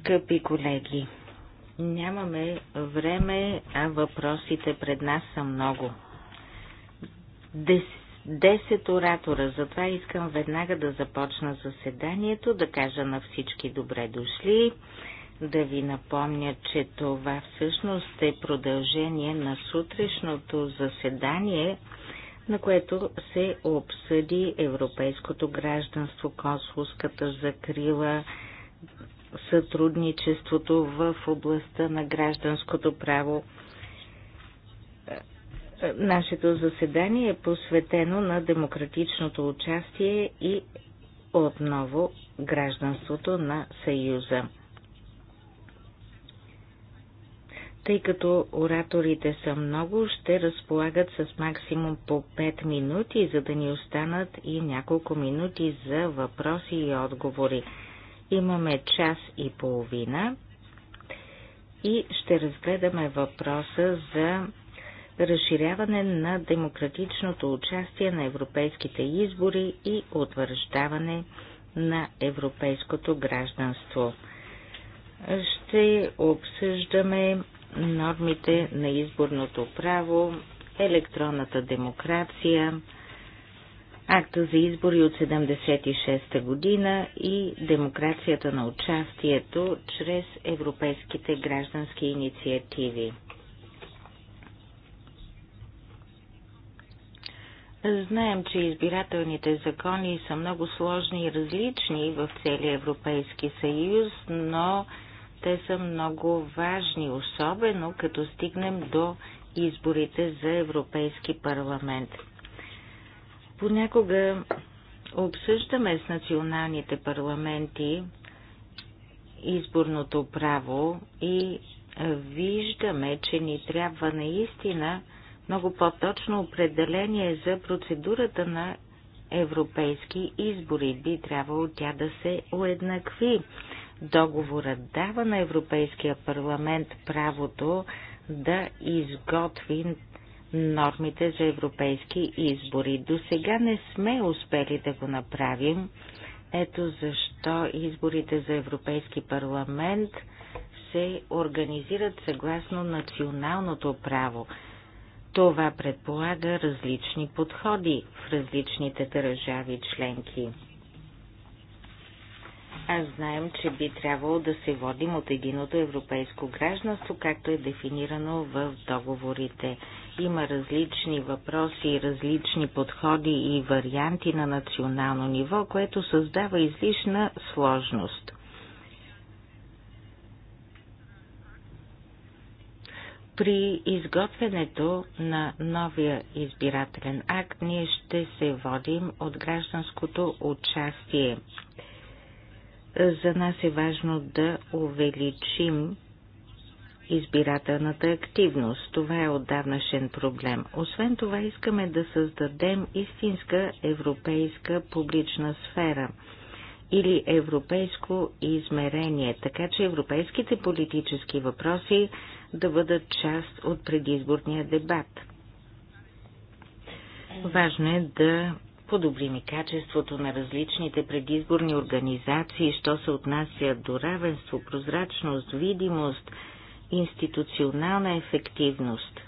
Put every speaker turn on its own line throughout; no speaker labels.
Скъпи колеги, нямаме време, а въпросите пред нас са много. Дес, десет оратора, затова искам веднага да започна заседанието, да кажа на всички добре дошли, да ви напомня, че това всъщност е продължение на сутрешното заседание, на което се обсъди европейското гражданство, консулската закрила, сътрудничеството в областта на гражданското право. Нашето заседание е посветено на демократичното участие и отново гражданството на Съюза. Тъй като ораторите са много, ще разполагат с максимум по 5 минути, за да ни останат и няколко минути за въпроси и отговори. Имаме час и половина и ще разгледаме въпроса за разширяване на демократичното участие на европейските избори и утвърждаване на европейското гражданство. Ще обсъждаме нормите на изборното право, електронната демокрация, акта за избори от 76-та година и демокрацията на участието чрез европейските граждански инициативи. Знаем, че избирателните закони са много сложни и различни в целия Европейски съюз, но те са много важни, особено като стигнем до изборите за Европейски парламент. Понякога обсъждаме с националните парламенти изборното право и виждаме, че ни трябва наистина много по-точно определение за процедурата на европейски избори. Би трябвало тя да се уеднакви Договорът дава на Европейския парламент правото да изготви нормите за европейски избори. До сега не сме успели да го направим. Ето защо изборите за Европейски парламент се организират съгласно националното право. Това предполага различни подходи в различните държави членки. Аз знаем, че би трябвало да се водим от единото европейско гражданство, както е дефинирано в договорите. Има различни въпроси, различни подходи и варианти на национално ниво, което създава излишна сложност. При изготвянето на новия избирателен акт ние ще се водим от гражданското участие за нас е важно да увеличим избирателната активност. Това е отдавнашен проблем. Освен това искаме да създадем истинска европейска публична сфера или европейско измерение, така че европейските политически въпроси да бъдат част от предизборния дебат. Важно е да Подобри ми качеството на различните предизборни организации, що се отнася до равенство, прозрачност, видимост, институционална ефективност.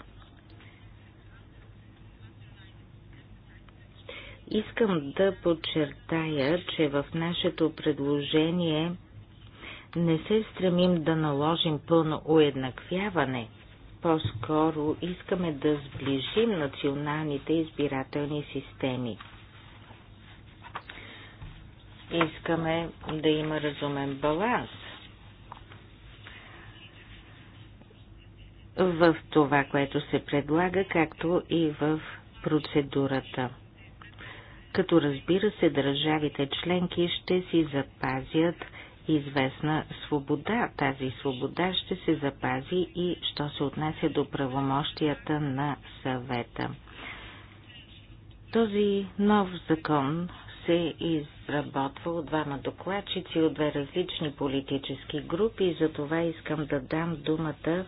Искам да подчертая, че в нашето предложение не се стремим да наложим пълно уеднаквяване – по-скоро искаме да сближим националните избирателни системи. Искаме да има разумен баланс. в това, което се предлага, както и в процедурата. Като разбира се, държавите членки ще си запазят известна свобода. Тази свобода ще се запази и що се отнася до правомощията на съвета. Този нов закон се изработва от двама докладчици от две различни политически групи и за това искам да дам думата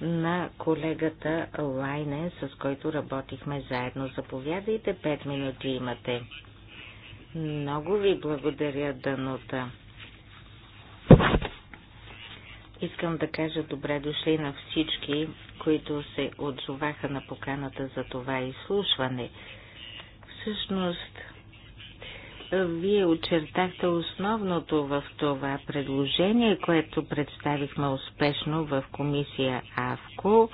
на колегата Лайне, с който работихме заедно. Заповядайте, пет минути имате. Много ви благодаря, Данута. Искам да кажа добре дошли на всички, които се отзоваха на поканата за това изслушване. Всъщност, вие очертахте основното в това предложение, което представихме успешно в комисия АВКО.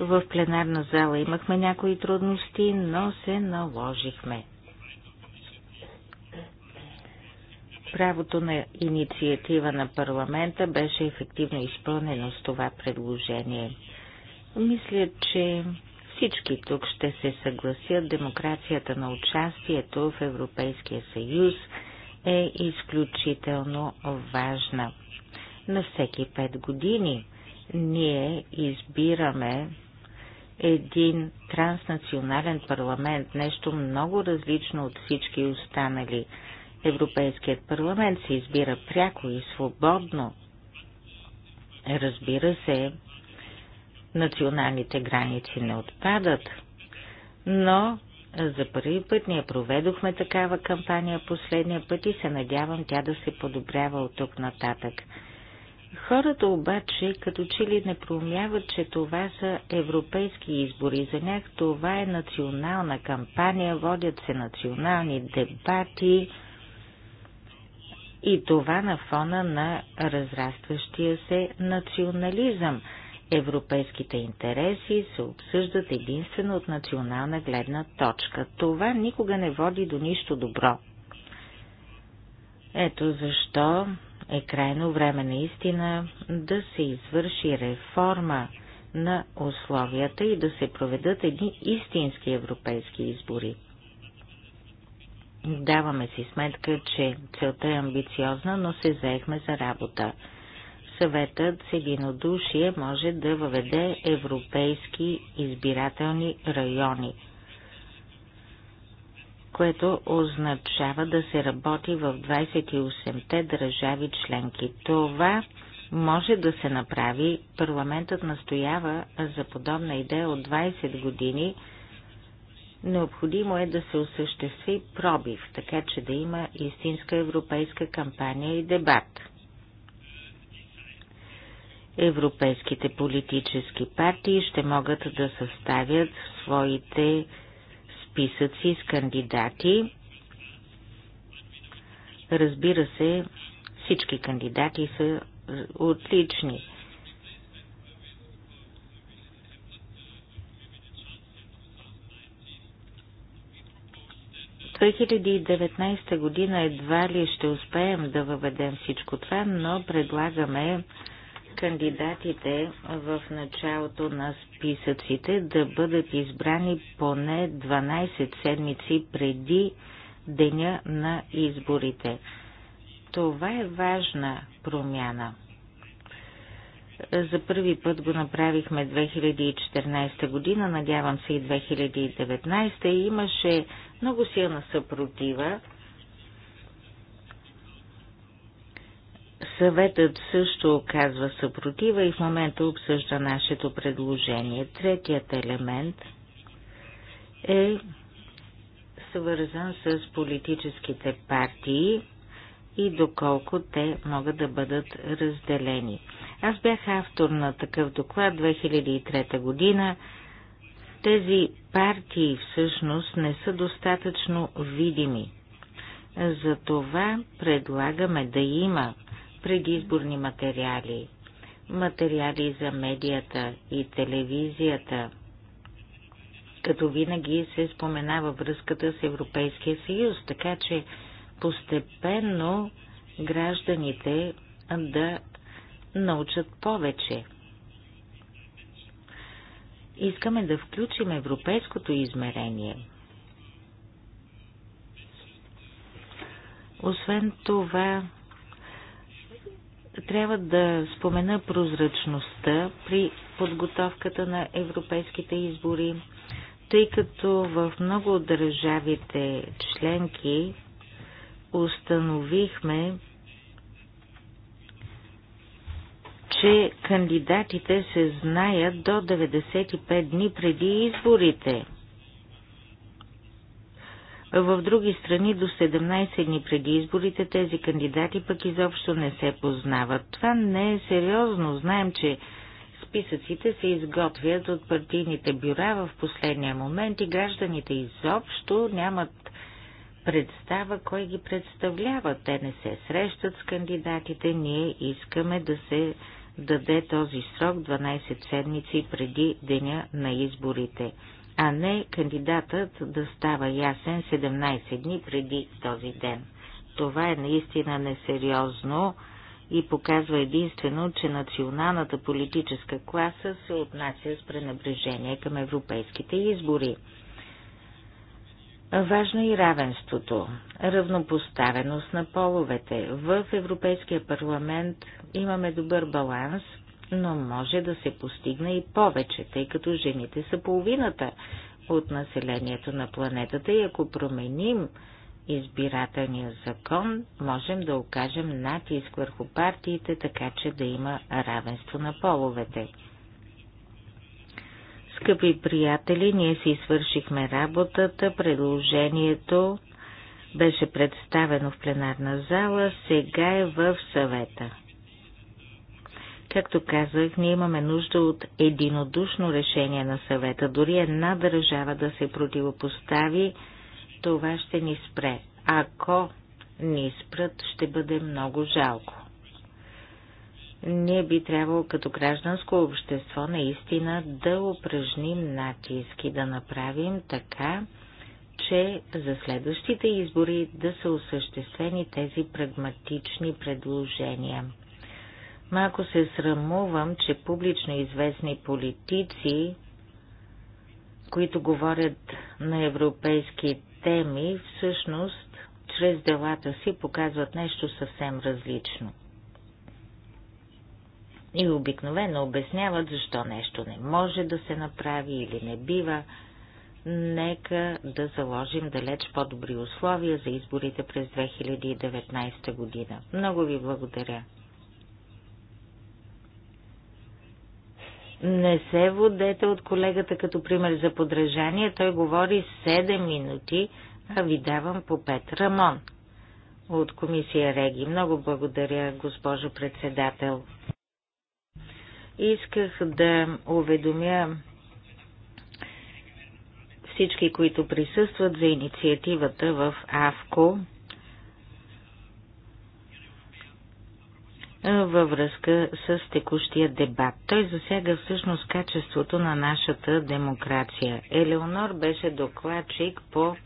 В пленарна зала имахме някои трудности, но се наложихме. Правото на инициатива на парламента беше ефективно изпълнено с това предложение. Мисля, че всички тук ще се съгласят, демокрацията на участието в Европейския съюз е изключително важна. На всеки пет години ние избираме един транснационален парламент, нещо много различно от всички останали. Европейският парламент се избира пряко и свободно. Разбира се, националните граници не отпадат, но за първи път ние проведохме такава кампания последния път и се надявам тя да се подобрява от тук нататък. Хората обаче като че ли не проумяват, че това са европейски избори. За тях това е национална кампания, водят се национални дебати и това на фона на разрастващия се национализъм – Европейските интереси се обсъждат единствено от национална гледна точка. Това никога не води до нищо добро. Ето защо е крайно време наистина да се извърши реформа на условията и да се проведат едни истински европейски избори. Даваме си сметка, че целта е амбициозна, но се заехме за работа – Съветът с единодушие може да въведе европейски избирателни райони, което означава да се работи в 28-те държави членки. Това може да се направи. Парламентът настоява за подобна идея от 20 години. Необходимо е да се осъществи пробив, така че да има истинска европейска кампания и дебат европейските политически партии ще могат да съставят своите списъци с кандидати. Разбира се, всички кандидати са отлични. В 2019 година едва ли ще успеем да въведем всичко това, но предлагаме кандидатите в началото на списъците да бъдат избрани поне 12 седмици преди деня на изборите. Това е важна промяна. За първи път го направихме 2014 година, надявам се и 2019. Имаше много силна съпротива Съветът също оказва съпротива и в момента обсъжда нашето предложение. Третият елемент е свързан с политическите партии и доколко те могат да бъдат разделени. Аз бях автор на такъв доклад 2003 година. Тези партии всъщност не са достатъчно видими. Затова предлагаме да има предизборни материали, материали за медията и телевизията, като винаги се споменава връзката с Европейския съюз, така че постепенно гражданите да научат повече. Искаме да включим европейското измерение. Освен това, трябва да спомена прозрачността при подготовката на европейските избори, тъй като в много от държавите членки установихме, че кандидатите се знаят до 95 дни преди изборите – в други страни до 17 дни преди изборите тези кандидати пък изобщо не се познават. Това не е сериозно. Знаем, че списъците се изготвят от партийните бюра в последния момент и гражданите изобщо нямат представа кой ги представлява. Те не се срещат с кандидатите. Ние искаме да се даде този срок 12 седмици преди деня на изборите а не кандидатът да става ясен 17 дни преди този ден. Това е наистина несериозно и показва единствено, че националната политическа класа се отнася с пренабрежение към европейските избори. Важно е и равенството, равнопоставеност на половете. В Европейския парламент имаме добър баланс – но може да се постигне и повече, тъй като жените са половината от населението на планетата и ако променим избирателния закон, можем да окажем натиск върху партиите, така че да има равенство на половете. Скъпи приятели, ние си свършихме работата, предложението беше представено в пленарна зала, сега е в съвета. Както казах, ние имаме нужда от единодушно решение на съвета. Дори една държава да се противопостави, това ще ни спре. Ако ни спрат, ще бъде много жалко. Ние би трябвало като гражданско общество наистина да упражним натиск и да направим така, че за следващите избори да са осъществени тези прагматични предложения. Малко се срамувам, че публично известни политици, които говорят на европейски теми, всъщност чрез делата си показват нещо съвсем различно. И обикновено обясняват защо нещо не може да се направи или не бива. Нека да заложим далеч по-добри условия за изборите през 2019 година. Много ви благодаря. Не се водете от колегата като пример за подражание. Той говори 7 минути, а ви давам по 5. Рамон от комисия Реги. Много благодаря, госпожо председател. Исках да уведомя всички, които присъстват за инициативата в АВКО във връзка с текущия дебат. Той засяга всъщност качеството на нашата демокрация. Елеонор беше докладчик по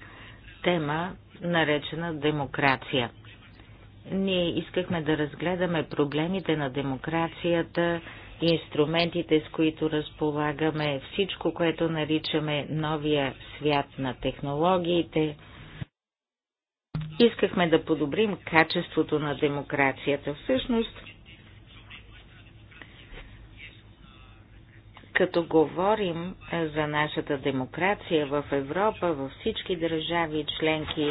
тема, наречена демокрация. Ние искахме да разгледаме проблемите на демокрацията, инструментите, с които разполагаме, всичко, което наричаме новия свят на технологиите. Искахме да подобрим качеството на демокрацията. Всъщност, Като говорим за нашата демокрация в Европа, във всички държави членки,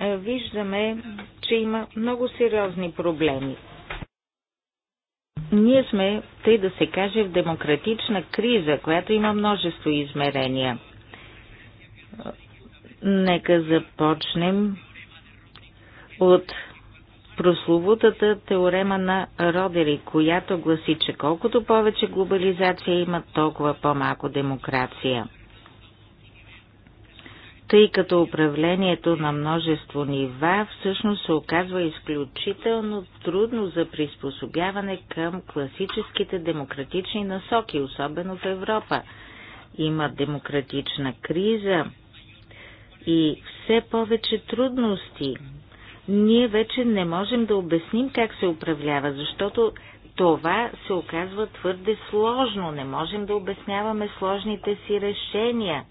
е, виждаме, че има много сериозни проблеми. Ние сме, тъй да се каже, в демократична криза, която има множество измерения. Нека започнем от прословутата теорема на Родери, която гласи, че колкото повече глобализация има, толкова по-малко демокрация. Тъй като управлението на множество нива всъщност се оказва изключително трудно за приспособяване към класическите демократични насоки, особено в Европа. Има демократична криза и все повече трудности ние вече не можем да обясним как се управлява, защото това се оказва твърде сложно. Не можем да обясняваме сложните си решения.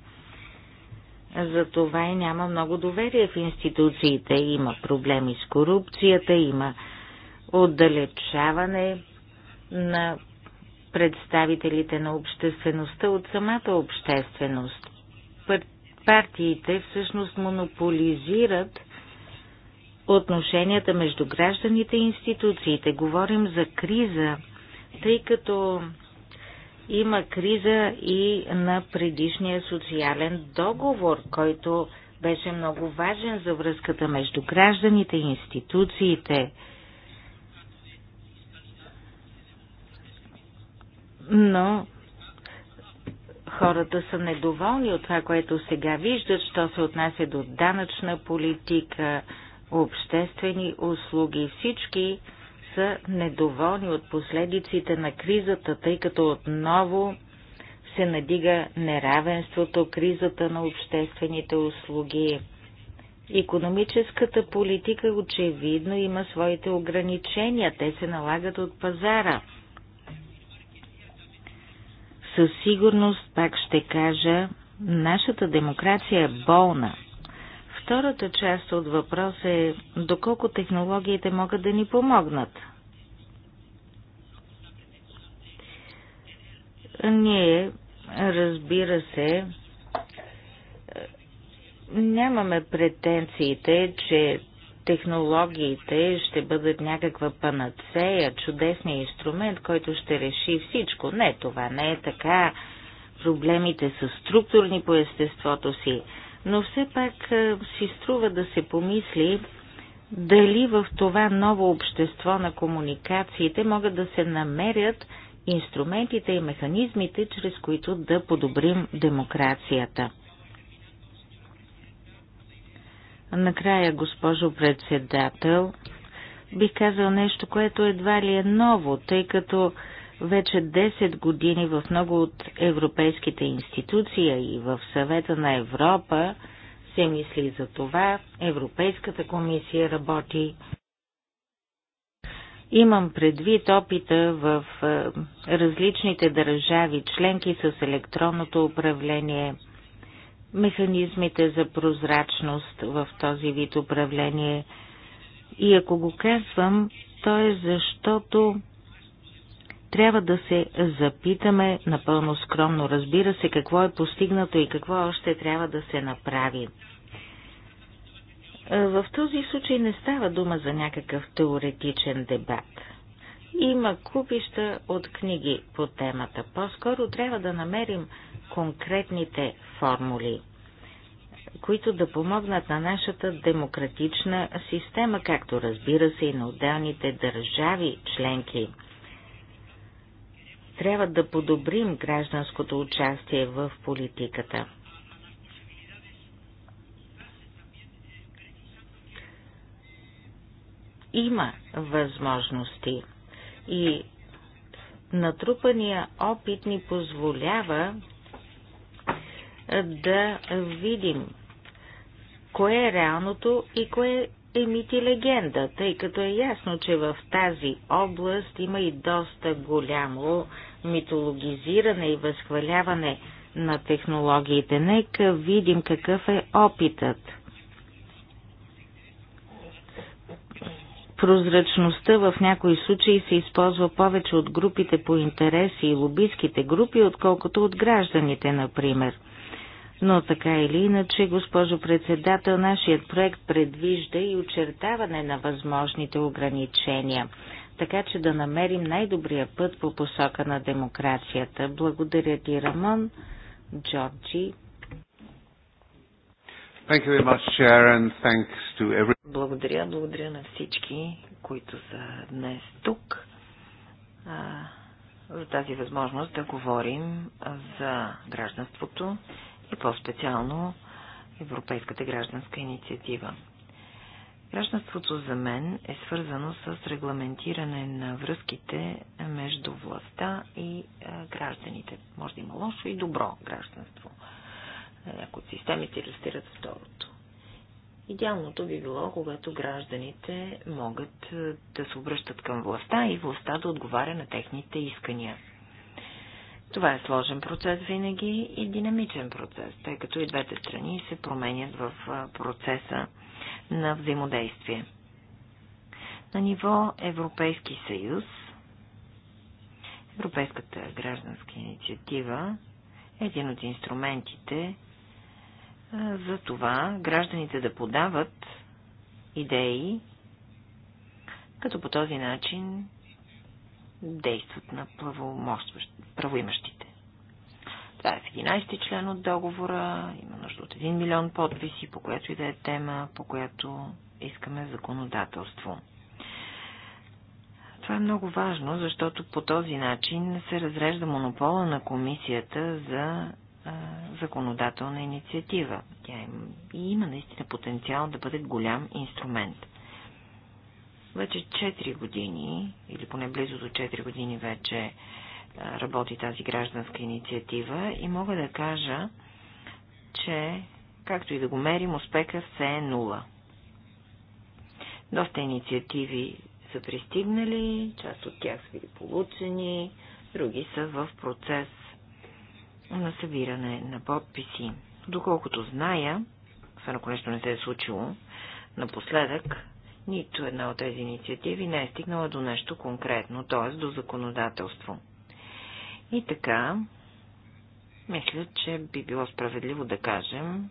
Затова и няма много доверие в институциите. Има проблеми с корупцията, има отдалечаване на представителите на обществеността от самата общественост. Партиите всъщност монополизират отношенията между гражданите и институциите. Говорим за криза, тъй като има криза и на предишния социален договор, който беше много важен за връзката между гражданите и институциите. Но хората са недоволни от това, което сега виждат, що се отнася до данъчна политика, обществени услуги. Всички са недоволни от последиците на кризата, тъй като отново се надига неравенството, кризата на обществените услуги. Економическата политика очевидно има своите ограничения, те се налагат от пазара. Със сигурност, пак ще кажа, нашата демокрация е болна. Втората част от въпроса е доколко технологиите могат да ни помогнат. Ние, разбира се, нямаме претенциите, че технологиите ще бъдат някаква панацея, чудесния инструмент, който ще реши всичко. Не, това не е така. Проблемите са структурни по естеството си но все пак си струва да се помисли дали в това ново общество на комуникациите могат да се намерят инструментите и механизмите, чрез които да подобрим демокрацията. Накрая, госпожо председател, бих казал нещо, което едва ли е ново, тъй като вече 10 години в много от европейските институции и в съвета на Европа се мисли за това. Европейската комисия работи. Имам предвид опита в е, различните държави, членки с електронното управление, механизмите за прозрачност в този вид управление. И ако го казвам, то е защото трябва да се запитаме напълно скромно, разбира се, какво е постигнато и какво още трябва да се направи. В този случай не става дума за някакъв теоретичен дебат. Има купища от книги по темата. По-скоро трябва да намерим конкретните формули, които да помогнат на нашата демократична система, както разбира се и на отделните държави членки – трябва да подобрим гражданското участие в политиката. Има възможности и натрупания опит ни позволява да видим кое е реалното и кое е мит и легенда, тъй като е ясно, че в тази област има и доста голямо митологизиране и възхваляване на технологиите. Нека видим какъв е опитът. Прозрачността в някои случаи се използва повече от групите по интереси и лобистските групи, отколкото от гражданите, например – но така или иначе, госпожо председател, нашият проект предвижда и очертаване на възможните ограничения, така че да намерим най-добрия път по посока на демокрацията. Благодаря ти, Рамон. Джорджи. Much,
Chair, every...
Благодаря, благодаря на всички, които са днес тук за тази възможност да говорим за гражданството и по-специално Европейската гражданска инициатива. Гражданството за мен е свързано с регламентиране на връзките между властта и е, гражданите. Може да има лошо и добро гражданство. Някои от системите иллюстрират второто. Идеалното би било, когато гражданите могат е, да се обръщат към властта и властта да отговаря на техните искания. Това е сложен процес винаги и динамичен процес, тъй като и двете страни се променят в процеса на взаимодействие. На ниво Европейски съюз, Европейската гражданска инициатива е един от инструментите за това гражданите да подават идеи, като по този начин действат на правоимащите. Това е в 11 член от договора, има нужда от 1 милион подписи, по която и да е тема, по която искаме законодателство. Това е много важно, защото по този начин се разрежда монопола на комисията за а, законодателна инициатива. Тя и има наистина потенциал да бъде голям инструмент. Вече 4 години, или поне близо до 4 години вече работи тази гражданска инициатива и мога да кажа, че както и да го мерим, успеха все е нула. Доста инициативи са пристигнали, част от тях са били получени, други са в процес на събиране на подписи. Доколкото зная, освен ако нещо не се е случило, напоследък нито една от тези инициативи не е стигнала до нещо конкретно, т.е. до законодателство. И така, мисля, че би било справедливо да кажем,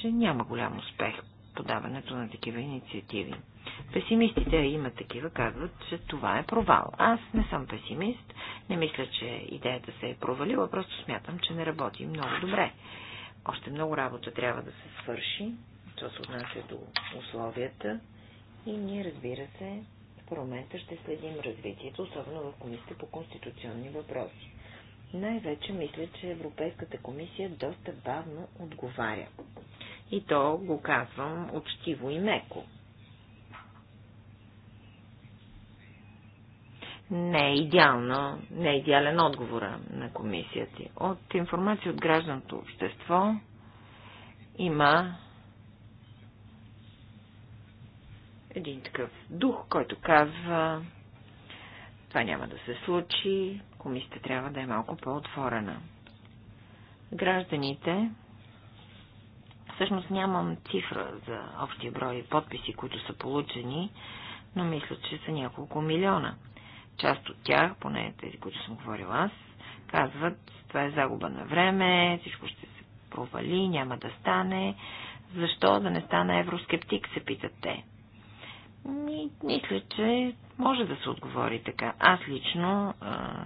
че няма голям успех подаването на такива инициативи. Песимистите има такива, казват, че това е провал. Аз не съм песимист, не мисля, че идеята се е провалила, просто смятам, че не работи много добре. Още много работа трябва да се свърши, що се отнася до условията. И ние, разбира се, в парламента ще следим развитието, особено в Комисията по конституционни въпроси. Най-вече мисля, че Европейската комисия доста бавно отговаря. И то го казвам учтиво и меко. не е идеално, не е идеален отговора на комисията. От информация от гражданското общество има един такъв дух, който казва това няма да се случи, комисията трябва да е малко по-отворена. Гражданите, всъщност нямам цифра за общия брой подписи, които са получени, но мисля, че са няколко милиона. Част от тях, поне тези, които съм говорил аз, казват, това е загуба на време, всичко ще се провали, няма да стане. Защо да не стана евроскептик, се питат те. Ми, мисля, че може да се отговори така. Аз лично а,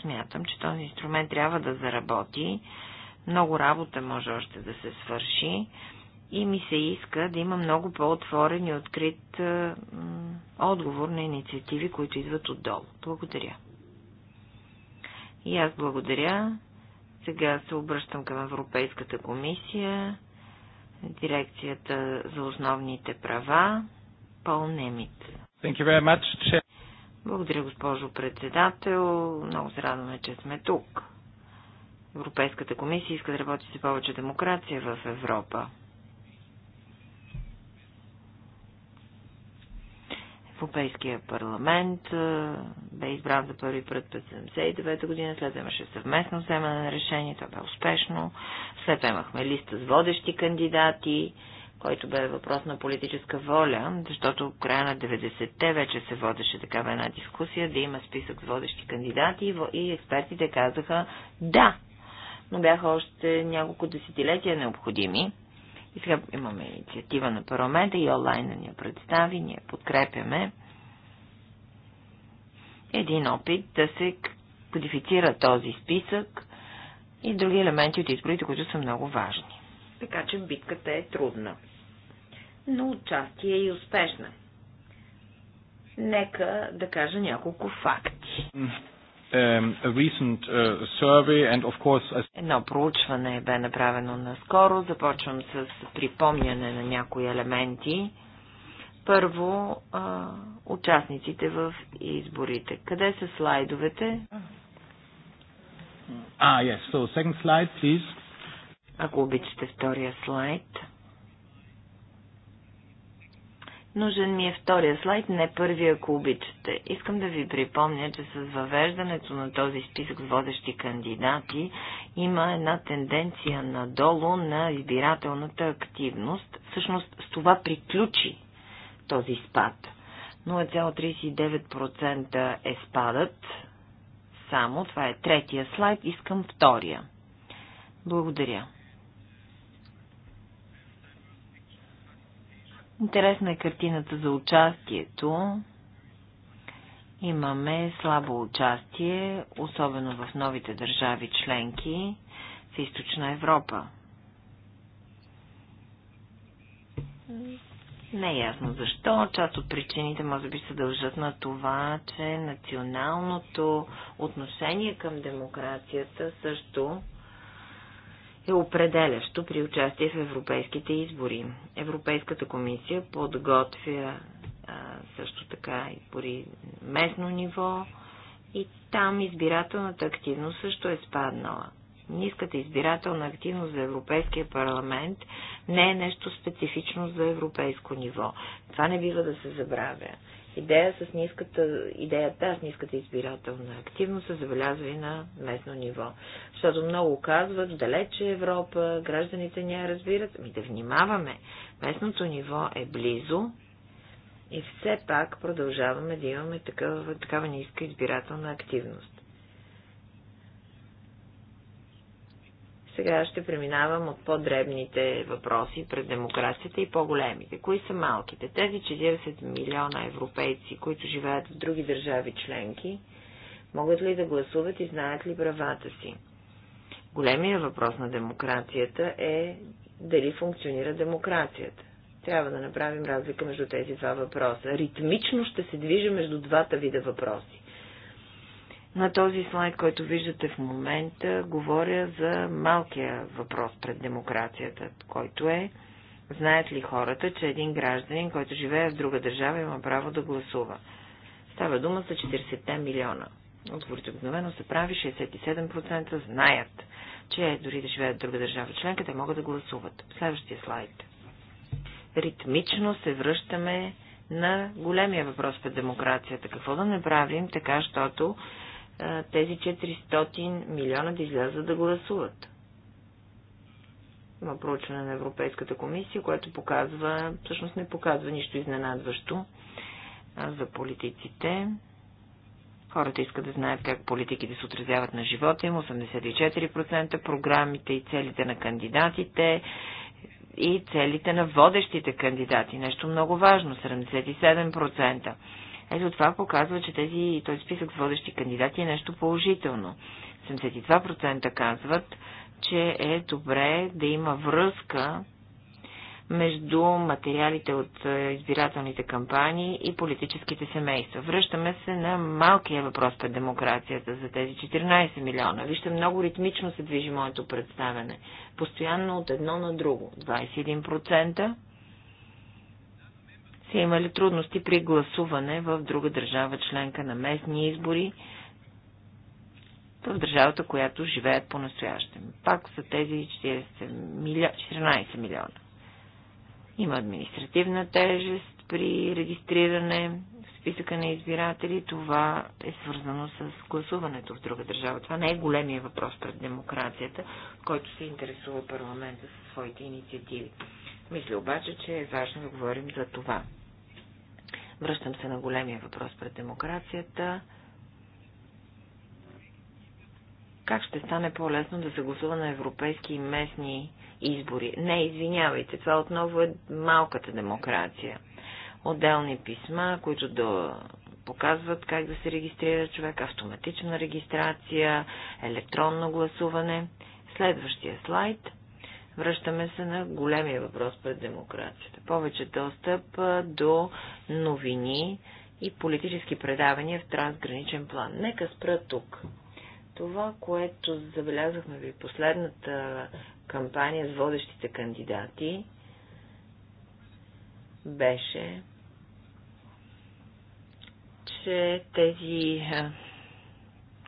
смятам, че този инструмент трябва да заработи. Много работа може още да се свърши и ми се иска да има много по-отворен и открит а, отговор на инициативи, които идват отдолу. Благодаря. И аз благодаря. Сега се обръщам към Европейската комисия, дирекцията за основните права. Пол Немит. Благодаря, госпожо председател. Много се радваме, че сме тук. Европейската комисия иска да работи за повече демокрация в Европа. Европейския парламент бе избран за първи път през 79 година, след това имаше съвместно вземане на решение, това бе успешно, след това имахме листа с водещи кандидати, който бе въпрос на политическа воля, защото в края на 90-те вече се водеше такава една дискусия, да има списък с водещи кандидати и експертите казаха да, но бяха още няколко десетилетия необходими. И сега имаме инициатива на парламента и онлайн ни я представи, ние подкрепяме един опит да се кодифицира този списък и други елементи от изборите, които са много важни. Така че битката е трудна но участие и успешна. Нека да кажа няколко факти. Е, Едно проучване бе направено наскоро. Започвам с припомняне на някои елементи. Първо, участниците в изборите. Къде са слайдовете? Ah, yes. So, second slide, please. Ако обичате втория слайд. Нужен ми е втория слайд, не първия, ако обичате. Искам да ви припомня, че с въвеждането на този списък с водещи кандидати има една тенденция надолу на избирателната активност. Всъщност с това приключи този спад. 0,39% е спадът. Само това е третия слайд, искам втория. Благодаря. Интересна е картината за участието. Имаме слабо участие, особено в новите държави членки в Източна Европа. Не е ясно защо. Част от причините може би се дължат на това, че националното отношение към демокрацията също е определящо при участие в европейските избори. Европейската комисия подготвя а, също така и пори местно ниво и там избирателната активност също е спаднала. Ниската избирателна активност за Европейския парламент не е нещо специфично за европейско ниво. Това не бива да се забравя идея с ниската, идеята с ниската избирателна активност се забелязва и на местно ниво. Защото много казват, далече Европа, гражданите ни я разбират. Ми да внимаваме. Местното ниво е близо и все пак продължаваме да имаме такава, такава ниска избирателна активност. Сега ще преминавам от по-дребните въпроси пред демокрацията и по-големите. Кои са малките? Тези 40 милиона европейци, които живеят в други държави членки, могат ли да гласуват и знаят ли правата си? Големия въпрос на демокрацията е дали функционира демокрацията. Трябва да направим разлика между тези два въпроса. Ритмично ще се движи между двата вида въпроси. На този слайд, който виждате в момента, говоря за малкия въпрос пред демокрацията, който е знаят ли хората, че един гражданин, който живее в друга държава, има право да гласува. Става дума за 40 милиона. Отговорите обикновено се прави 67% знаят, че дори да живеят в друга държава членка, те могат да гласуват. Следващия слайд. Ритмично се връщаме на големия въпрос пред демокрацията. Какво да направим така, защото тези 400 милиона да излязат да гласуват. Има проучване на Европейската комисия, което показва, всъщност не показва нищо изненадващо за политиците. Хората искат да знаят как политиките се отразяват на живота им, 84%, програмите и целите на кандидатите и целите на водещите кандидати. Нещо много важно, 77%. Ето това показва, че тези, този списък с водещи кандидати е нещо положително. 72% казват, че е добре да има връзка между материалите от е, избирателните кампании и политическите семейства. Връщаме се на малкия въпрос пред демокрацията за тези 14 милиона. Вижте, много ритмично се движи моето представяне. Постоянно от едно на друго. 21% са имали трудности при гласуване в друга държава членка на местни избори в държавата, която живеят по-настоящем. Пак са тези 14 милиона. Има административна тежест при регистриране в списъка на избиратели. Това е свързано с гласуването в друга държава. Това не е големия въпрос пред демокрацията, който се интересува парламента със своите инициативи. Мисля обаче, че е важно да говорим за това. Връщам се на големия въпрос пред демокрацията. Как ще стане по-лесно да се гласува на европейски и местни избори? Не, извинявайте, това отново е малката демокрация. Отделни писма, които да показват как да се регистрира човек, автоматична регистрация, електронно гласуване. Следващия слайд – Връщаме се на големия въпрос пред демокрацията. Повече достъп до новини и политически предавания в трансграничен план. Нека спра тук. Това, което забелязахме при последната кампания с водещите кандидати, беше, че тези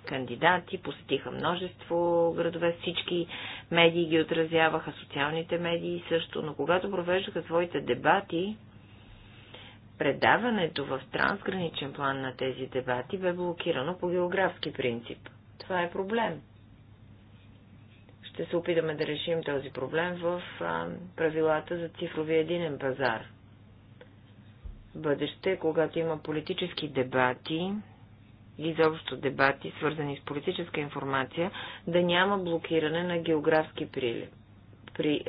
кандидати посетиха множество градове, всички медии ги отразяваха, социалните медии също, но когато провеждаха своите дебати, предаването в трансграничен план на тези дебати бе блокирано по географски принцип. Това е проблем. Ще се опитаме да решим този проблем в правилата за цифрови единен пазар. В бъдеще, когато има политически дебати, изобщо дебати, свързани с политическа информация, да няма блокиране на географски прилив. При,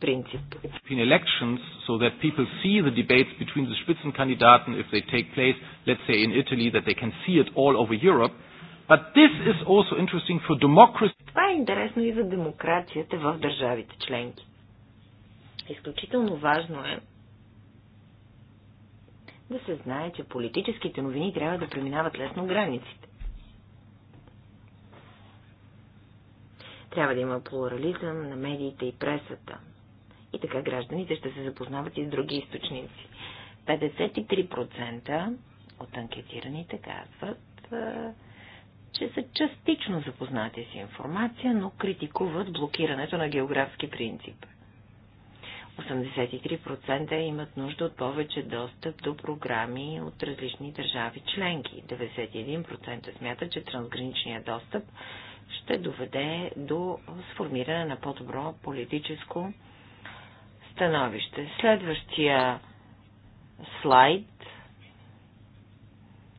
принцип.
In elections, so that people see the debates between the Spitzenkandidaten, if they take place, let's say in Italy, that they can see it all over Europe. But this is also interesting for democracy.
Това е интересно и за демокрацията в държавите членки. Изключително важно е да се знае, че политическите новини трябва да преминават лесно границите. Трябва да има плурализъм на медиите и пресата. И така гражданите ще се запознават и с други източници. 53% от анкетираните казват, че са частично запознати с информация, но критикуват блокирането на географски принципи. 83% имат нужда от повече достъп до програми от различни държави членки. 91% смятат, че трансграничният достъп ще доведе до сформиране на по-добро политическо становище. Следващия слайд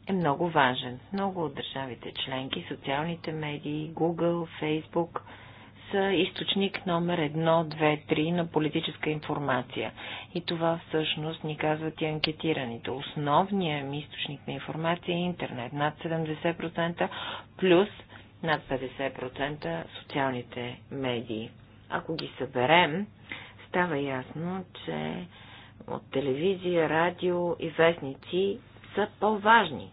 е много важен. Много от държавите членки, социалните медии, Google, Facebook – са източник номер едно, две, три на политическа информация. И това всъщност ни казват и анкетираните. Основният ми източник на информация е интернет. Над 70% плюс над 50% социалните медии. Ако ги съберем, става ясно, че от телевизия, радио и вестници са по-важни.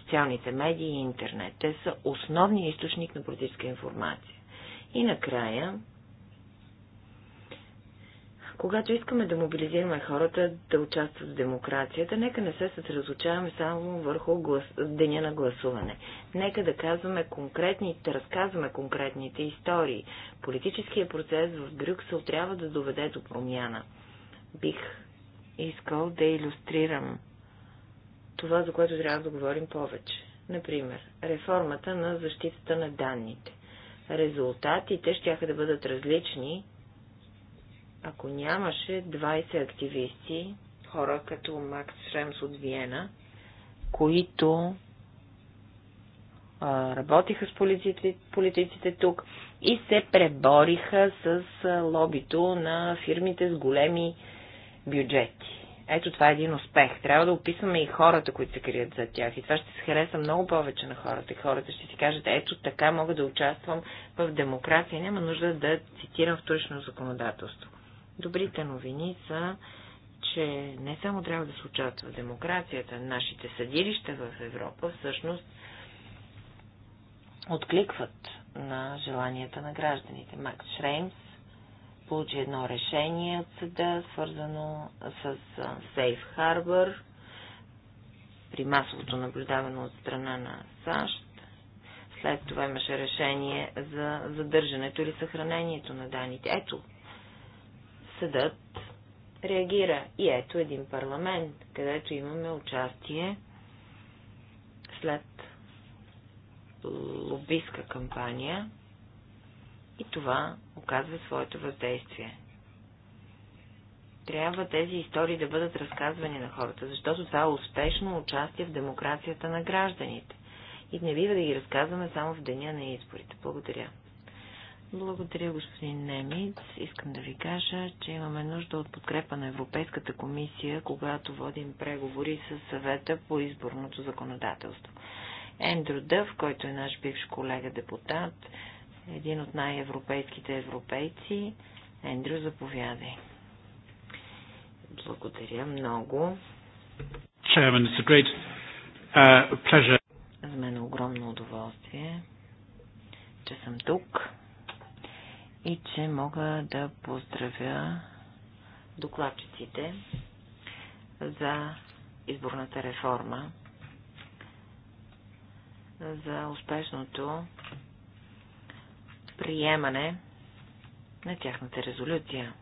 Социалните медии и интернет. Те са основният източник на политическа информация. И накрая, когато искаме да мобилизираме хората да участват в демокрацията, нека не се съсредоточаваме само върху глас... деня на гласуване. Нека да казваме конкретните, да разказваме конкретните истории. Политическият процес в Брюксел трябва да доведе до промяна. Бих искал да иллюстрирам това, за което трябва да говорим повече. Например, реформата на защитата на данните резултатите ще да бъдат различни, ако нямаше 20 активисти, хора като Макс Шремс от Виена, които работиха с политиците, политиците тук и се пребориха с лобито на фирмите с големи бюджети. Ето това е един успех. Трябва да описваме и хората, които се крият за тях. И това ще се хареса много повече на хората. И хората ще си кажат, ето така мога да участвам в демокрация. Няма нужда да цитирам вторично законодателство. Добрите новини са, че не само трябва да се участва в демокрацията, нашите съдилища в Европа всъщност откликват на желанията на гражданите. Макс Шреймс получи едно решение от съда, свързано с Safe Harbor при масовото наблюдаване от страна на САЩ. След това имаше решение за задържането или съхранението на данните. Ето, съдът реагира. И ето един парламент, където имаме участие след лобистка кампания и това оказва своето въздействие. Трябва тези истории да бъдат разказвани на хората, защото това е успешно участие в демокрацията на гражданите. И не бива да ги разказваме само в деня на изборите. Благодаря. Благодаря, господин Немиц. Искам да ви кажа, че имаме нужда от подкрепа на Европейската комисия, когато водим преговори с съвета по изборното законодателство. Ендрю Дъв, който е наш бивш колега депутат, един от най-европейските европейци. Ендрю, заповядай. Благодаря много.
Chairman, it's a great uh, pleasure.
За мен е огромно удоволствие, че съм тук и че мога да поздравя докладчиците за изборната реформа, за успешното приемане на тяхната резолюция.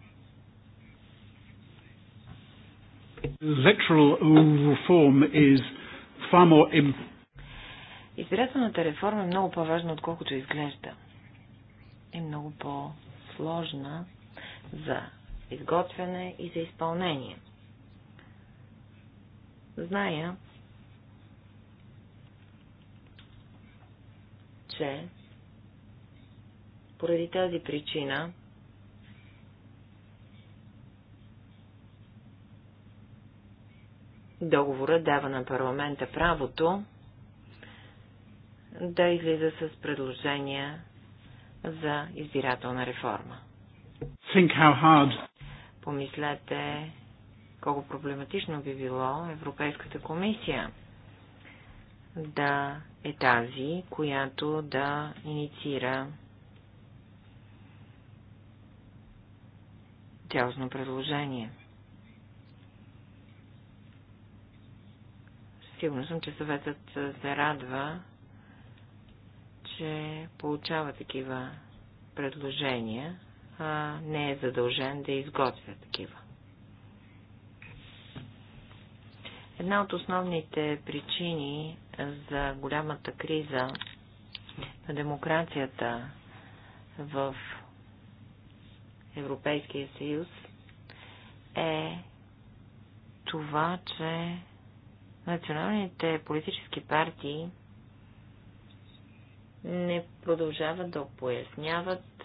Избирателната реформа е много по-важна, отколкото изглежда. Е много по-сложна за изготвяне и за изпълнение. Зная, че поради тази причина договора дава на парламента правото да излиза с предложения за избирателна реформа. Think how hard. Помислете колко проблематично би било Европейската комисия да е тази, която да инициира цялостно предложение. Сигурно съм, че съветът се радва, че получава такива предложения, а не е задължен да изготвя такива. Една от основните причини за голямата криза на демокрацията в Европейския съюз е това, че националните политически партии не продължават да поясняват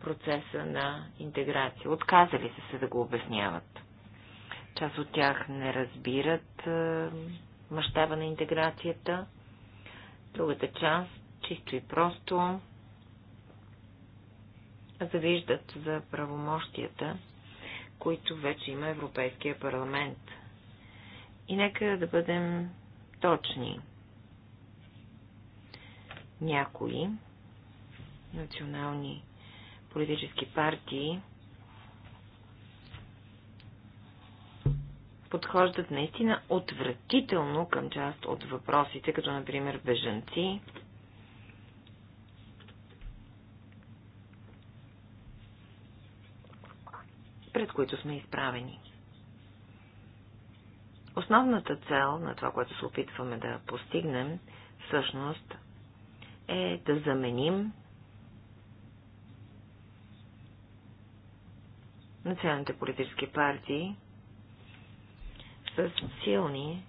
процеса на интеграция. Отказали са се да го обясняват. Част от тях не разбират е, мащаба на интеграцията. Другата част чисто и просто завиждат за правомощията, които вече има Европейския парламент. И нека да бъдем точни. Някои национални политически партии подхождат наистина отвратително към част от въпросите, като например бежанци, пред които сме изправени. Основната цел на това, което се опитваме да постигнем, всъщност е да заменим националните политически партии с силни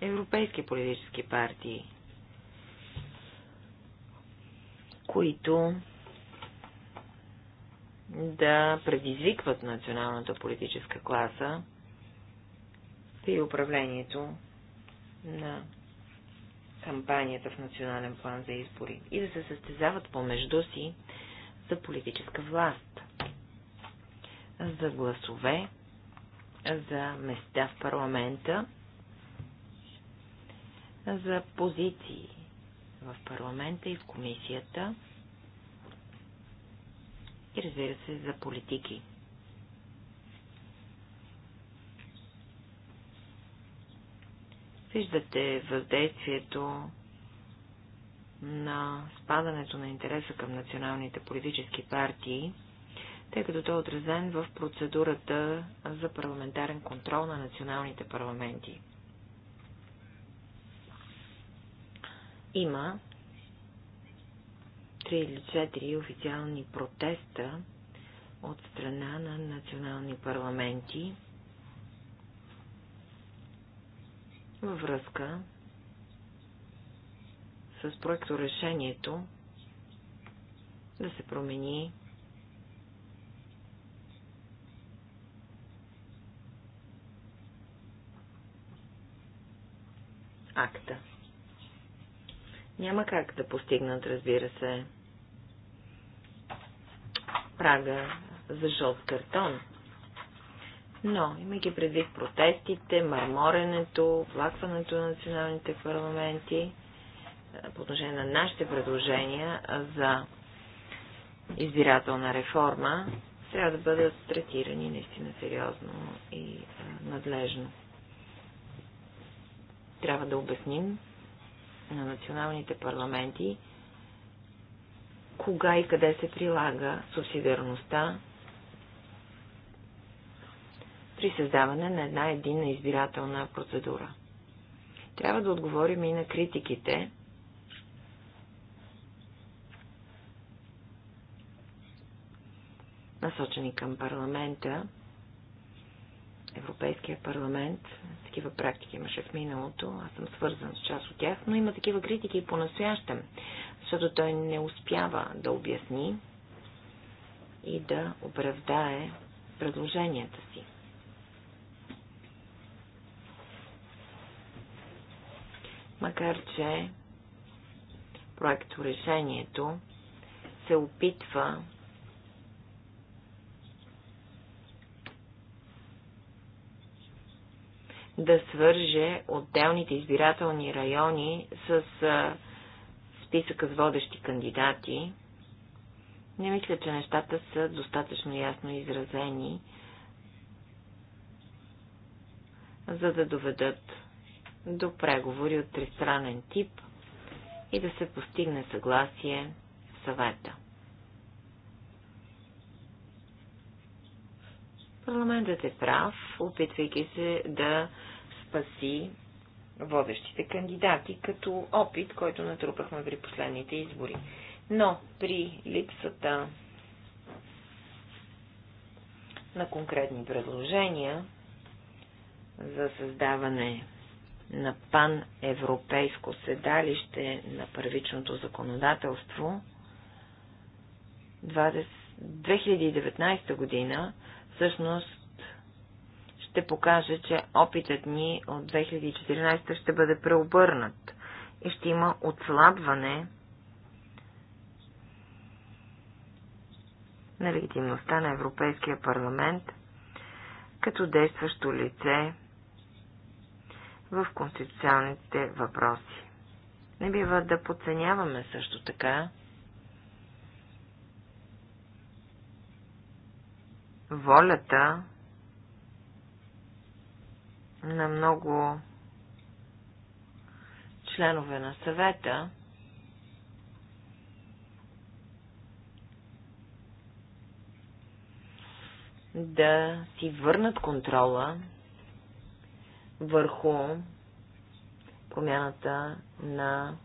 европейски политически партии, които да предизвикват националната политическа класа при управлението на кампанията в национален план за избори и да се състезават помежду си за политическа власт, за гласове, за места в парламента, за позиции в парламента и в комисията и разбира се за политики. Виждате въздействието на спадането на интереса към националните политически партии, тъй като той е отразен в процедурата за парламентарен контрол на националните парламенти. Има 3 или 4 официални протеста от страна на национални парламенти във връзка с проекто решението да се промени акта. Няма как да постигнат, разбира се, прага за жълт картон. Но, имайки предвид протестите, мърморенето, влакването на националните парламенти, по отношение на нашите предложения за избирателна реформа, трябва да бъдат третирани наистина сериозно и надлежно. Трябва да обясним на националните парламенти, кога и къде се прилага субсидиарността при създаване на една единна избирателна процедура. Трябва да отговорим и на критиките, насочени към парламента, Европейския парламент. Такива практики имаше в миналото. Аз съм свързан с част от тях, но има такива критики и по-настоящем защото той не успява да обясни и да оправдае предложенията си. Макар, че проекто решението се опитва да свърже отделните избирателни райони с списъка с водещи кандидати, не мисля, че нещата са достатъчно ясно изразени, за да доведат до преговори от тристранен тип и да се постигне съгласие в съвета. Парламентът е прав, опитвайки се да спаси водещите кандидати, като опит, който натрупахме при последните избори. Но при липсата на конкретни предложения за създаване на пан-европейско седалище на първичното законодателство, 2019 година всъщност ще покаже, че опитът ни от 2014 ще бъде преобърнат и ще има отслабване на легитимността на Европейския парламент като действащо лице в конституционните въпроси. Не бива да подценяваме също така волята на много членове на съвета, да си върнат контрола върху промяната на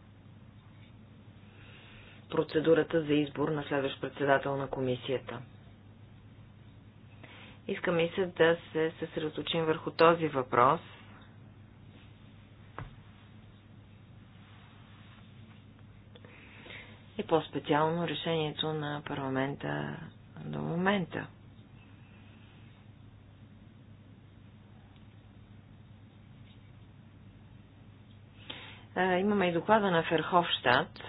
процедурата за избор на следващ председател на комисията. Искам и се да се съсредоточим върху този въпрос. И по-специално решението на парламента до момента. Имаме и доклада на Ферховщад,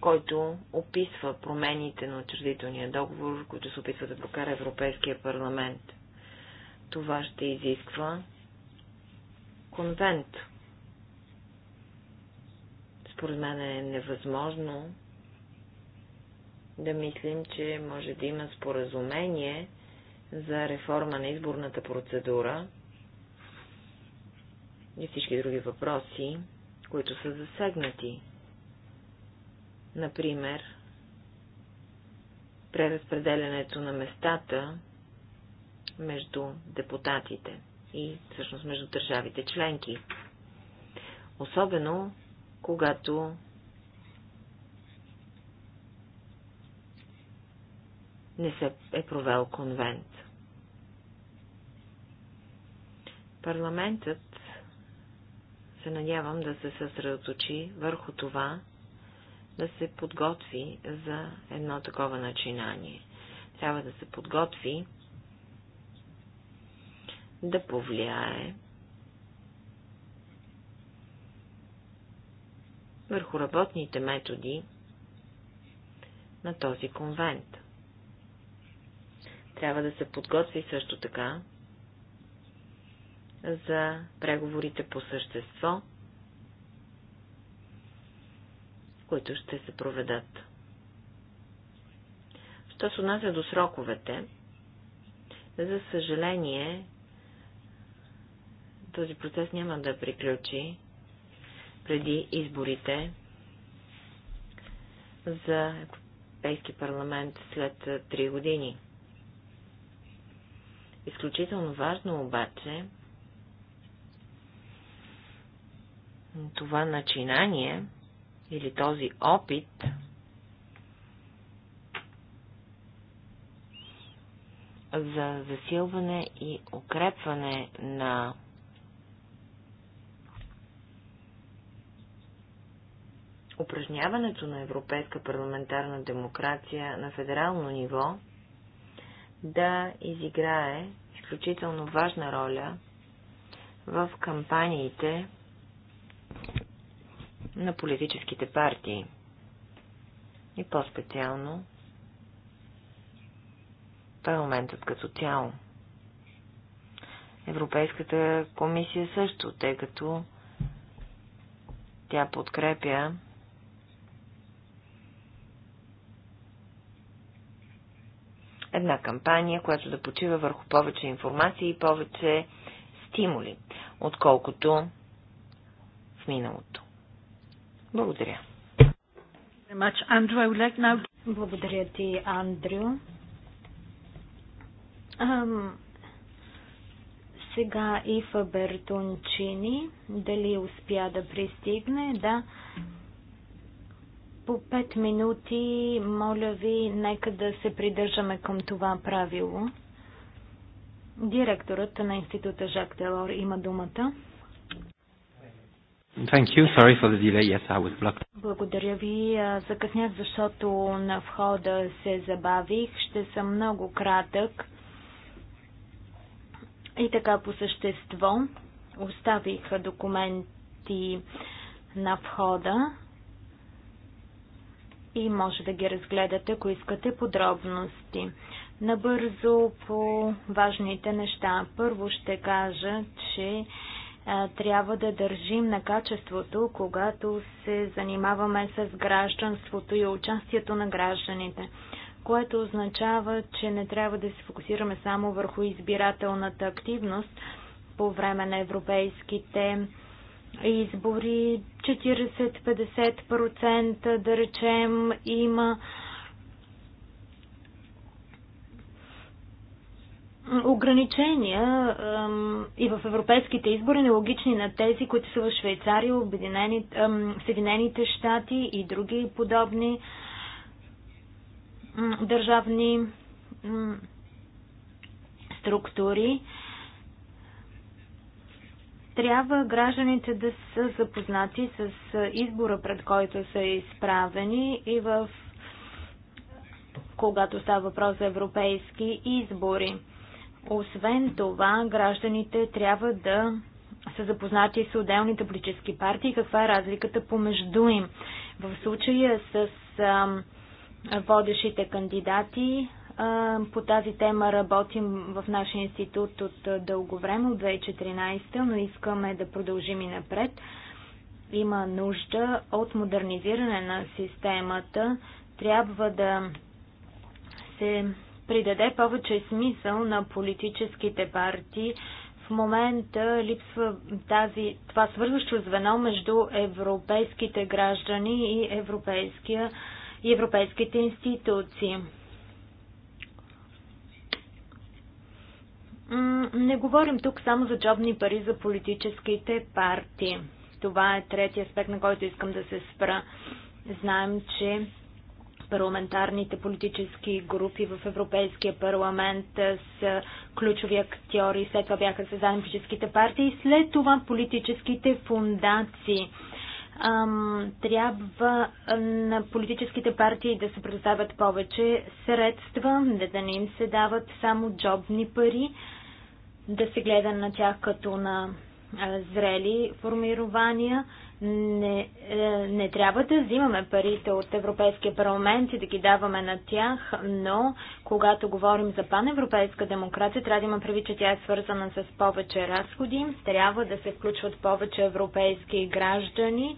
който описва промените на учредителния договор, които се опитва да прокара Европейския парламент. Това ще изисква конвент. Според мен е невъзможно да мислим, че може да има споразумение за реформа на изборната процедура и всички други въпроси, които са засегнати Например, преразпределянето на местата между депутатите и всъщност между държавите членки. Особено, когато не се е провел конвент. Парламентът се надявам да се съсредоточи върху това, да се подготви за едно такова начинание. Трябва да се подготви да повлияе върху работните методи на този конвент. Трябва да се подготви също така за преговорите по същество които ще се проведат. Що се отнася до сроковете, за съжаление, този процес няма да приключи преди изборите за Европейски парламент след 3 години. Изключително важно обаче това начинание или този опит за засилване и укрепване на упражняването на европейска парламентарна демокрация на федерално ниво да изиграе изключително важна роля в кампаниите на политическите партии. И по-специално парламентът като цяло. Европейската комисия също, тъй като тя подкрепя една кампания, която да почива върху повече информация и повече стимули, отколкото в миналото. Благодаря.
Благодаря ти, Андрю. Ам, сега Ифа Бертончини, дали успя да пристигне? Да. По 5 минути, моля ви, нека да се придържаме към това правило. Директорът на института Жак Телор има думата.
Thank you. Sorry for the delay. Yes, I was blocked.
Благодаря ви. Закъснях, защото на входа се забавих. Ще съм много кратък. И така по същество оставих документи на входа и може да ги разгледате, ако искате подробности. Набързо по важните неща. Първо ще кажа, че трябва да държим на качеството, когато се занимаваме с гражданството и участието на гражданите, което означава, че не трябва да се фокусираме само върху избирателната активност по време на европейските избори. 40-50% да речем има ограничения и в европейските избори, нелогични на тези, които са в Швейцария, Съединените щати и други подобни държавни структури. Трябва гражданите да са запознати с избора, пред който са изправени и в когато става въпрос за европейски избори. Освен това, гражданите трябва да са запознати с отделните политически партии, каква е разликата помежду им. В случая с а, водещите кандидати а, по тази тема работим в нашия институт от дълго време, от 2014, но искаме да продължим и напред. Има нужда от модернизиране на системата. Трябва да се придаде повече смисъл на политическите партии. В момента липсва тази, това свързващо звено между европейските граждани и, европейския, и европейските институции. Не говорим тук само за джобни пари за политическите партии. Това е третия аспект, на който искам да се спра. Знаем, че парламентарните политически групи в Европейския парламент с ключови актьори, след това бяха създадени политическите партии и след това политическите фундации. Трябва на политическите партии да се предоставят повече средства, да, да не им се дават само джобни пари, да се гледа на тях като на зрели формирования не, е, не трябва да взимаме парите от Европейския парламент и да ги даваме на тях, но когато говорим за паневропейска демокрация, трябва да има прави, че тя е свързана с повече разходи, трябва да се включват повече европейски граждани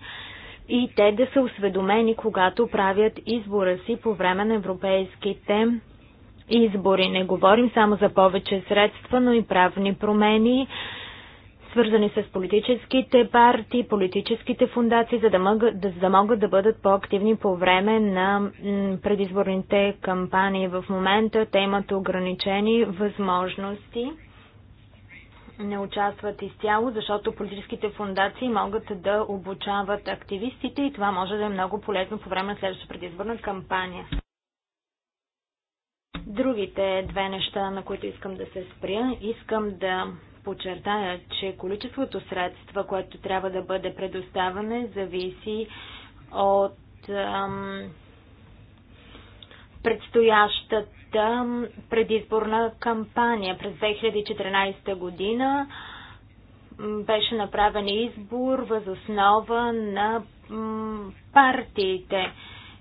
и те да са осведомени, когато правят избора си по време на европейските избори. Не говорим само за повече средства, но и правни промени свързани с политическите партии, политическите фундации, за да могат да, да, могат да бъдат по-активни по време на предизборните кампании. В момента те имат ограничени възможности не участват изцяло, защото политическите фундации могат да обучават активистите и това може да е много полезно по време на следващата предизборна кампания. Другите две неща, на които искам да се спря, искам да подчертая, че количеството средства, което трябва да бъде предоставане, зависи от ам, предстоящата предизборна кампания. През 2014 година беше направен избор възоснова на партиите.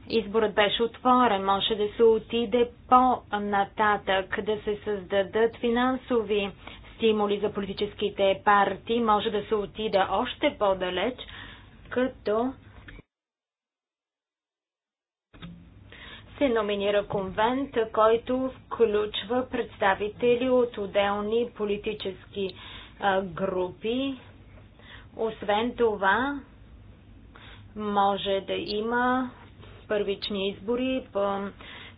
Изборът беше отворен, може да се отиде по-нататък, да се създадат финансови стимули за политическите партии. Може да се отида още по-далеч, като се номинира конвент, който включва представители от отделни политически групи. Освен това, може да има първични избори по,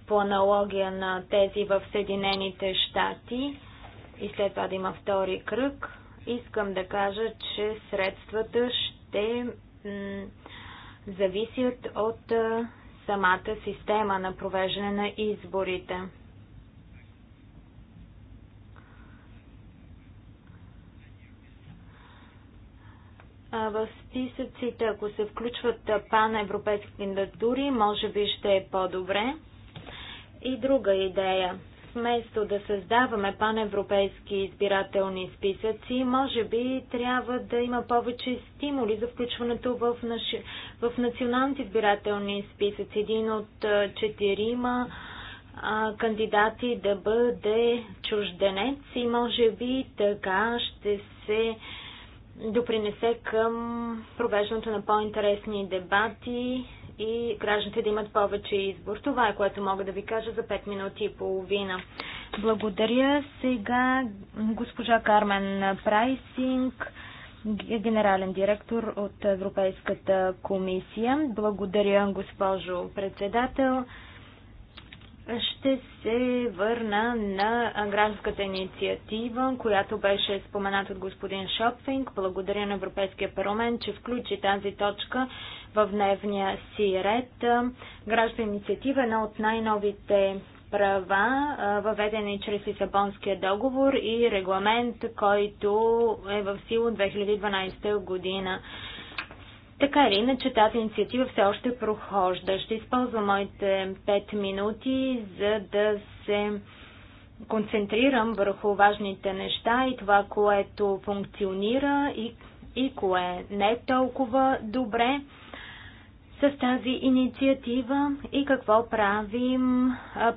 по аналогия на тези в Съединените щати и след това да има втори кръг, искам да кажа, че средствата ще зависят от самата система на провеждане на изборите. В списъците, ако се включват паневропейски кандидатури, може би ще е по-добре. И друга идея – вместо да създаваме паневропейски избирателни списъци, може би трябва да има повече стимули за включването в, наши, в националните избирателни списъци. Един от четирима кандидати да бъде чужденец и може би така ще се допринесе към провеждането на по-интересни дебати и гражданите да имат повече избор. Това е което мога да ви кажа за 5 минути и половина. Благодаря. Сега госпожа Кармен Прайсинг, генерален директор от Европейската комисия. Благодаря, госпожо председател. Ще се върна на гражданската инициатива, която беше спомената от господин Шопфинг. Благодаря на Европейския парламент, че включи тази точка в дневния си ред. Гражданска инициатива е една от най-новите права, въведени чрез Лисабонския договор и регламент, който е в сила 2012 година. Така или иначе тази инициатива все още прохожда. Ще използвам моите 5 минути, за да се концентрирам върху важните неща и това, което функционира и, и кое не е толкова добре с тази инициатива и какво правим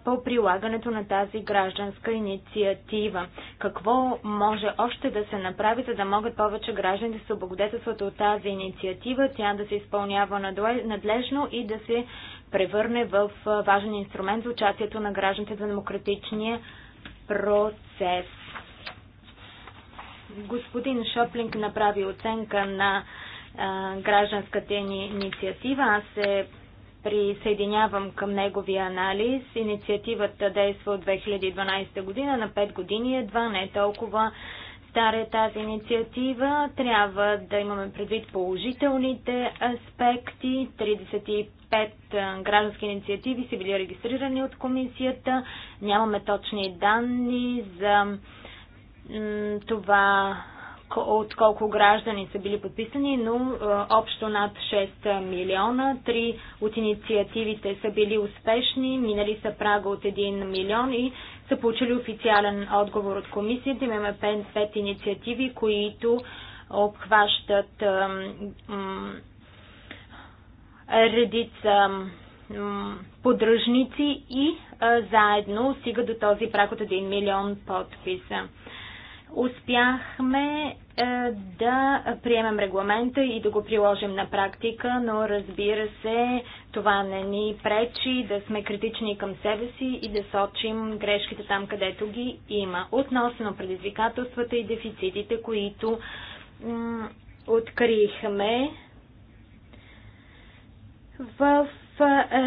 по прилагането на тази гражданска инициатива. Какво може още да се направи, за да могат повече граждани да се облагодетелстват от тази инициатива, тя да се изпълнява надлежно и да се превърне в важен инструмент за участието на гражданите за демократичния процес. Господин Шоплинг направи оценка на гражданската ни инициатива. Аз се присъединявам към неговия анализ. Инициативата действа от 2012 година, на 5 години едва не е толкова стара е тази инициатива. Трябва да имаме предвид положителните аспекти. 35 граждански инициативи са били регистрирани от комисията. Нямаме точни данни за това от колко граждани са били подписани, но е, общо над 6 милиона. Три от инициативите са били успешни, минали са прага от 1 милион и са получили официален отговор от комисията. Имаме 5, 5 инициативи, които обхващат е, редица подръжници и а, е, заедно стига до този прак от 1 милион подписа. Успяхме е, да приемем регламента и да го приложим на практика, но разбира се, това не ни пречи да сме критични към себе си и да сочим грешките там, където ги има. Относно предизвикателствата и дефицитите, които открихме в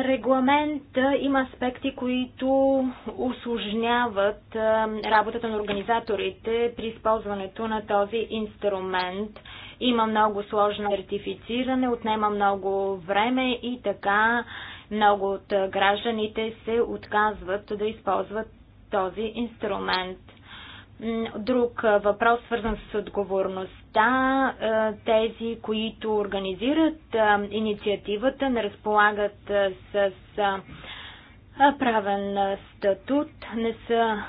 регламент има аспекти, които осложняват работата на организаторите при използването на този инструмент. Има много сложно сертифициране, отнема много време и така много от гражданите се отказват да използват този инструмент. Друг въпрос, свързан с отговорността. Тези, които организират инициативата, не разполагат с правен статут, не са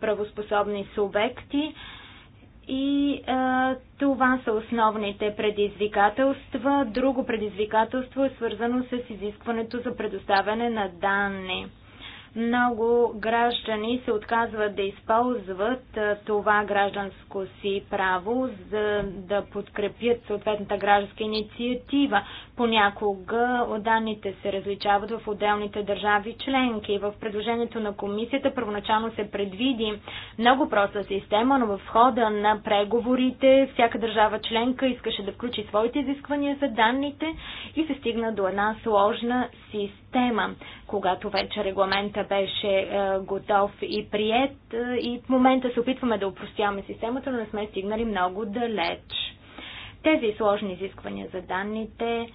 правоспособни субекти и е, това са основните предизвикателства. Друго предизвикателство е свързано с изискването за предоставяне на данни. Много граждани се отказват да използват това гражданско си право, за да подкрепят съответната гражданска инициатива. Понякога данните се различават в отделните държави членки. В предложението на комисията първоначално се предвиди много проста система, но в хода на преговорите всяка държава членка искаше да включи своите изисквания за данните и се стигна до една сложна система. Когато вече регламента регламента беше е, готов и прият е, и в момента се опитваме да упростяваме системата, но не сме стигнали много далеч. Тези сложни изисквания за данните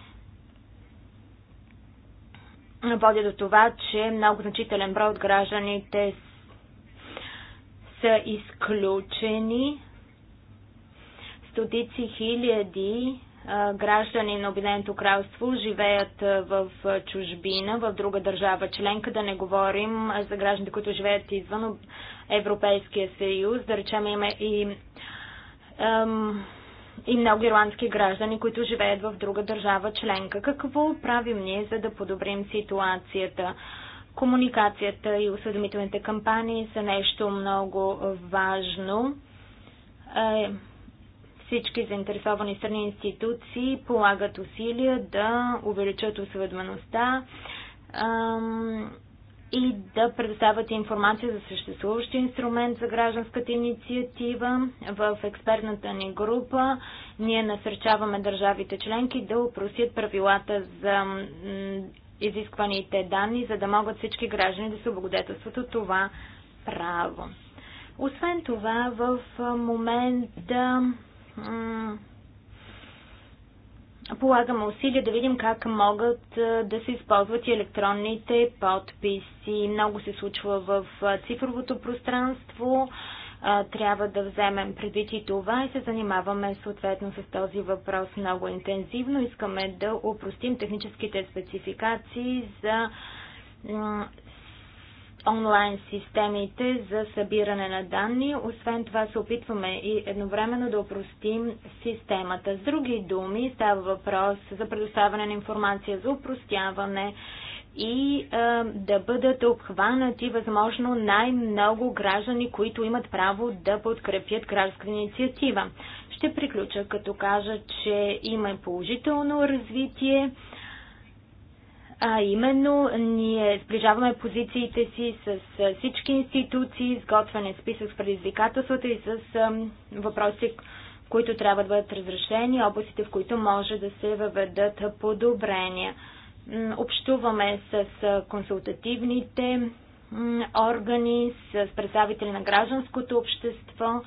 водя до това, че много значителен брой от гражданите са изключени. Стотици хиляди граждани на Обединеното кралство живеят в чужбина, в друга държава членка, да не говорим за гражданите, които живеят извън Европейския съюз, да речем има и, и много ирландски граждани, които живеят в друга държава членка. Какво правим ние, за да подобрим ситуацията? Комуникацията и осведомителните кампании са нещо много важно е, всички заинтересовани страни институции полагат усилия да увеличат осведомеността и да предоставят информация за съществуващия инструмент за гражданската инициатива. В експертната ни група ние насърчаваме държавите членки да упросят правилата за изискваните данни, за да могат всички граждани да се облагодетелстват от това право. Освен това, в момента полагаме усилия да видим как могат да се използват и електронните подписи. Много се случва в цифровото пространство. Трябва да вземем предвид и това и се занимаваме съответно с този въпрос много интензивно. Искаме да упростим техническите спецификации за онлайн системите за събиране на данни. Освен това се опитваме и едновременно да опростим системата. С други думи става въпрос за предоставяне на информация, за опростяване и е, да бъдат обхванати възможно най-много граждани, които имат право да подкрепят гражданска инициатива. Ще приключа като кажа, че има положително развитие а именно, ние сближаваме позициите си с всички институции, изготвяне списък с предизвикателствата и с въпроси, които трябва да бъдат разрешени, областите, в които може да се въведат подобрения. Общуваме с консултативните органи, с представители на гражданското общество.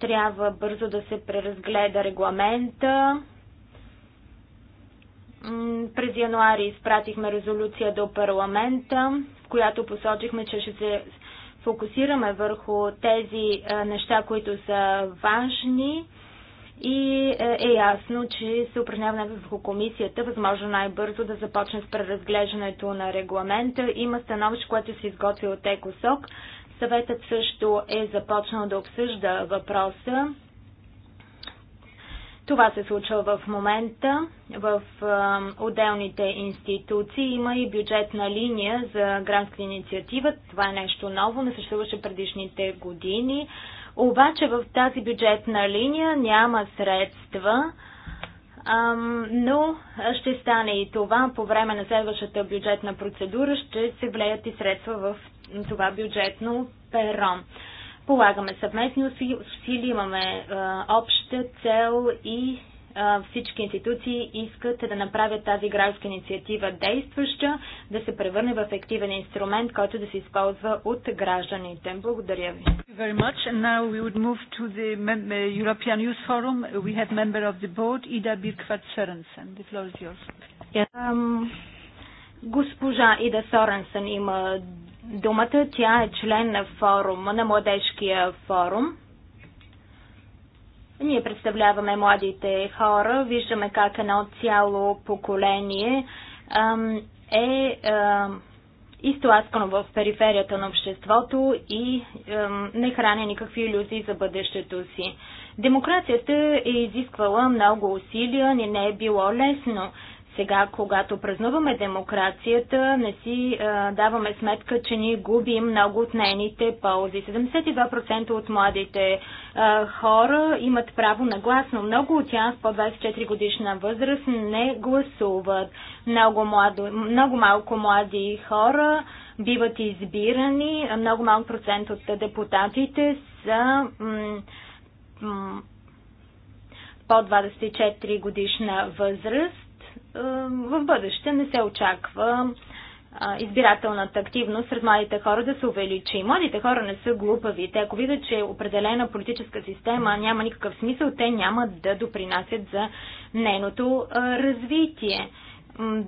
Трябва бързо да се преразгледа регламента през януари изпратихме резолюция до парламента, в която посочихме, че ще се фокусираме върху тези е, неща, които са важни и е, е ясно, че се упражняваме върху комисията, възможно най-бързо да започне с преразглеждането на регламента. Има становище, което се изготви от ЕКОСОК. Съветът също е започнал да обсъжда въпроса това се случва в момента в отделните институции. Има и бюджетна линия за грантска инициатива. Това е нещо ново, не съществуваше предишните години. Обаче в тази бюджетна линия няма средства, но ще стане и това. По време на следващата бюджетна процедура ще се влеят и средства в това бюджетно перо. Полагаме съвместни усилия, имаме е, обща цел и е, всички институции искат да направят тази гражданска инициатива действаща, да се превърне в ефективен инструмент, който да се използва от гражданите. Благодаря ви. Госпожа Ида Соренсен има думата. Тя е член на форума, на младежкия форум. Ние представляваме младите хора, виждаме как едно цяло поколение е изтласкано в периферията на обществото и не храня никакви иллюзии за бъдещето си. Демокрацията е изисквала много усилия, не, не е било лесно. Сега, когато празнуваме демокрацията, не си а, даваме сметка, че ни губим много от нейните ползи. 72% от младите а, хора имат право на глас, но много от тях по 24 годишна възраст не гласуват. Много, младо, много малко млади хора биват избирани, много малък процент от депутатите са по 24 годишна възраст в бъдеще не се очаква избирателната активност сред младите хора да се увеличи. Младите хора не са глупави. Те ако видят, че определена политическа система няма никакъв смисъл, те няма да допринасят за нейното развитие.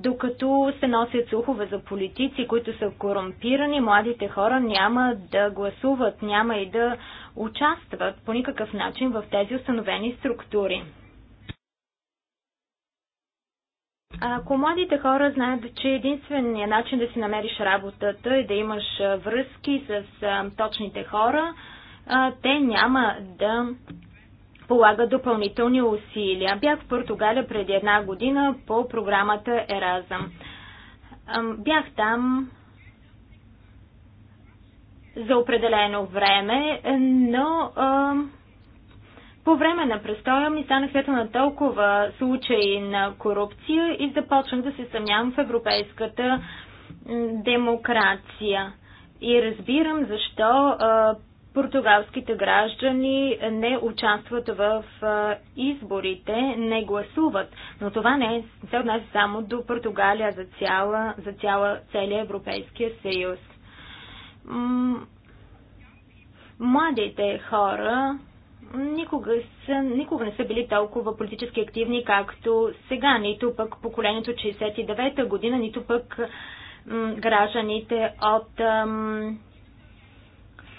Докато се носят слухове за политици, които са корумпирани, младите хора няма да гласуват, няма и да участват по никакъв начин в тези установени структури. Ако младите хора знаят, че единственият начин да си намериш работата е да имаш връзки с точните хора, те няма да полагат допълнителни усилия. Бях в Португалия преди една година по програмата Еразъм. Бях там за определено време, но по време на престоя ми станах света на толкова случаи на корупция и започнах да се съмнявам в европейската демокрация. И разбирам защо а, португалските граждани не участват в а, изборите, не гласуват. Но това не е, се отнася само до Португалия за цяла, за цяла целия Европейския съюз. Младите хора никога, са, никога не са били толкова политически активни, както сега, нито пък поколението 69-та година, нито пък м, гражданите от м,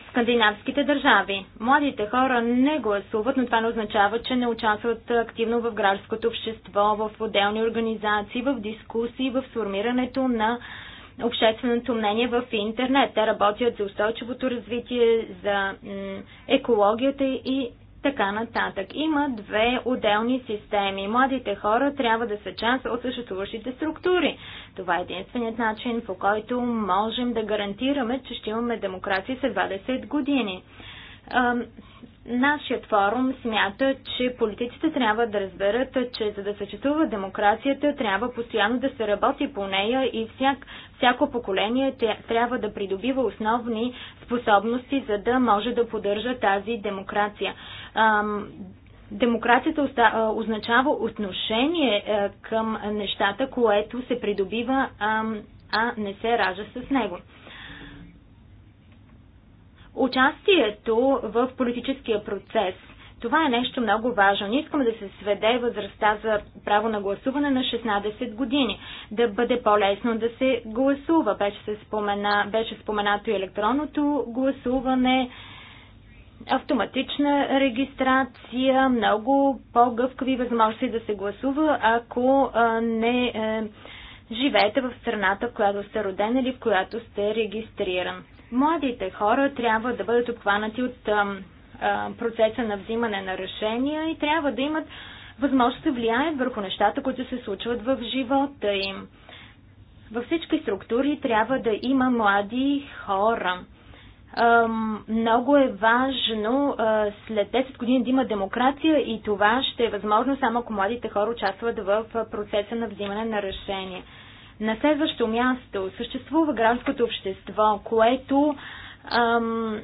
скандинавските държави. Младите хора не гласуват, но това не означава, че не участват активно в гражданското общество, в отделни организации, в дискусии, в формирането на общественото мнение в интернет. Те работят за устойчивото развитие, за екологията и така нататък. Има две отделни системи. Младите хора трябва да са част от съществуващите структури. Това е единственият начин, по който можем да гарантираме, че ще имаме демокрация след 20 години. Нашият форум смята, че политиците трябва да разберат, че за да съществува демокрацията, трябва постоянно да се работи по нея и всяк, всяко поколение трябва да придобива основни способности, за да може да поддържа тази демокрация. Демокрацията означава отношение е, към нещата, което се придобива, а не се ражда с него участието в политическия процес. Това е нещо много важно. Не искаме да се сведе възрастта за право на гласуване на 16 години, да бъде по-лесно да се гласува. Беше, се спомена, беше споменато и електронното гласуване, автоматична регистрация, много по-гъвкави възможности да се гласува, ако не е, живеете в страната, в която сте роден или в която сте регистриран. Младите хора трябва да бъдат обхванати от процеса на взимане на решения и трябва да имат възможност да влияят върху нещата, които се случват в живота им. Във всички структури трябва да има млади хора. Много е важно след 10 години да има демокрация и това ще е възможно само ако младите хора участват в процеса на взимане на решения. На следващо място съществува гражданското общество, което ам,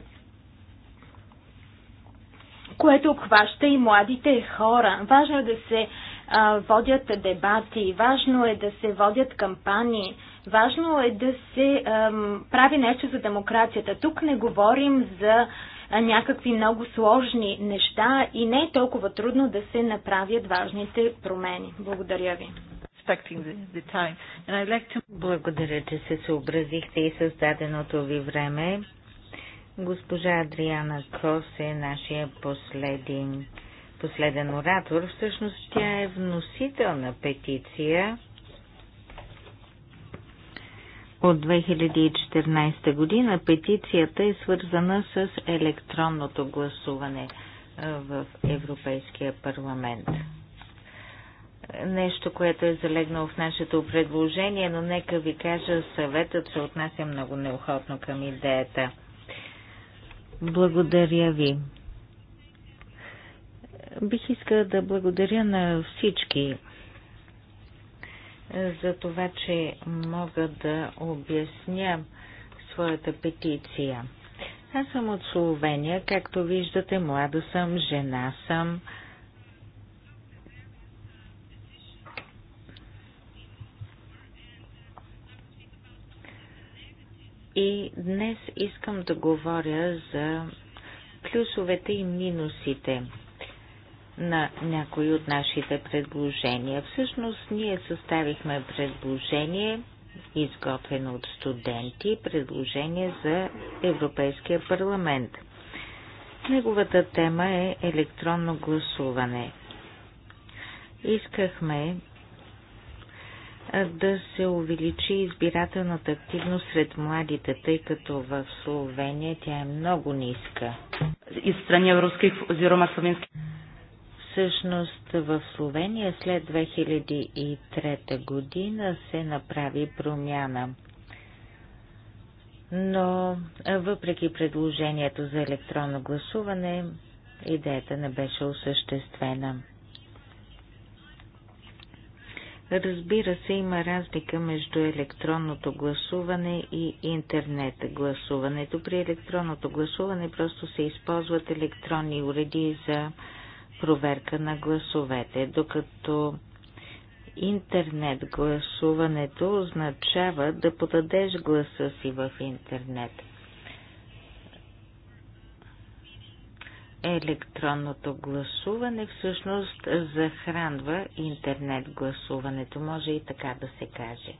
което обхваща и младите хора. Важно е да се а, водят дебати, важно е да се водят кампании, важно е да се ам, прави нещо за демокрацията. Тук не говорим за някакви много сложни неща и не е толкова трудно да се направят важните промени. Благодаря ви.
Благодаря, че се съобразихте и създаденото ви време. Госпожа Адриана Крос е нашия последен, последен оратор. Всъщност тя е вносител на петиция от 2014 година. Петицията е свързана с електронното гласуване в Европейския парламент нещо, което е залегнало в нашето предложение, но нека ви кажа, съветът се отнася много неохотно към идеята. Благодаря ви. Бих искала да благодаря на всички за това, че мога да обясня своята петиция. Аз съм от Словения, както виждате, млада съм, жена съм. И днес искам да говоря за плюсовете и минусите на някои от нашите предложения. Всъщност ние съставихме предложение, изготвено от студенти, предложение за Европейския парламент. Неговата тема е електронно гласуване. Искахме да се увеличи избирателната активност сред младите, тъй като в Словения тя е много ниска. И страни руских зирома словенски. Всъщност в Словения след 2003 година се направи промяна. Но въпреки предложението за електронно гласуване, идеята не беше осъществена. Разбира се, има разлика между електронното гласуване и интернет гласуването. При електронното гласуване просто се използват електронни уреди за проверка на гласовете, докато интернет гласуването означава да подадеш гласа си в интернет. електронното гласуване всъщност захранва интернет гласуването. Може и така да се каже.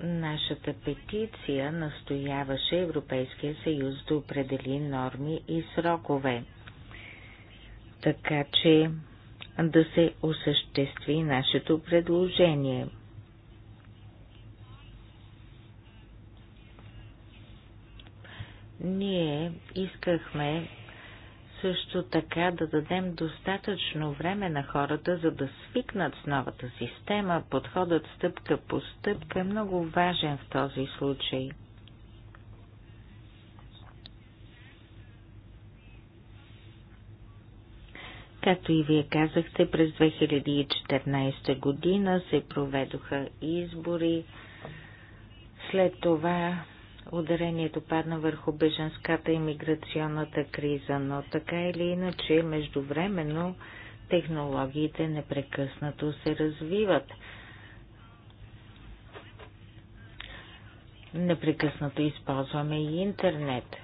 Нашата петиция настояваше Европейския съюз да определи норми и срокове, така че да се осъществи нашето предложение – Ние искахме също така да дадем достатъчно време на хората, за да свикнат с новата система. Подходът стъпка по стъпка е много важен в този случай. Както и вие казахте, през 2014 година се проведоха избори. След това ударението падна върху беженската иммиграционната криза, но така или иначе, междувременно, технологиите непрекъснато се развиват. Непрекъснато използваме и интернет.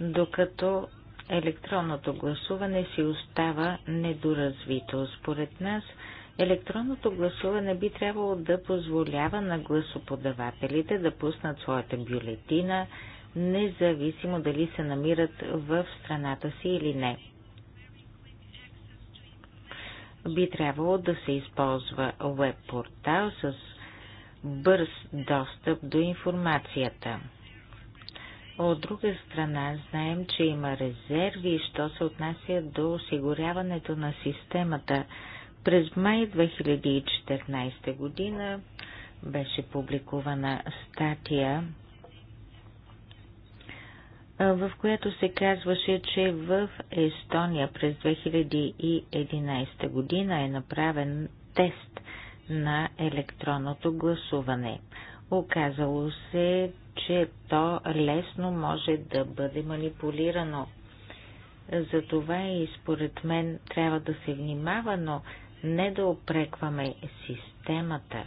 Докато електронното гласуване си остава недоразвито. Според нас – Електронното гласуване би трябвало да позволява на гласоподавателите да пуснат своята бюлетина, независимо дали се намират в страната си или не. Би трябвало да се използва веб-портал с бърз достъп до информацията. От друга страна, знаем, че има резерви, що се отнася до осигуряването на системата – през май 2014 година беше публикувана статия, в която се казваше, че в Естония през 2011 година е направен тест на електронното гласуване. Оказало се, че то лесно може да бъде манипулирано. Затова и според мен трябва да се внимава, но не да опрекваме системата.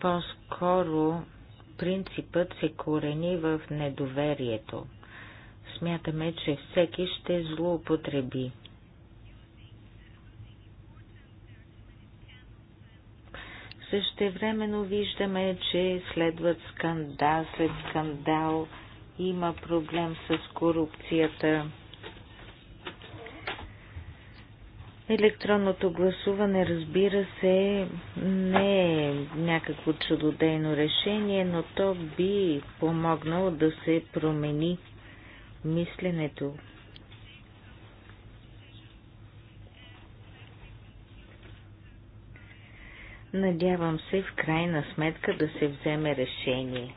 По-скоро принципът се корени в недоверието. Смятаме, че всеки ще злоупотреби. Същевременно виждаме, че следват скандал след скандал – има проблем с корупцията. Електронното гласуване, разбира се, не е някакво чудодейно решение, но то би помогнало да се промени мисленето. Надявам се в крайна сметка да се вземе решение.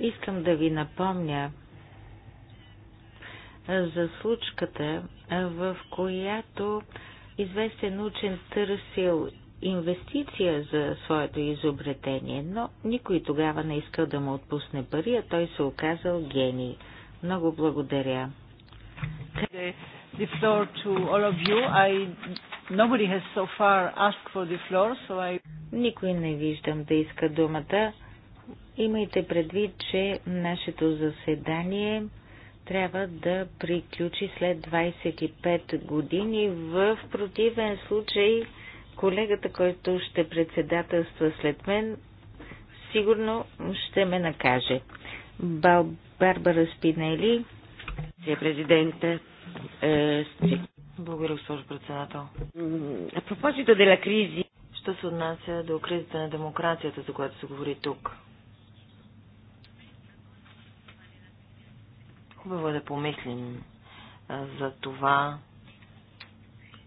Искам да ви напомня за случката, в която известен учен търсил инвестиция за своето изобретение, но никой тогава не искал да му отпусне пари, а той се оказал гений. Много благодаря. The, the floor to all of you. I, nobody has so far asked for the floor, so I... Никой не виждам да иска думата. Имайте предвид, че нашето заседание трябва да приключи след 25 години. В противен случай колегата, който ще председателства след мен, сигурно ще ме накаже. Бал Барбара Спинели. Се президенте. Е, Благодаря, госпожо председател. А пропозито де ла кризи. Що се отнася до кризата на демокрацията, за която се говори тук? Хубаво е да помислим за това,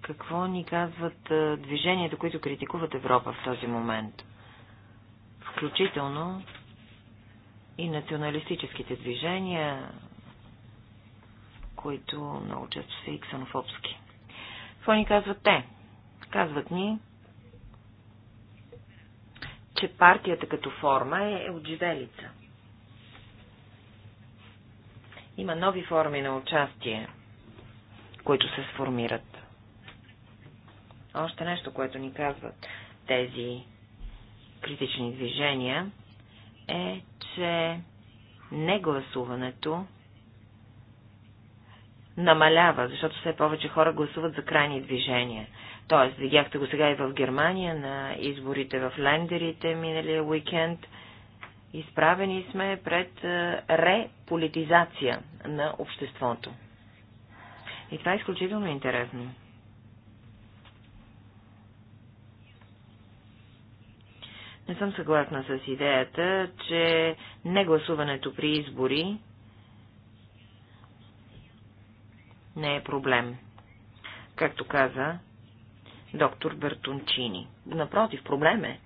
какво ни казват движенията, които критикуват Европа в този момент. Включително и националистическите движения, които много често са и ксенофобски. Какво ни казват те? Казват ни, че партията като форма е отживелица. Има нови форми на участие, които се сформират. Още нещо, което ни казват тези критични движения, е, че негласуването намалява, защото все повече хора гласуват за крайни движения. Тоест, видяхте го сега и в Германия на изборите в Лендерите миналия уикенд – Изправени сме пред е, реполитизация на обществото. И това е изключително интересно. Не съм съгласна с идеята, че негласуването при избори не е проблем. Както каза доктор Бертунчини. Напротив, проблем е.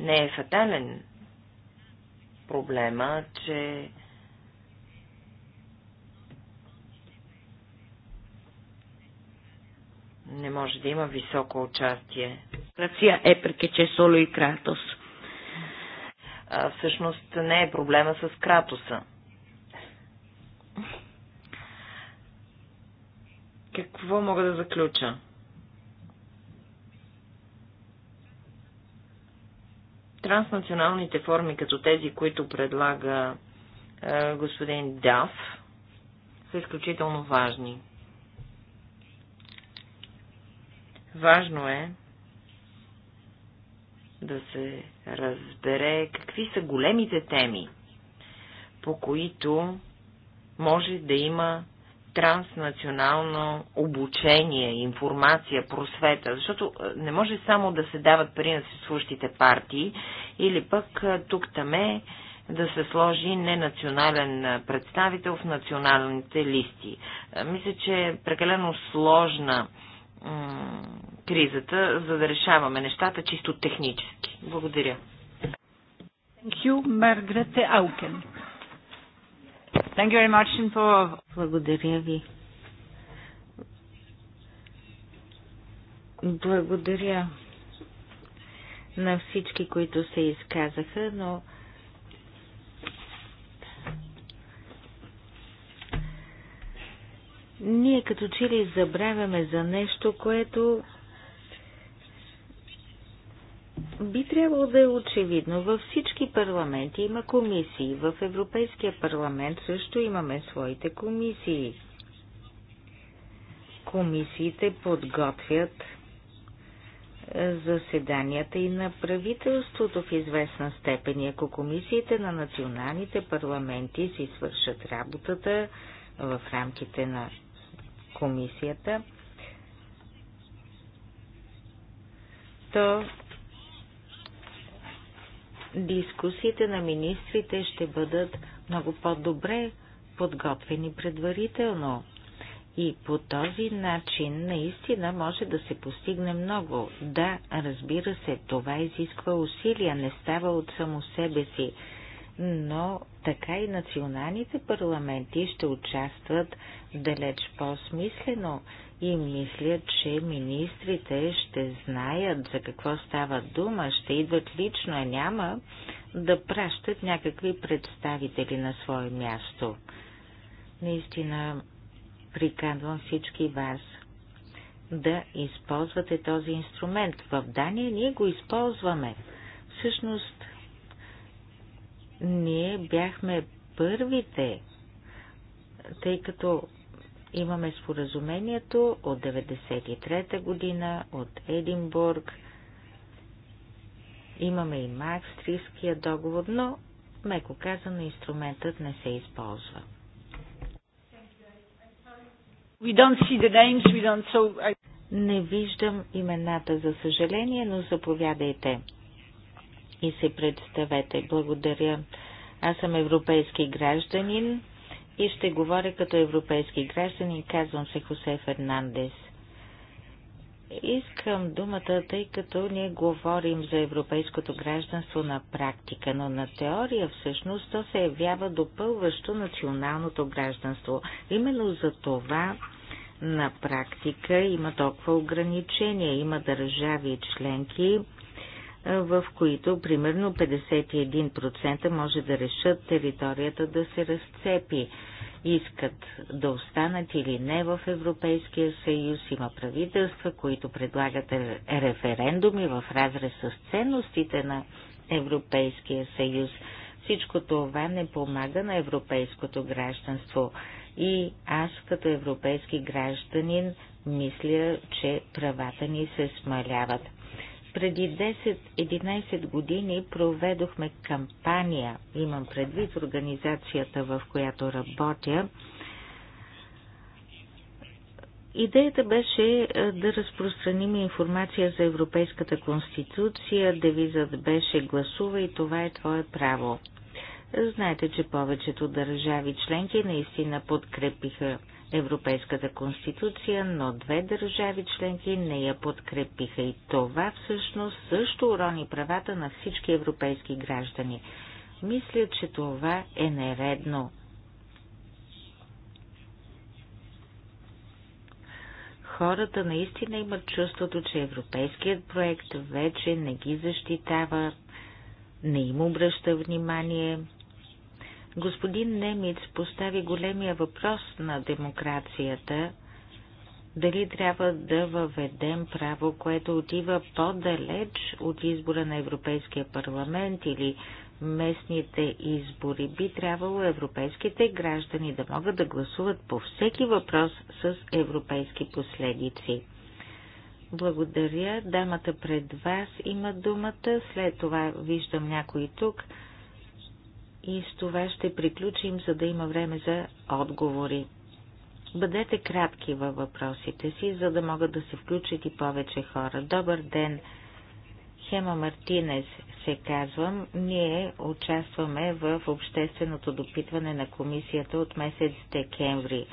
Не е фатален проблема, че не може да има високо участие. Грация е прекече е соло и Кратос. А, всъщност не е проблема с Кратоса. Какво мога да заключа? транснационалните форми, като тези, които предлага е, господин Даф, са изключително важни. Важно е да се разбере какви са големите теми, по които може да има транснационално обучение, информация, просвета, защото е, не може само да се дават пари на съществуващите партии или пък е, тук-таме да се сложи ненационален е, представител в националните листи. Мисля, че е прекалено сложна кризата, за да решаваме нещата чисто технически. Благодаря. Thank you, Margaret Auken. Thank you very much for... Благодаря ви. Благодаря на всички, които се изказаха, но ние като че ли забравяме за нещо, което би трябвало да е очевидно. Във всички парламенти има комисии. В Европейския парламент също имаме своите комисии. Комисиите подготвят е, заседанията и на правителството в известна степен. ако комисиите на националните парламенти си свършат работата в рамките на комисията, то дискусиите на министрите ще бъдат много по-добре подготвени предварително. И по този начин наистина може да се постигне много. Да, разбира се, това изисква усилия, не става от само себе си но така и националните парламенти ще участват далеч по-смислено и мислят, че министрите ще знаят за какво става дума, ще идват лично, а няма да пращат някакви представители на свое място. Наистина, приканвам всички вас да използвате този инструмент. В Дания ние го използваме. Всъщност, ние бяхме първите, тъй като имаме споразумението от 93-та година, от Единбург, имаме и Макстрийския договор, но, меко казано, инструментът не се използва. We don't see the names, we don't, so I... Не виждам имената, за съжаление, но заповядайте и се представете. Благодаря. Аз съм европейски гражданин и ще говоря като европейски гражданин. Казвам се Хосе Фернандес. Искам думата, тъй като ние говорим за европейското гражданство на практика, но на теория всъщност то се явява допълващо националното гражданство. Именно за това на практика има толкова ограничения. Има държави членки, в които примерно 51% може да решат територията да се разцепи. Искат да останат или не в Европейския съюз. Има правителства, които предлагат референдуми в разрез с ценностите на Европейския съюз. Всичко това не помага на европейското гражданство. И аз като европейски гражданин мисля, че правата ни се смаляват. Преди 10-11 години проведохме кампания, имам предвид организацията, в която работя. Идеята беше е, да разпространим информация за Европейската конституция. Девизът беше гласува и това е твое право. Знаете, че повечето държави членки наистина подкрепиха Европейската конституция, но две държави членки не я подкрепиха и това всъщност също урони правата на всички европейски граждани. Мисля, че това е нередно. Хората наистина имат чувството, че европейският проект вече не ги защитава, не им обръща внимание, Господин Немиц постави големия въпрос на демокрацията дали трябва да въведем право, което отива по-далеч от избора на Европейския парламент или местните избори. Би трябвало европейските граждани да могат да гласуват по всеки въпрос с европейски последици. Благодаря. Дамата пред вас има думата. След това виждам някой тук. И с това ще приключим, за да има време за отговори. Бъдете кратки във въпросите си, за да могат да се включат и повече хора. Добър ден! Хема Мартинес се казвам. Ние участваме в общественото допитване на комисията от месец декември.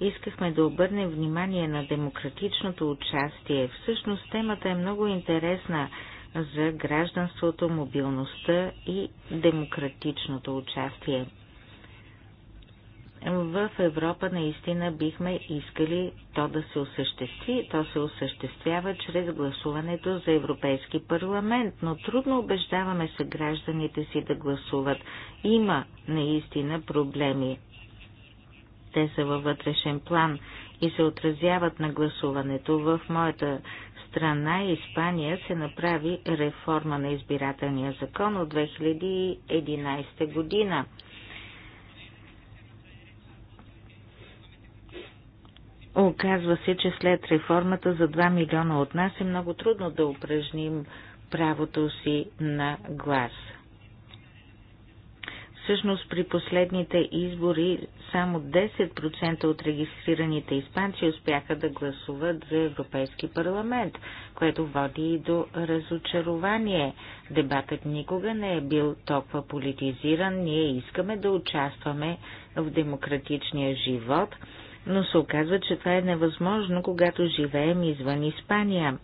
Искахме да обърнем внимание на демократичното участие. Всъщност темата е много интересна за гражданството, мобилността и демократичното участие. В Европа наистина бихме искали то да се осъществи. То се осъществява чрез гласуването за Европейски парламент, но трудно убеждаваме гражданите си да гласуват. Има наистина проблеми. Те са във вътрешен план и се отразяват на гласуването. В моята страна Испания се направи реформа на избирателния закон от 2011 година. Оказва се, че след реформата за 2 милиона от нас е много трудно да упражним правото си на глас. Всъщност при последните избори само 10% от регистрираните испанци успяха да гласуват за Европейски парламент, което води и до разочарование. Дебатът никога не е бил толкова политизиран. Ние искаме да участваме в демократичния живот, но се оказва, че това е невъзможно, когато живеем извън Испания.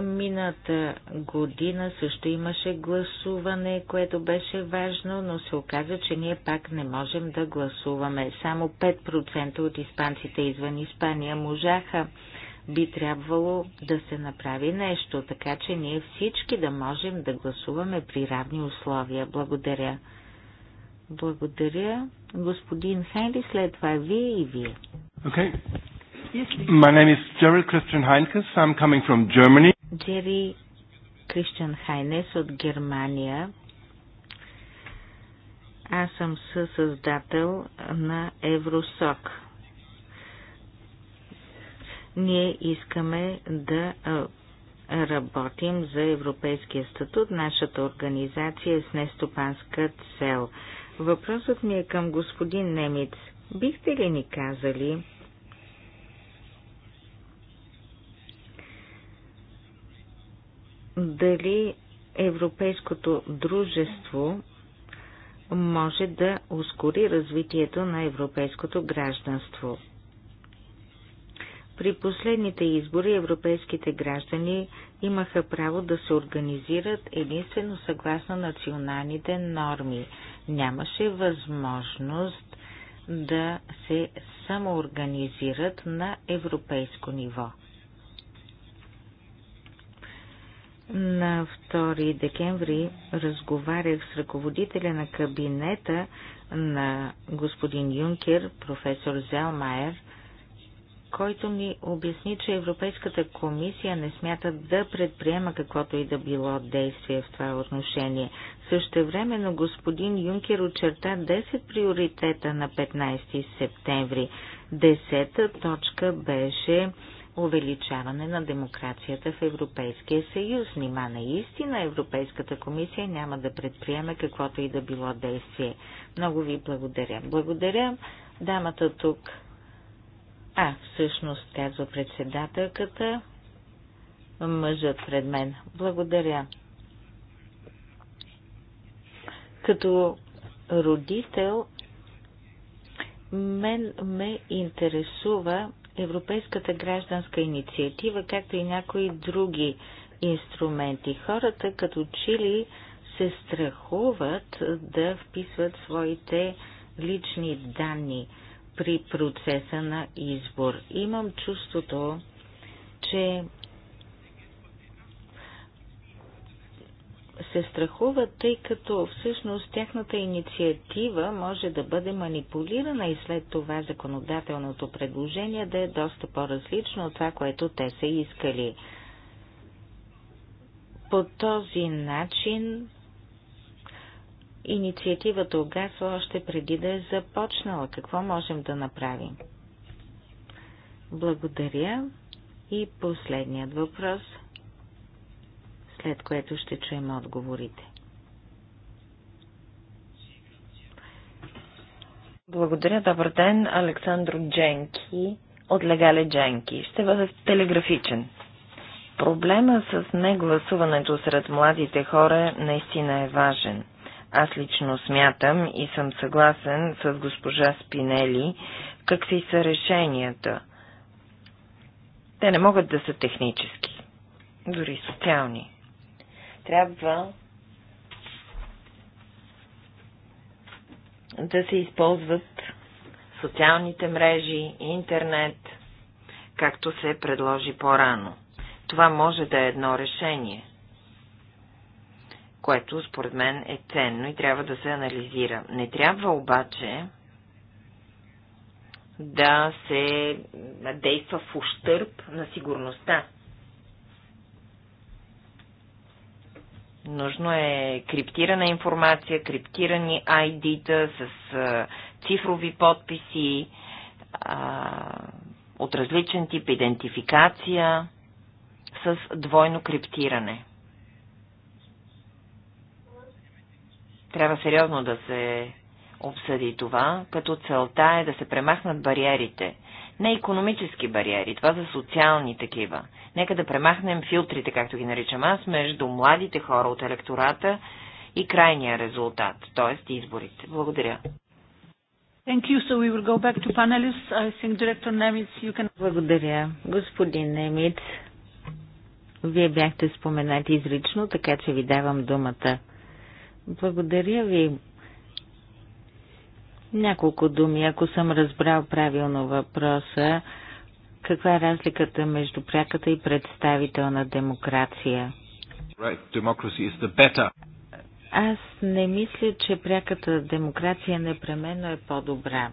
Мината година също имаше гласуване, което беше важно, но се оказа, че ние пак не можем да гласуваме. Само 5% от испанците извън Испания можаха. Би трябвало да се направи нещо, така че ние всички да можем да гласуваме при равни условия. Благодаря. Благодаря. Господин Хайли, след това вие и вие.
Okay. My name is Gerald Christian Heinkes. I'm coming from Germany.
Джери Кристиан Хайнес от Германия. Аз съм съсъздател на Евросок. Ние искаме да работим за Европейския статут. Нашата организация е с нестопанска цел. Въпросът ми е към господин Немец. Бихте ли ни казали дали Европейското дружество може да ускори развитието на европейското гражданство. При последните избори европейските граждани имаха право да се организират единствено съгласно националните норми. Нямаше възможност да се самоорганизират на европейско ниво. На 2 декември разговарях с ръководителя на кабинета на господин Юнкер, професор Зелмайер, който ми обясни, че Европейската комисия не смята да предприема каквото и да било действие в това отношение. Същевременно господин Юнкер очерта 10 приоритета на 15 септември. Десета точка беше увеличаване на демокрацията в Европейския съюз. Нима наистина Европейската комисия няма да предприеме каквото и да било действие. Много ви благодаря. Благодаря дамата тук. А, всъщност, казва председателката, мъжът пред мен. Благодаря. Като родител, мен ме интересува Европейската гражданска инициатива, както и някои други инструменти. Хората като чили се страхуват да вписват своите лични данни при процеса на избор. Имам чувството, че се страхуват, тъй като всъщност тяхната инициатива може да бъде манипулирана и след това законодателното предложение да е доста по-различно от това, което те са искали. По този начин инициативата угасва още преди да е започнала. Какво можем да направим? Благодаря. И последният въпрос – след което ще чуем отговорите. Благодаря, добър ден, Александро Дженки от Легале Дженки. Ще бъда телеграфичен. Проблема с негласуването сред младите хора наистина е важен. Аз лично смятам и съм съгласен с госпожа Спинели какви са решенията. Те не могат да са технически, дори социални трябва да се използват социалните мрежи, интернет, както се предложи по-рано. Това може да е едно решение, което според мен е ценно и трябва да се анализира. Не трябва обаче да се действа в ущърп на сигурността Нужно е криптирана информация, криптирани ID-та с а, цифрови подписи а, от различен тип идентификация с двойно криптиране. Трябва сериозно да се обсъди това, като целта е да се премахнат бариерите не економически бариери, това са социални такива. Нека да премахнем филтрите, както ги наричам аз, между младите хора от електората и крайния резултат, т.е. изборите. Благодаря. Thank you. So we will go back to panelists. I think Director Nemitz, you can... Благодаря. Господин Немиц, вие бяхте споменати изрично, така че ви давам думата. Благодаря ви, няколко думи, ако съм разбрал правилно въпроса, каква е разликата между пряката и представителна демокрация?
Right.
Аз не мисля, че пряката демокрация непременно е по-добра.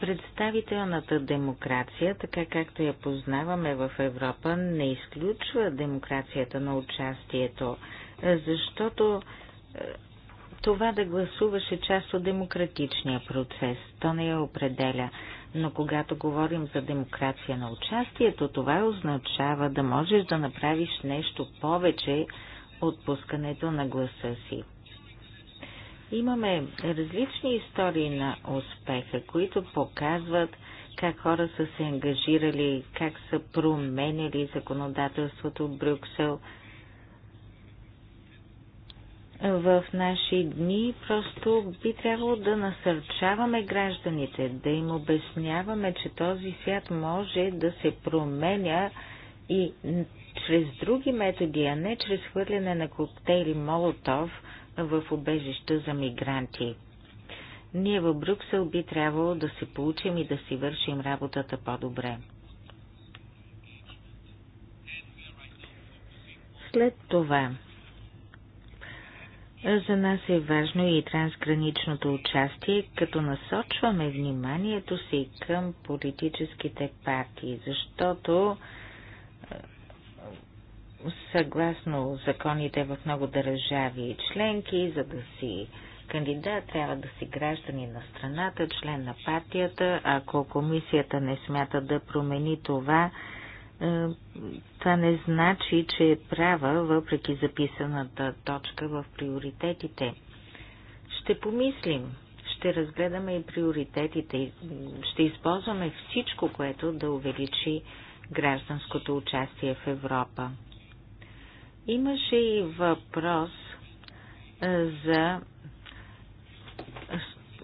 Представителната демокрация, така както я познаваме в Европа, не изключва демокрацията на участието, защото това да гласуваше част от демократичния процес. То не я определя. Но когато говорим за демокрация на участието, това означава да можеш да направиш нещо повече от пускането на гласа си. Имаме различни истории на успеха, които показват как хора са се ангажирали, как са променяли законодателството в Брюксел – в наши дни просто би трябвало да насърчаваме гражданите, да им обясняваме, че този свят може да се променя и чрез други методи, а не чрез хвърляне на коктейли Молотов в убежища за мигранти. Ние в Брюксел би трябвало да се получим и да си вършим работата по-добре. След това за нас е важно и трансграничното участие, като насочваме вниманието си към политическите партии, защото е, съгласно законите в много държави и членки, за да си кандидат трябва да си граждани на страната, член на партията. Ако комисията не смята да промени това, е, това не значи, че е права, въпреки записаната точка в приоритетите. Ще помислим, ще разгледаме и приоритетите, ще използваме всичко, което да увеличи гражданското участие в Европа. Имаше и въпрос е, за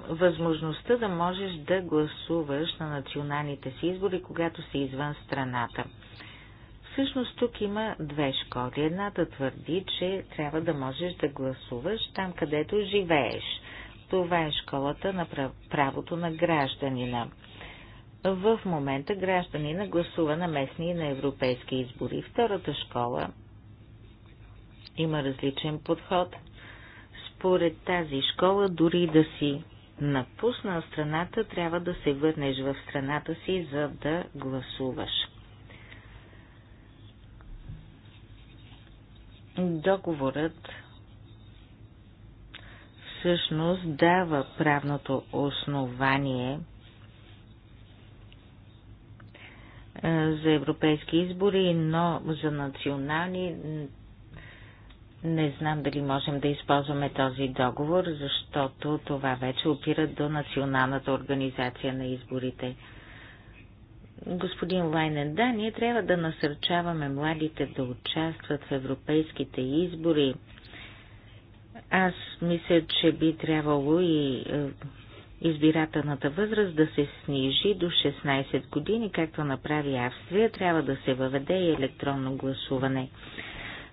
възможността да можеш да гласуваш на националните си избори, когато си извън страната. Всъщност тук има две школи. Едната твърди, че трябва да можеш да гласуваш там, където живееш. Това е школата на правото на гражданина. В момента гражданина гласува на местни и на европейски избори. Втората школа има различен подход. Според тази школа, дори да си напуснал страната, трябва да се върнеш в страната си, за да гласуваш. Договорът всъщност дава правното основание за европейски избори, но за национални не знам дали можем да използваме този договор, защото това вече опира до националната организация на изборите. Господин Лайнен, да, ние трябва да насърчаваме младите да участват в европейските избори. Аз мисля, че би трябвало и е, избирателната възраст да се снижи до 16 години, както направи Австрия, трябва да се въведе и електронно гласуване.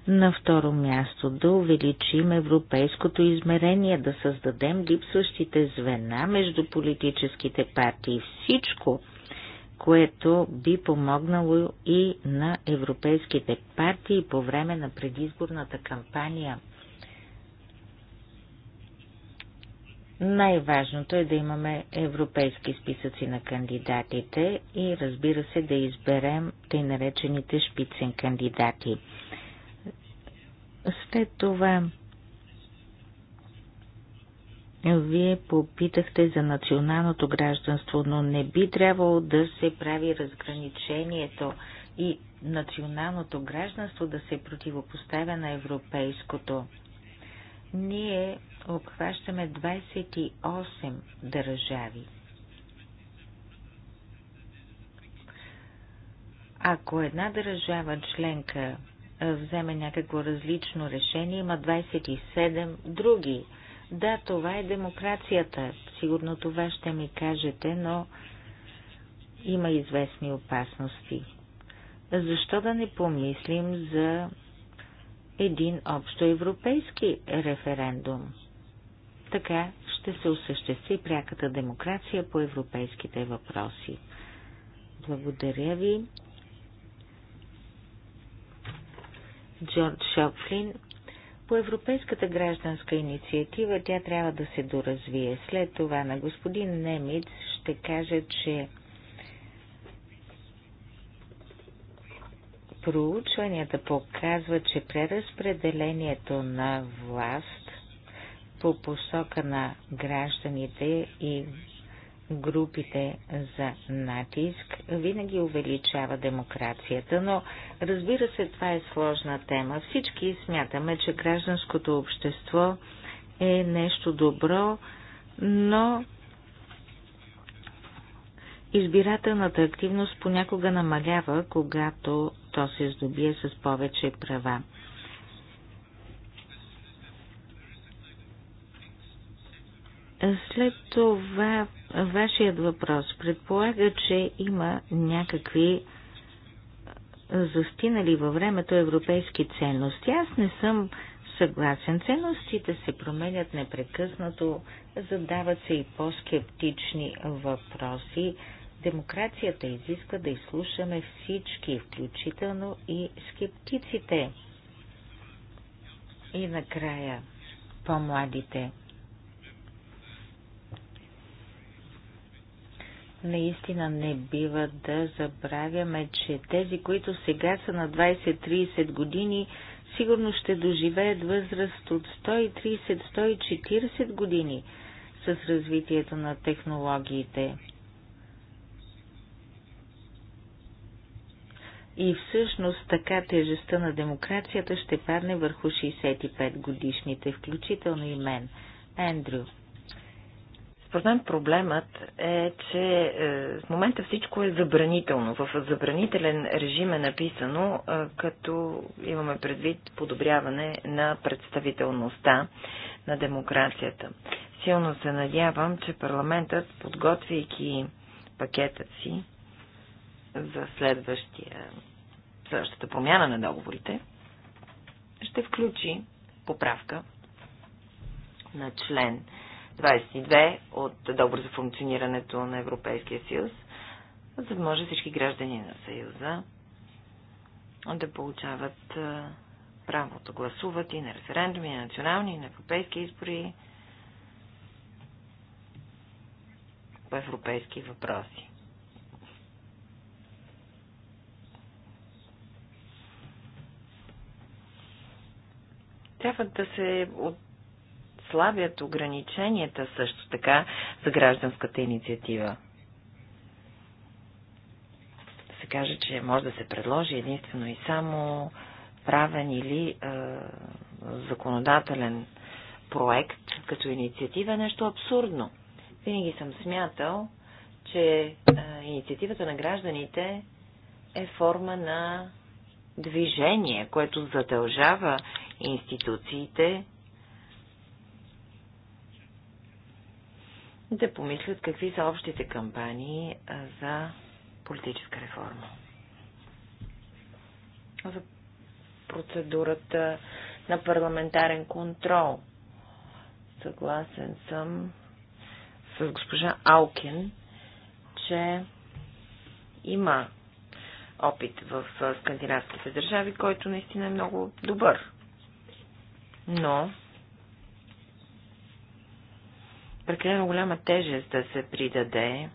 На второ място да увеличим европейското измерение, да създадем липсващите звена между политическите партии. Всичко – което би помогнало и на европейските партии по време на предизборната кампания. Най-важното е да имаме европейски списъци на кандидатите и разбира се да изберем тъй наречените шпицен кандидати. След това вие попитахте за националното гражданство, но не би трябвало да се прави разграничението и националното гражданство да се противопоставя на европейското. Ние обхващаме 28 държави. Ако една държава членка вземе някакво различно решение, има 27 други държави да, това е демокрацията. Сигурно това ще ми кажете, но има известни опасности. Защо да не помислим за един общоевропейски референдум? Така ще се осъществи пряката демокрация по европейските въпроси. Благодаря ви. Джордж Шопфлин по Европейската гражданска инициатива тя трябва да се доразвие. След това на господин Немиц ще кажа, че проучванията показват, че преразпределението на власт по посока на гражданите и групите за натиск винаги увеличава демокрацията, но разбира се, това е сложна тема. Всички смятаме, че гражданското общество е нещо добро, но избирателната активност понякога намалява, когато то се здобие с повече права. След това Вашият въпрос предполага, че има някакви застинали във времето европейски ценности. Аз не съм съгласен. Ценностите се променят непрекъснато, задават се и по-скептични въпроси. Демокрацията изисква да изслушаме всички, включително и скептиците. И накрая, по-младите – Наистина не бива да забравяме, че тези, които сега са на 20-30 години, сигурно ще доживеят възраст от 130-140 години с развитието на технологиите. И всъщност така тежестта на демокрацията ще падне върху 65 годишните, включително и мен, Ендрю. Според мен проблемът е, че е, в момента всичко е забранително. В забранителен режим е написано, е, като имаме предвид подобряване на представителността на демокрацията. Силно се надявам, че парламентът, подготвяйки пакета си за следващия, следващата промяна на договорите, ще включи поправка на член 22 от Добро за функционирането на Европейския съюз, за да може всички граждани на съюза да получават правото да гласуват и на референдуми, и на национални, и на европейски избори по европейски въпроси. трябва да се от, отслабят ограниченията също така за гражданската инициатива. се каже, че може да се предложи единствено и само правен или е, законодателен проект като инициатива е нещо абсурдно. Винаги съм смятал, че е, инициативата на гражданите е форма на движение, което задължава институциите да помислят какви са общите кампании за политическа реформа. За процедурата на парламентарен контрол. Съгласен съм с госпожа Алкин, че има опит в скандинавските държави, който наистина е много добър. Но прекалено голяма тежест да се придаде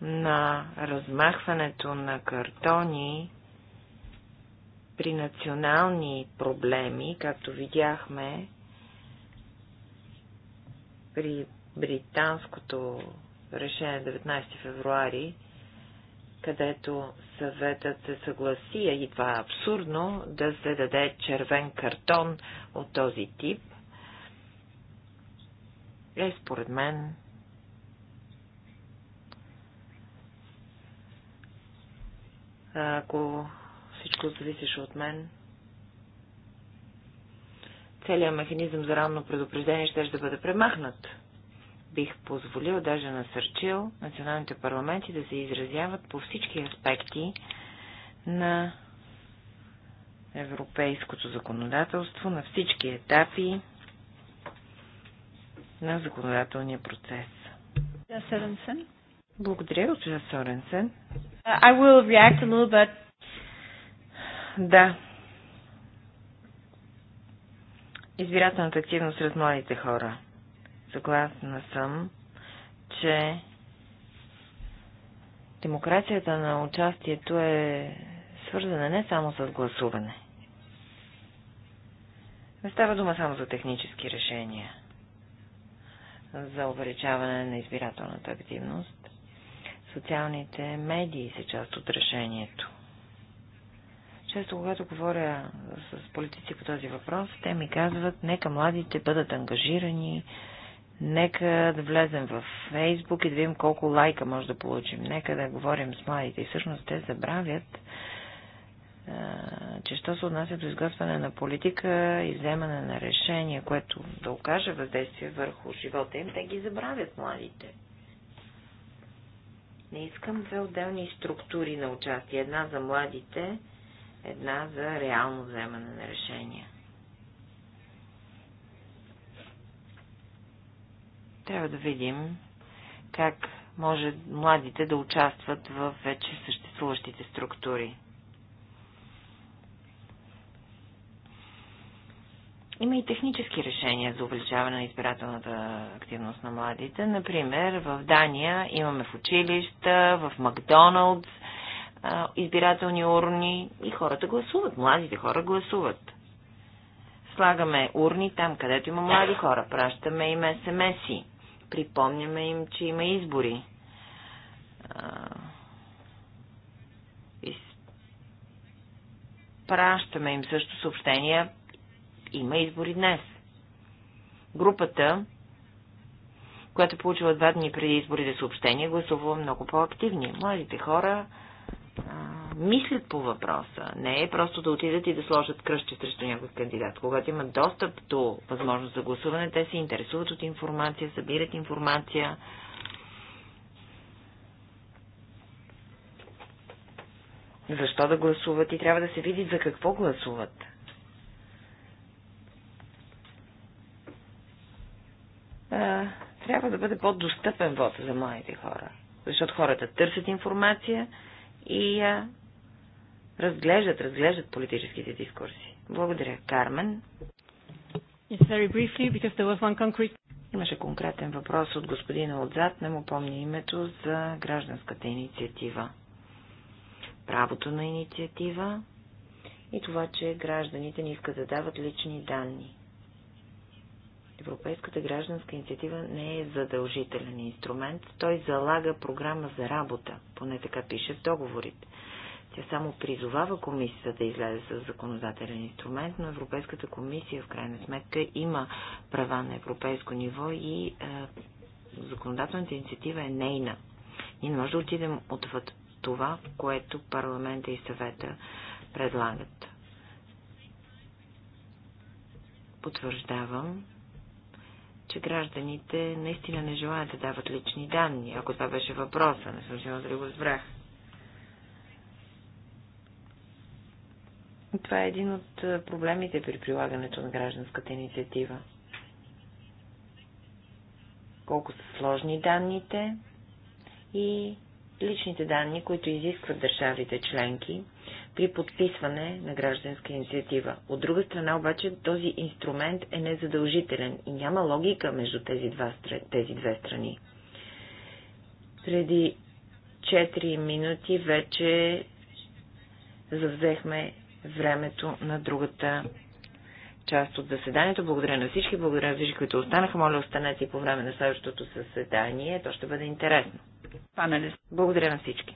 на размахването на картони при национални проблеми, както видяхме при британското решение 19 февруари, където съветът се съгласи, и това е абсурдно, да се даде червен картон от този тип, е според мен ако всичко зависеше от мен, целият механизъм за ранно предупреждение ще да бъде премахнат. Бих позволил, даже насърчил националните парламенти да се изразяват по всички аспекти на европейското законодателство, на всички етапи, на законодателния процес. Благодаря, госпожа Соренсен. Uh, I will react a little bit. Да. Избирателната активност сред младите хора. Съгласна съм, че демокрацията на участието е свързана не само с гласуване. Не става дума само за технически решения за увеличаване на избирателната активност. Социалните медии са част от решението. Често, когато говоря с политици по този въпрос, те ми казват, нека младите бъдат ангажирани, нека да влезем в Фейсбук и да видим колко лайка може да получим. Нека да говорим с младите. И всъщност те забравят, че що се отнася до изготвяне на политика и вземане на решение, което да окаже въздействие върху живота им, те ги забравят младите. Не искам две отделни структури на участие. Една за младите, една за реално вземане на решения. Трябва да видим как може младите да участват в вече съществуващите структури. Има и технически решения за увеличаване на избирателната активност на младите. Например, в Дания имаме в училища, в Макдоналдс избирателни урни и хората гласуват. Младите хора гласуват. Слагаме урни там, където има млади хора. Пращаме им смс-и. Припомняме им, че има избори. Пращаме им също съобщения има избори днес. Групата, която получила два дни преди изборите съобщения, гласува много по-активни. Младите хора а, мислят по въпроса. Не е просто да отидат и да сложат кръщи срещу някой кандидат. Когато имат достъп до възможност за гласуване, те се интересуват от информация, събират информация. Защо да гласуват и трябва да се види за какво гласуват. трябва да бъде по-достъпен вод за младите хора. Защото хората търсят информация и а, разглеждат, разглеждат политическите дискурси. Благодаря. Кармен. Yes, very briefly, because there was one concrete... Имаше конкретен въпрос от господина отзад, не му помня името, за гражданската инициатива. Правото на инициатива и това, че гражданите не искат да дават лични данни. Европейската гражданска инициатива не е задължителен инструмент, той залага програма за работа, поне така пише в договорите. Тя само призовава комисията да излезе с законодателен инструмент, но Европейската комисия в крайна сметка има права на европейско ниво и е, законодателната инициатива е нейна. Ние не може да отидем отвъд това, което парламента и съвета предлагат. Потвърждавам, че гражданите наистина не желаят да дават лични данни, ако това беше въпроса, не съм сигурна дали го разбрах. Това е един от проблемите при прилагането на гражданската инициатива. Колко са сложни данните и личните данни, които изискват държавите членки, при подписване на гражданска инициатива. От друга страна обаче този инструмент е незадължителен и няма логика между тези, два, тези две страни. Преди 4 минути вече завзехме времето на другата част от заседанието. Благодаря на всички, благодаря на всички, които останаха. Моля, останете и по време на следващото заседание. То ще бъде интересно. Панелист. Благодаря на всички.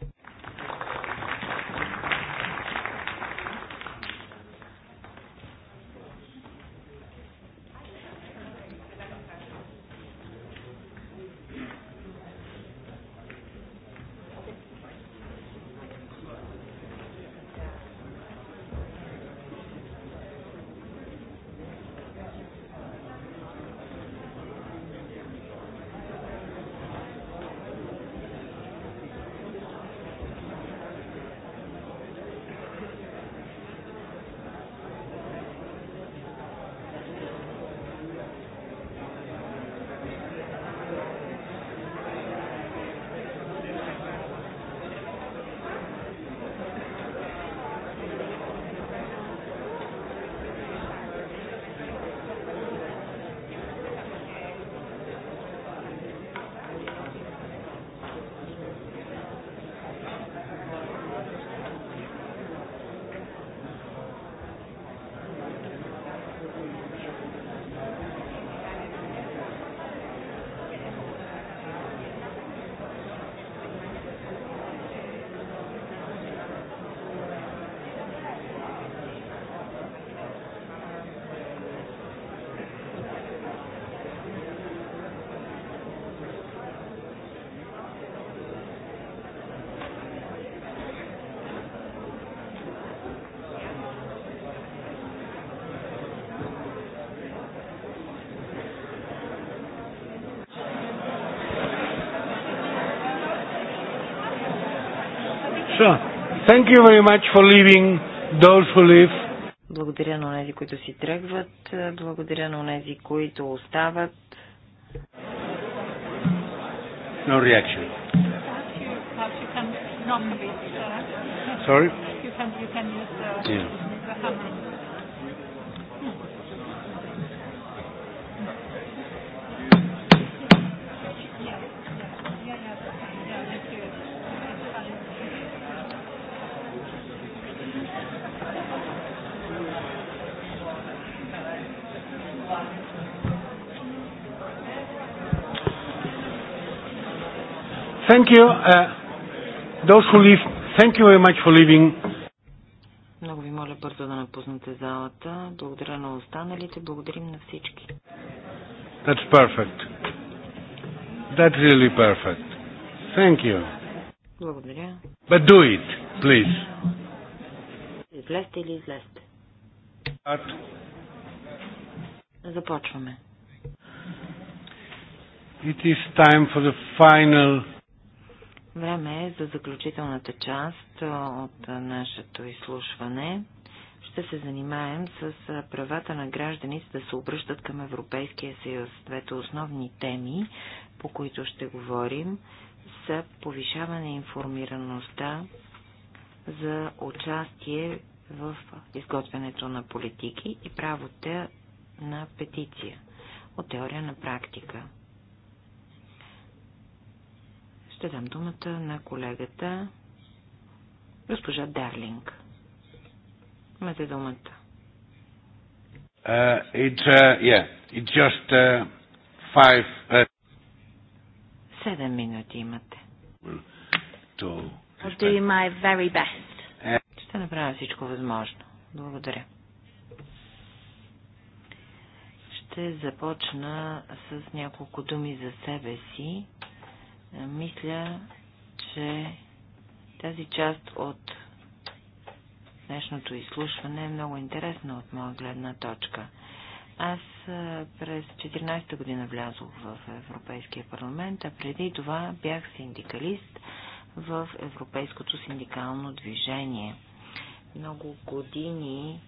Thank you very much for leaving those who live.
Благодаря на тези, които си тръгват. Благодаря на тези, които остават.
No reaction.
Sorry? You can, you can use the, yeah. the
Thank you. Uh, those who leave, thank you very much for leaving.
Много ви моля бързо да напуснете залата. Благодаря на останалите. Благодарим на всички.
That's perfect. That's really perfect. Thank you. Благодаря. But do it, please.
Излезте или излезте. At... Започваме.
It is time for the final
Време е за заключителната част от нашето изслушване. Ще се занимаем с правата на гражданите да се обръщат към Европейския съюз. Двете основни теми, по които ще говорим, са повишаване информираността за участие в изготвянето на политики и правота на петиция от теория на практика ще дам думата на колегата госпожа Дарлинг. Имате думата.
Uh, it's, uh, yeah, it's just uh, five...
Uh... Седем минути имате. To...
I'll do my very best.
Uh, ще направя всичко възможно. Благодаря. ще започна с няколко думи за себе си мисля, че тази част от днешното изслушване е много интересна от моя гледна точка. Аз през 14-та година влязох в Европейския парламент, а преди това бях синдикалист в Европейското синдикално движение. Много години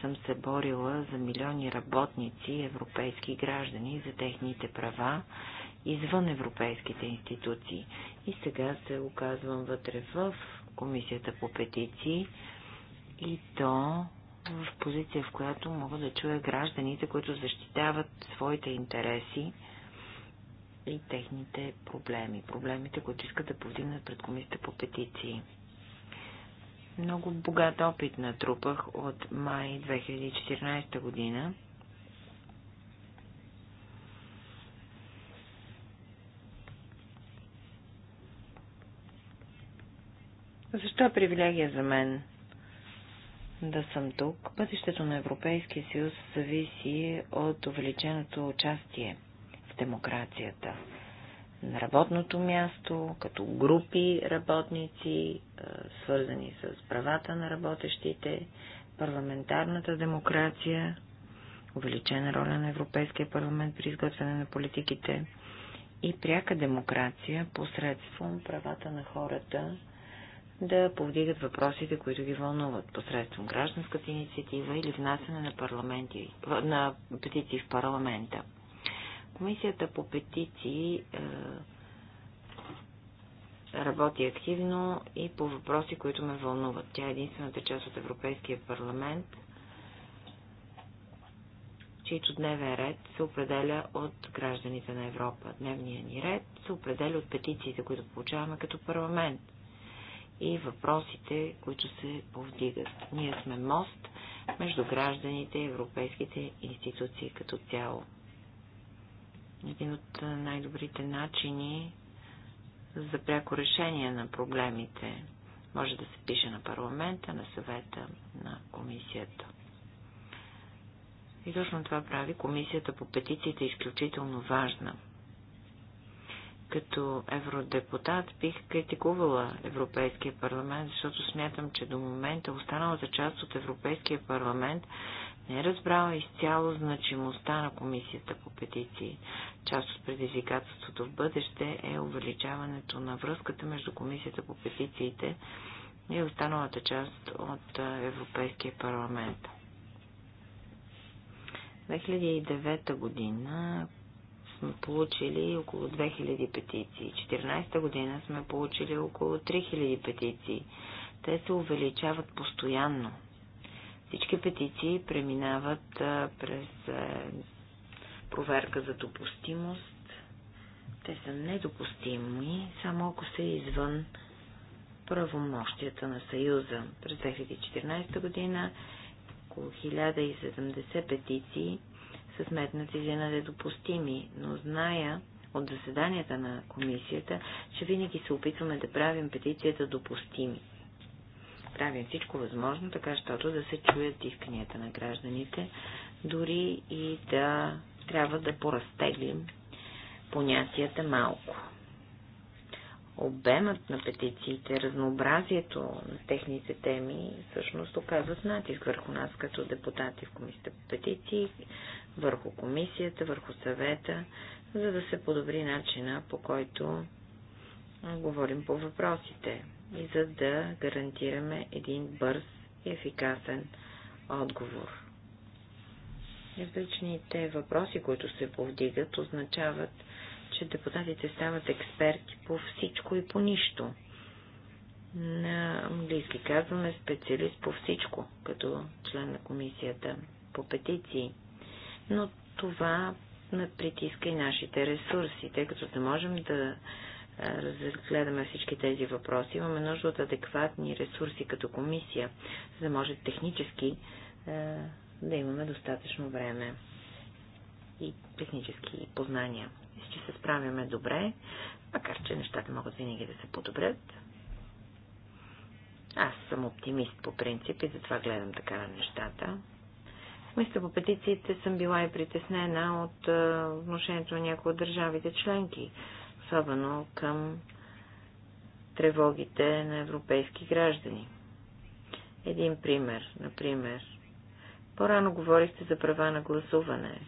съм се борила за милиони работници, европейски граждани, за техните права извън европейските институции. И сега се оказвам вътре в Комисията по петиции и то в позиция, в която мога да чуя гражданите, които защитават своите интереси и техните проблеми. Проблемите, които искат да повдигнат пред комисията по петиции. Много богат опит натрупах от май 2014 година Защо е привилегия за мен да съм тук? Пътището на Европейския съюз зависи от увеличеното участие в демокрацията. На работното място, като групи работници, е, свързани с правата на работещите, парламентарната демокрация, увеличена роля на Европейския парламент при изготвяне на политиките и пряка демокрация посредством правата на хората да повдигат въпросите, които ги вълнуват посредством гражданската инициатива или внасяне на, парламенти, на петиции в парламента. Комисията по петиции е, работи активно и по въпроси, които ме вълнуват. Тя е единствената част от Европейския парламент, чийто дневен ред се определя от гражданите на Европа. Дневният ни ред се определя от петициите, които получаваме като парламент – и въпросите, които се повдигат. Ние сме мост между гражданите и европейските институции като цяло. Един от най-добрите начини за пряко решение на проблемите може да се пише на парламента, на съвета, на комисията. И точно това прави комисията по петициите е изключително важна – като евродепутат бих критикувала Европейския парламент, защото смятам, че до момента останалата част от Европейския парламент не е разбрала изцяло значимостта на комисията по петиции. Част от предизвикателството в бъдеще е увеличаването на връзката между комисията по петициите и останалата част от Европейския парламент. 2009 година сме получили около 2000 петиции. 14 година сме получили около 3000 петиции. Те се увеличават постоянно. Всички петиции преминават през проверка за допустимост. Те са недопустими, само ако са извън правомощията на Съюза. През 2014 година около 1070 петиции са сметнати за недопустими, но зная от заседанията на комисията, че винаги се опитваме да правим петицията допустими. Правим всичко възможно, така щото да се чуят исканията на гражданите, дори и да трябва да поразтеглим понятията малко. Обемът на петициите, разнообразието на техните теми всъщност оказват натиск върху нас като депутати в комисията по петиции, върху комисията, върху съвета, за да се подобри начина, по който говорим по въпросите и за да гарантираме един бърз и ефикасен отговор. Различните въпроси, които се повдигат, означават, че депутатите стават експерти по всичко и по нищо. На английски казваме специалист по всичко, като член на комисията по петиции – но това ме притиска и нашите ресурси, тъй като не можем да разгледаме всички тези въпроси, имаме нужда от адекватни ресурси като комисия, за да може технически да имаме достатъчно време и технически познания. Мисля, че се справяме добре, макар че нещата могат винаги да се подобрят. Аз съм оптимист по принцип и затова гледам така на нещата. Комисията по петициите съм била и притеснена от отношението на някои от държавите членки, особено към тревогите на европейски граждани. Един пример, например. По-рано говорихте за права на гласуване.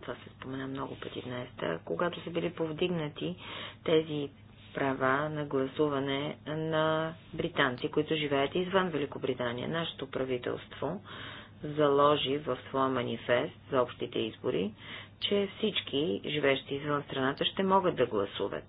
Това се спомена много пъти днес. когато са били повдигнати тези права на гласуване на британци, които живеят извън Великобритания. Нашето правителство заложи в своя манифест за общите избори, че всички, живещи извън страната, ще могат да гласуват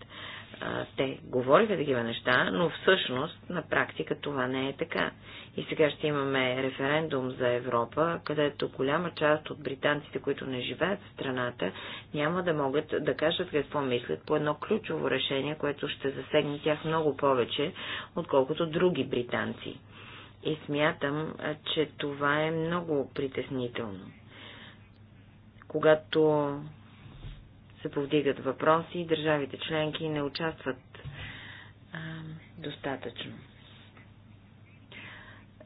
а, те говориха такива неща, но всъщност на практика това не е така. И сега ще имаме референдум за Европа, където голяма част от британците, които не живеят в страната, няма да могат да кажат какво мислят по едно ключово решение, което ще засегне тях много повече, отколкото други британци. И смятам, че това е много притеснително. Когато се повдигат въпроси и държавите членки не участват а, достатъчно.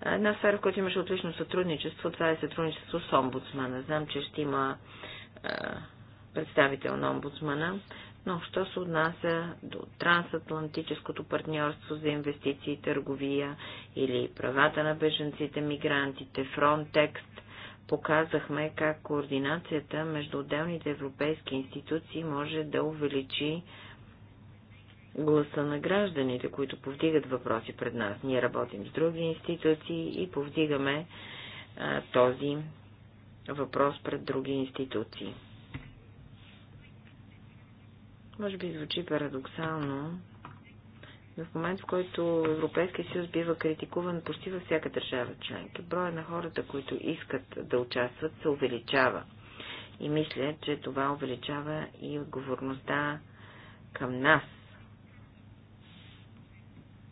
Една сфера, в която имаше отлично сътрудничество, това е сътрудничество с омбудсмана. Знам, че ще има а, представител на омбудсмана, но що се отнася до трансатлантическото партньорство за инвестиции и търговия или правата на беженците, мигрантите, Фронтекст – показахме как координацията между отделните европейски институции може да увеличи гласа на гражданите, които повдигат въпроси пред нас. Ние работим с други институции и повдигаме а, този въпрос пред други институции. Може би звучи парадоксално, в момент, в който Европейския съюз бива критикуван почти във всяка държава членка, броя на хората, които искат да участват, се увеличава. И мисля, че това увеличава и отговорността към нас.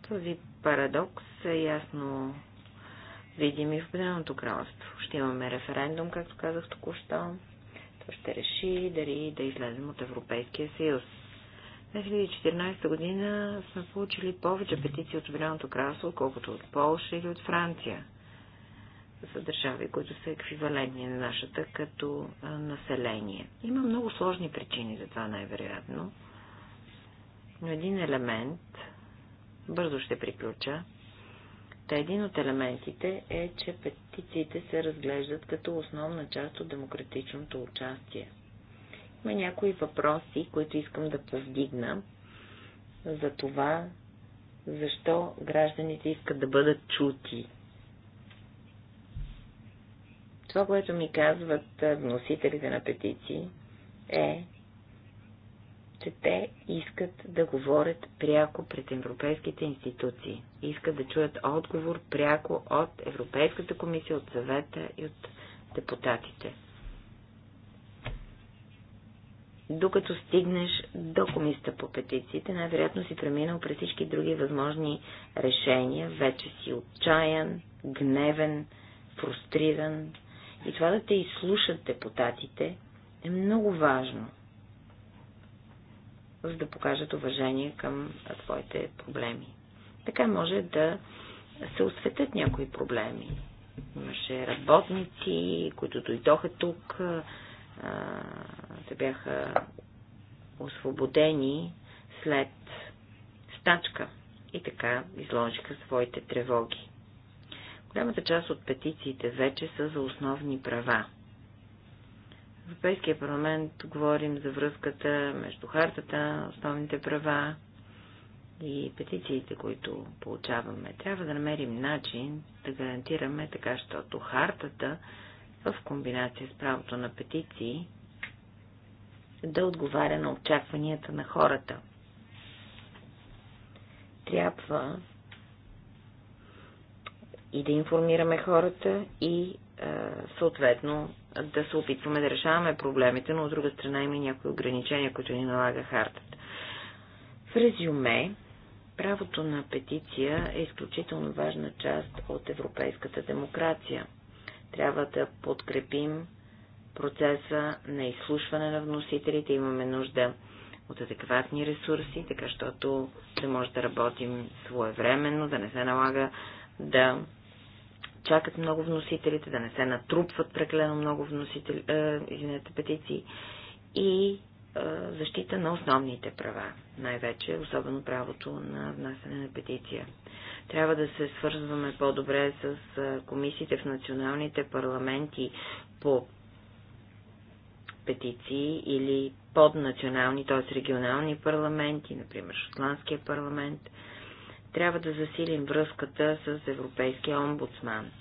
Този парадокс е ясно видим и в Обединеното кралство. Ще имаме референдум, както казах току-що. Той ще реши дали да излезем от Европейския съюз. 2014 година сме получили повече петиции от Обединеното кралство, колкото от Полша или от Франция. За държави, които са еквивалентни на нашата като население. Има много сложни причини за това, най-вероятно. Но един елемент, бързо ще приключа, Та един от елементите е, че петициите се разглеждат като основна част от демократичното участие – имахме някои въпроси, които искам да повдигна за това, защо гражданите искат да бъдат чути. Това, което ми казват вносителите на петиции, е, че те искат да говорят пряко пред европейските институции. Искат да чуят отговор пряко от Европейската комисия, от съвета и от депутатите докато стигнеш до комисията по петициите, най-вероятно си преминал през всички други възможни решения, вече си отчаян, гневен, фрустриран. И това да те изслушат депутатите е много важно, за да покажат уважение към твоите проблеми. Така може да се осветят някои проблеми. Имаше работници, които дойдоха тук, се бяха освободени след стачка и така изложиха своите тревоги. Голямата част от петициите вече са за основни права. В Европейския парламент говорим за връзката между хартата, основните права и петициите, които получаваме. Трябва да намерим начин да гарантираме така, защото хартата в комбинация с правото на петиции да отговаря на очакванията на хората. Трябва и да информираме хората и съответно да се опитваме да решаваме проблемите, но от друга страна има и някои ограничения, които ни налага хартата. В резюме, правото на петиция е изключително важна част от европейската демокрация. Трябва да подкрепим процеса на изслушване на вносителите. Имаме нужда от адекватни ресурси, така щото да може да работим своевременно, да не се налага да чакат много вносителите, да не се натрупват прекалено много вносители, е, извинете, петиции и е, защита на основните права, най-вече, особено правото на внасяне на петиция. Трябва да се свързваме по-добре с комисиите в националните парламенти по петиции или поднационални, т.е. регионални парламенти, например Шотландския парламент. Трябва да засилим връзката с Европейския омбудсман.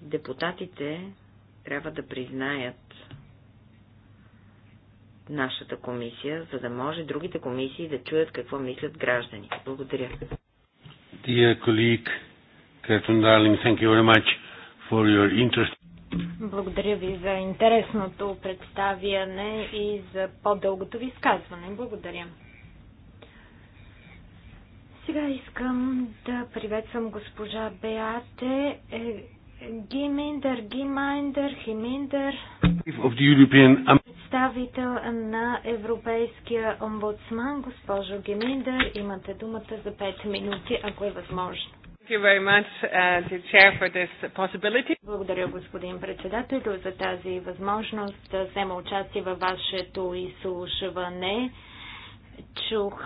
Депутатите трябва да признаят нашата комисия, за да може другите комисии да чуят какво мислят гражданите. Благодаря.
Dear colleague thank you very much for your interest.
Благодаря ви за интересното представяне и за по-дългото ви изказване. Благодаря. Сега искам да приветствам госпожа Беате, Гиминдър, Гимайндър, Химиндър, представител на Европейския омбудсман, госпожо Гиминдър, имате думата за 5 минути, ако е възможно. Uh, Благодаря, господин председател, за тази възможност да взема участие във вашето изслушване. Чух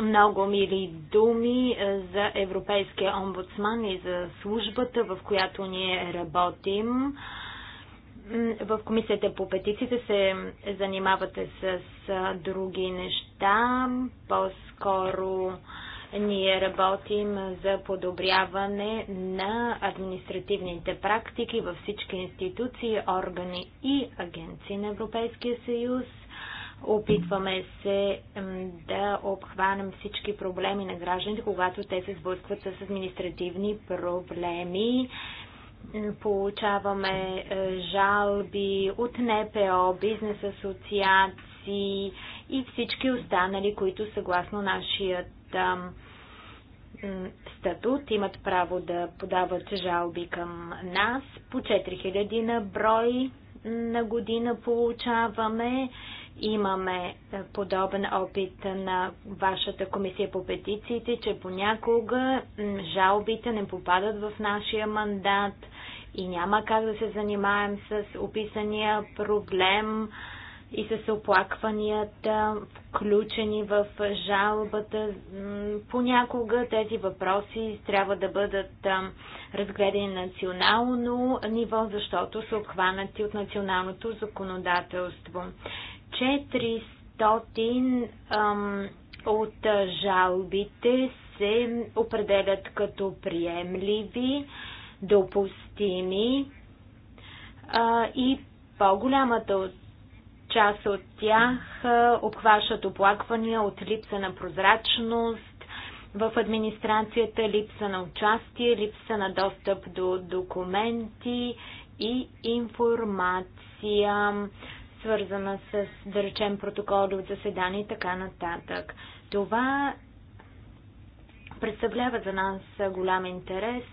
много мили думи е, за Европейския омбудсман и за службата, в която ние работим. В комисията по петициите се занимавате с други неща, по-скоро ние работим за подобряване на административните практики във всички институции, органи и агенции на Европейския съюз. Опитваме се да обхванем всички проблеми на гражданите, когато те се сблъскват с административни проблеми. Получаваме е, жалби от НПО, бизнес асоциации и всички останали, които съгласно нашият статут имат право да подават жалби към нас. По 4000 на брой на година получаваме. Имаме е, подобен опит на вашата комисия по петициите, че понякога жалбите не попадат в нашия мандат и няма как да се занимаем с описания проблем и с оплакванията, включени в жалбата. Понякога тези въпроси трябва да бъдат е, разгледани национално ниво, защото са обхванати от националното законодателство. 400 от жалбите се определят като приемливи, допустими и по-голямата част от тях обхващат оплаквания от липса на прозрачност в администрацията, липса на участие, липса на достъп до документи и информация свързана с, да речем, протоколи от заседания и така нататък. Това представлява за нас голям интерес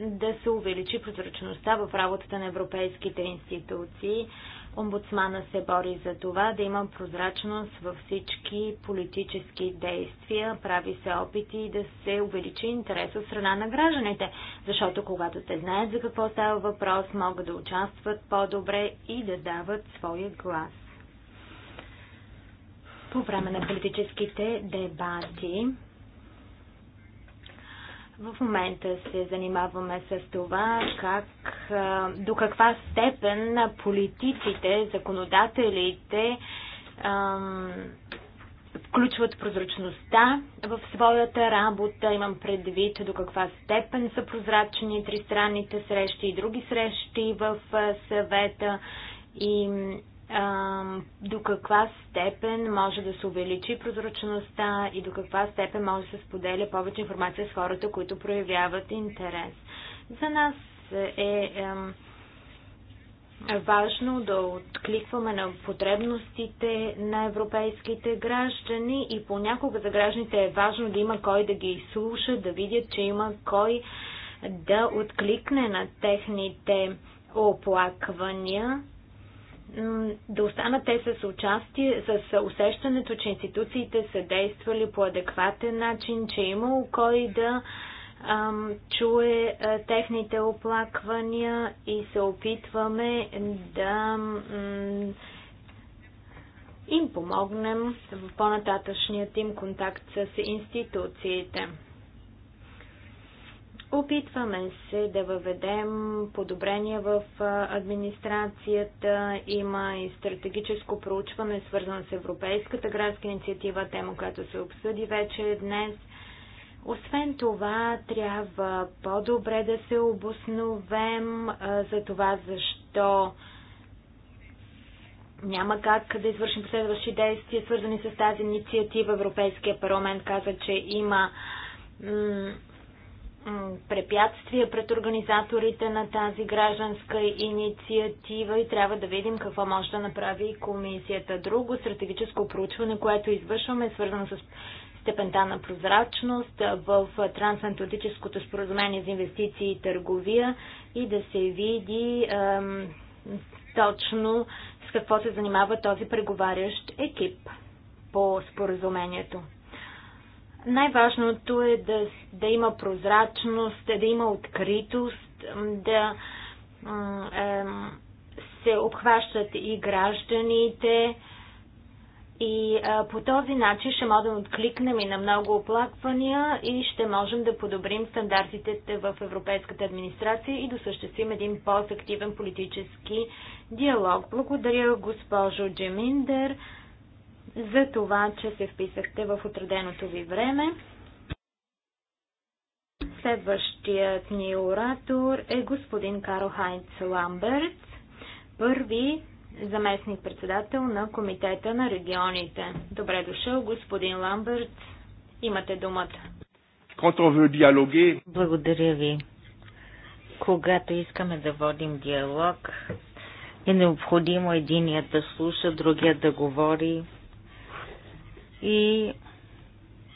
да се увеличи прозрачността в работата на европейските институции Омбудсмана се бори за това да има прозрачност във всички политически действия, прави се опити да се увеличи интерес от страна на гражданите, защото когато те знаят за какво става въпрос, могат да участват по-добре и да дават своя глас. По време на политическите дебати в момента се занимаваме с това как, до каква степен политиците, законодателите включват прозрачността в своята работа. Имам предвид до каква степен са прозрачни тристранните срещи и други срещи в съвета и до каква степен може да се увеличи прозрачността и до каква степен може да се споделя повече информация с хората, които проявяват интерес. За нас е важно да откликваме на потребностите на европейските граждани и понякога за гражданите е важно да има кой да ги слуша, да видят, че има кой да откликне на техните оплаквания да останат те с участие, с усещането, че институциите са действали по адекватен начин, че е имало кой да ам, чуе а, техните оплаквания и се опитваме да м, им помогнем в по-нататъчният им контакт с институциите. Опитваме се да въведем подобрения в администрацията. Има и стратегическо проучване, свързано с Европейската градска инициатива, тема, която се обсъди вече днес. Освен това, трябва по-добре да се обосновем за това защо няма как да извършим последващи действия, свързани с тази инициатива. Европейския парламент каза, че има препятствия пред организаторите на тази гражданска инициатива и трябва да видим какво може да направи комисията. Друго стратегическо проучване, което извършваме, е свързано с степента на прозрачност в трансатлантическото споразумение за инвестиции и търговия и да се види ем, точно с какво се занимава този преговарящ екип по споразумението. Най-важното е да, да има прозрачност, да има откритост, да е, се обхващат и гражданите. И е, по този начин ще можем да откликнем и на много оплаквания и ще можем да подобрим стандартите в Европейската администрация и да съществим един по-ефективен политически диалог. Благодаря госпожо Джеминдер за това, че се вписахте в отреденото ви време. Следващият ни оратор е господин Карл Хайнц Ламберт, първи заместник-председател на Комитета на регионите. Добре дошъл, господин Ламберт. Имате думата.
Благодаря ви. Когато искаме да водим диалог, е необходимо единият да слуша, другият да говори, и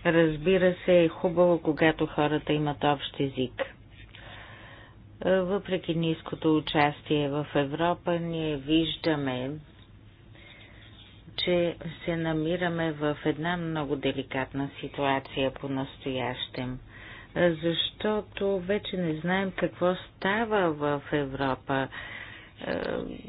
разбира се е хубаво, когато хората имат общ език. Е, въпреки ниското участие в Европа, ние виждаме, че се намираме в една много деликатна ситуация по-настоящем е, защото вече не знаем какво става в Европа. Е,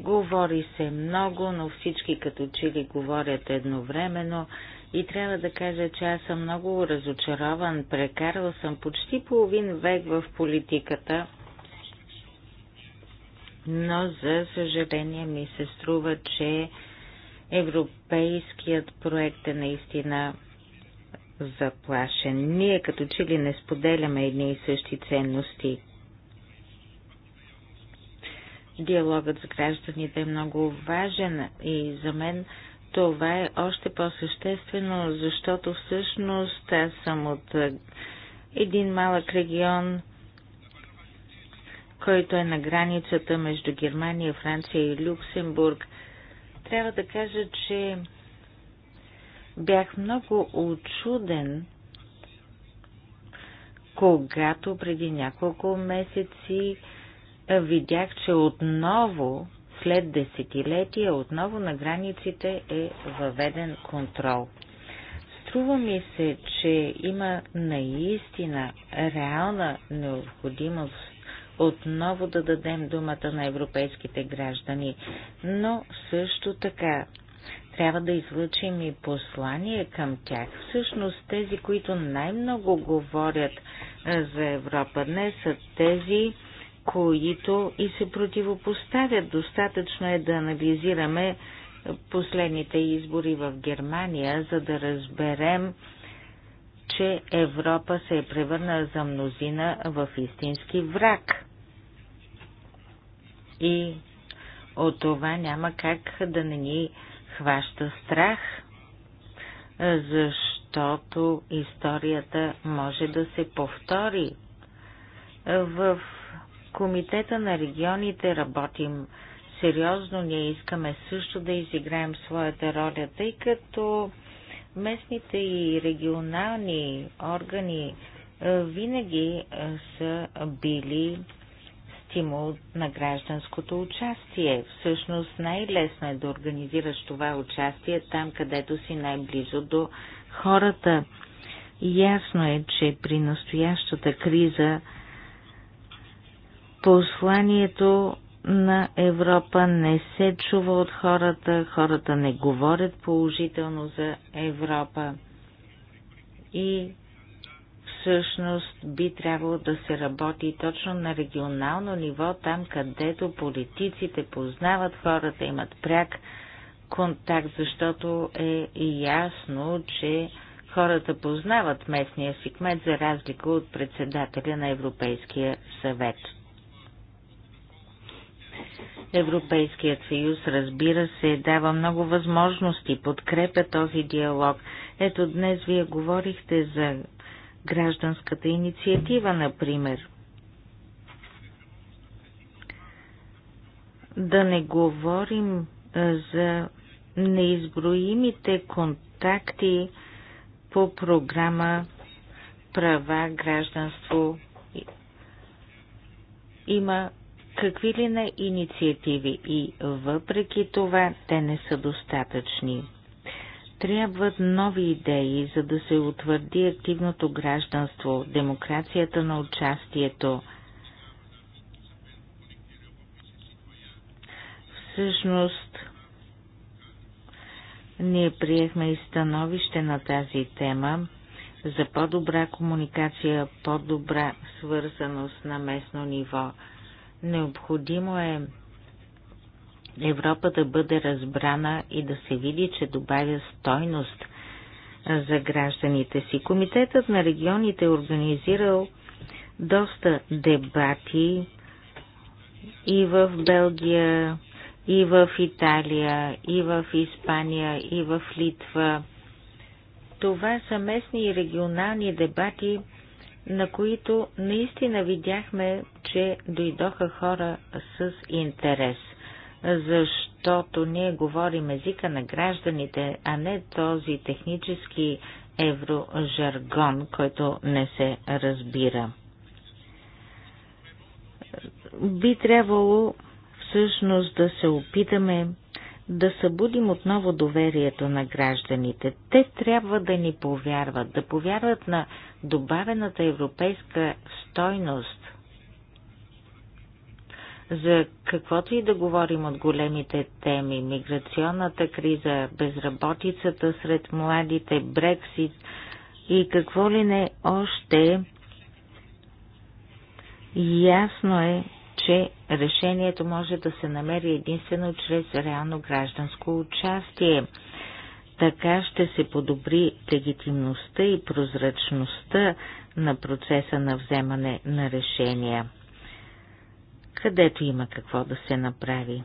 говори се много, но всички като чили говорят едновременно. И трябва да кажа, че аз съм много разочарован. Прекарал съм почти половин век в политиката, но за съжаление ми се струва, че европейският проект е наистина заплашен. Ние като че ли не споделяме едни и същи ценности. Диалогът с гражданите е много важен и за мен това е още по-съществено, защото всъщност аз съм от един малък регион, който е на границата между Германия, Франция и Люксембург. Трябва да кажа, че бях много очуден, когато преди няколко месеци видях, че отново след десетилетия отново на границите е въведен контрол. Струва ми се, че има наистина реална необходимост отново да дадем думата на европейските граждани, но също така трябва да излъчим и послание към тях. Всъщност тези, които най-много говорят за Европа днес са тези, които и се противопоставят. Достатъчно е да анализираме последните избори в Германия, за да разберем, че Европа се е превърна за мнозина в истински враг. И от това няма как да не ни хваща страх, защото историята може да се повтори. В Комитета на регионите работим сериозно, ние искаме също да изиграем своята роля, тъй като местните и регионални органи винаги са били стимул на гражданското участие. Всъщност най-лесно е да организираш това участие там, където си най-близо до хората. Ясно е, че при настоящата криза Посланието на Европа не се чува от хората, хората не говорят положително за Европа и всъщност би трябвало да се работи точно на регионално ниво, там където политиците познават хората, имат пряк контакт, защото е ясно, че хората познават местния си кмет за разлика от председателя на Европейския съвет. Европейският съюз, разбира се, дава много възможности, подкрепя този диалог. Ето днес вие говорихте за гражданската инициатива, например. Да не говорим за неизброимите контакти по програма Права, гражданство. Има какви ли не инициативи и въпреки това те не са достатъчни. Трябват нови идеи, за да се утвърди активното гражданство, демокрацията на участието. Всъщност, ние приехме и становище на тази тема за по-добра комуникация, по-добра свързаност на местно ниво – Необходимо е Европа да бъде разбрана и да се види, че добавя стойност за гражданите си. Комитетът на регионите е организирал доста дебати и в Белгия, и в Италия, и в Испания, и в Литва. Това са местни и регионални дебати – на които наистина видяхме, че дойдоха хора с интерес, защото ние говорим езика на гражданите, а не този технически еврожаргон, който не се разбира. Би трябвало всъщност да се опитаме да събудим отново доверието на гражданите. Те трябва да ни повярват, да повярват на добавената европейска стойност. За каквото и да говорим от големите теми, миграционната криза, безработицата сред младите, Брексит и какво ли не още, ясно е, че решението може да се намери единствено чрез реално гражданско участие. Така ще се подобри легитимността и прозрачността на процеса на вземане на решения, където има какво да се направи.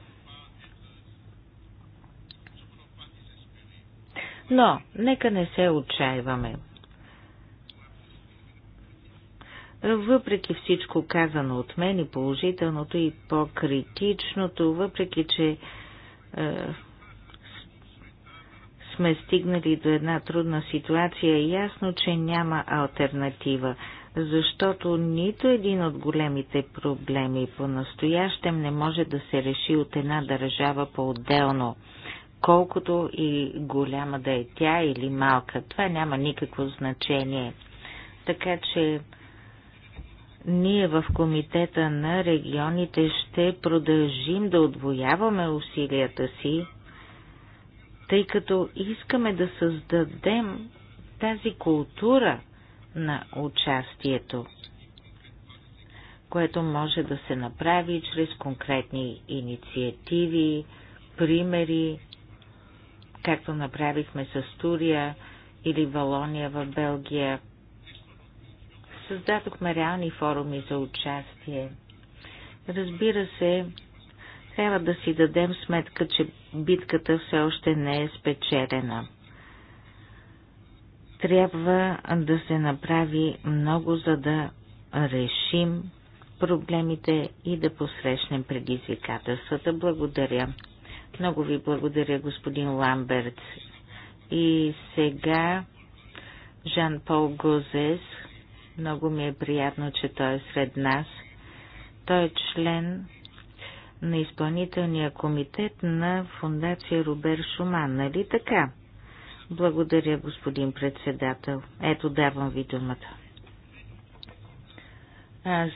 Но нека не се отчаиваме. Въпреки всичко казано от мен и положителното и по-критичното, въпреки че е, сме стигнали до една трудна ситуация, е ясно, че няма альтернатива, защото нито един от големите проблеми по-настоящем не може да се реши от една държава по-отделно, колкото и голяма да е тя или малка. Това няма никакво значение. Така че ние в Комитета на регионите ще продължим да отвояваме усилията си, тъй като искаме да създадем тази култура на участието, което може да се направи чрез конкретни инициативи, примери, както направихме с Турия или Валония в Белгия. Създадохме реални форуми за участие. Разбира се, трябва да си дадем сметка, че битката все още не е спечелена. Трябва да се направи много, за да решим проблемите и да посрещнем предизвикателствата. Благодаря. Много ви благодаря, господин Ламберт. И сега Жан-Пол Гозес много ми е приятно, че той е сред нас. Той е член на изпълнителния комитет на фундация Робер Шуман, нали така? Благодаря, господин председател. Ето, давам ви думата. Аз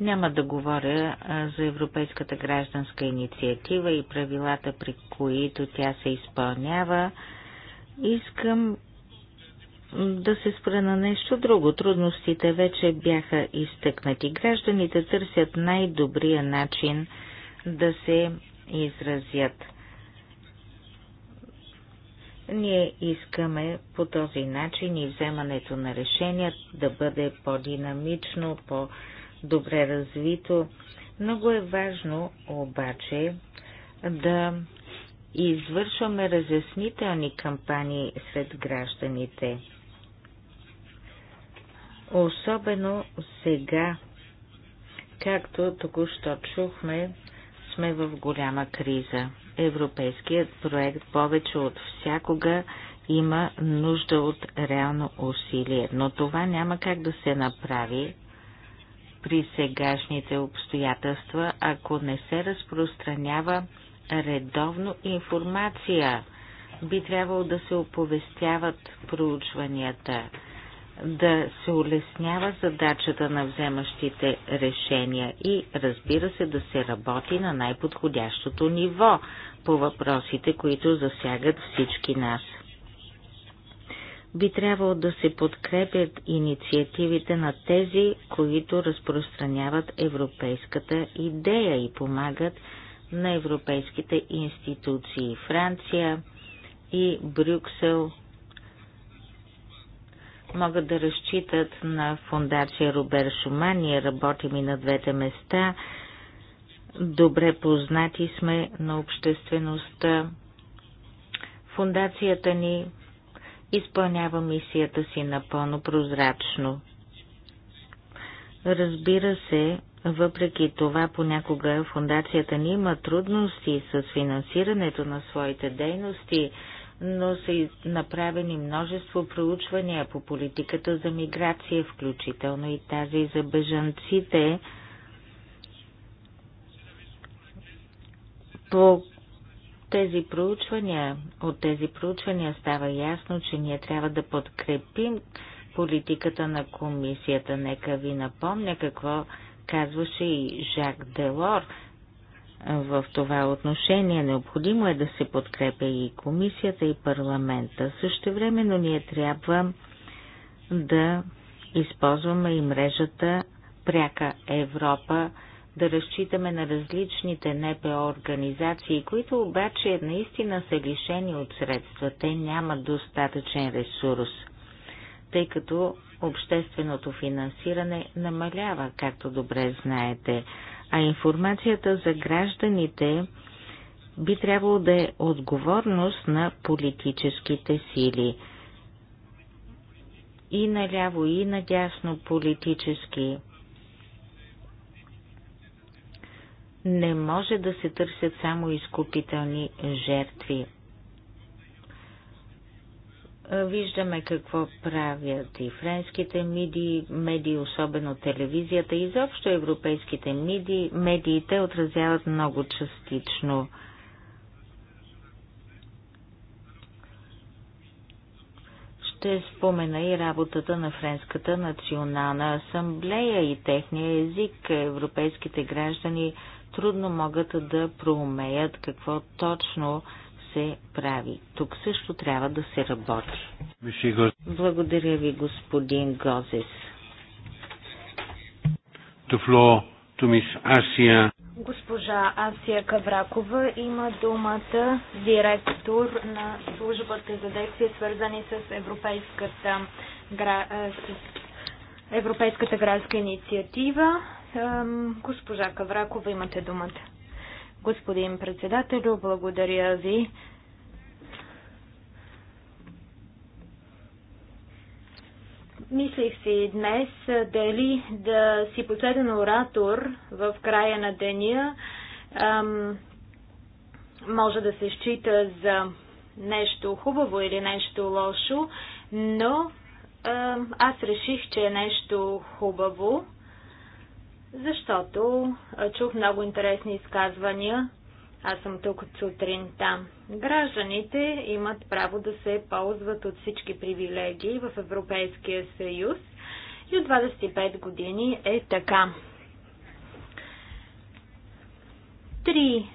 няма да говоря за Европейската гражданска инициатива и правилата, при които тя се изпълнява. Искам да се спра на нещо друго. Трудностите вече бяха изтъкнати. Гражданите търсят най-добрия начин да се изразят. Ние искаме по този начин и вземането на решения да бъде по-динамично, по-добре развито. Много е важно обаче да извършваме разяснителни кампании сред гражданите. Особено сега, както току-що чухме, сме в голяма криза. Европейският проект повече от всякога има нужда от реално усилие, но това няма как да се направи при сегашните обстоятелства, ако не се разпространява редовно информация. Би трябвало да се оповестяват проучванията, да се улеснява задачата на вземащите решения и разбира се да се работи на най-подходящото ниво по въпросите, които засягат всички нас. Би трябвало да се подкрепят инициативите на тези, които разпространяват европейската идея и помагат на европейските институции Франция и Брюксел – могат да разчитат на фундация Робер Шума. Ние работим и на двете места. Добре познати сме на обществеността. Фундацията ни изпълнява мисията си напълно прозрачно. Разбира се, въпреки това понякога фундацията ни има трудности с финансирането на своите дейности – но са направени множество проучвания по политиката за миграция, включително и тази за бежанците, по тези проучвания, от тези проучвания става ясно, че ние трябва да подкрепим политиката на комисията. Нека ви напомня какво казваше и Жак Делор – в това отношение. Необходимо е да се подкрепя и комисията, и парламента. Също но ние трябва да използваме и мрежата Пряка Европа, да разчитаме на различните НПО организации, които обаче наистина са лишени от средства. Те нямат достатъчен ресурс, тъй като общественото финансиране намалява, както добре знаете а информацията за гражданите би трябвало да е отговорност на политическите сили. И наляво, и надясно политически. Не може да се търсят само изкупителни жертви. Виждаме какво правят и френските медии, медии, особено телевизията, и изобщо европейските медии. Медиите отразяват много частично. Ще спомена и работата на Френската национална асамблея и техния език. Европейските граждани трудно могат да проумеят какво точно е се прави. Тук също трябва да се работи. Благодаря ви, господин Гозес.
Госпожа Асия Кавракова има думата директор на службата за действия, свързани с Европейската, с Европейската градска инициатива. Госпожа Кавракова, имате думата. Господин председателю, благодаря ви. Мислих си днес дали да си последен оратор в края на деня ам, може да се счита за нещо хубаво или нещо лошо, но ам, аз реших, че е нещо хубаво защото чух много интересни изказвания. Аз съм тук от сутринта. Гражданите имат право да се ползват от всички привилегии в Европейския съюз и от 25 години е така. Три,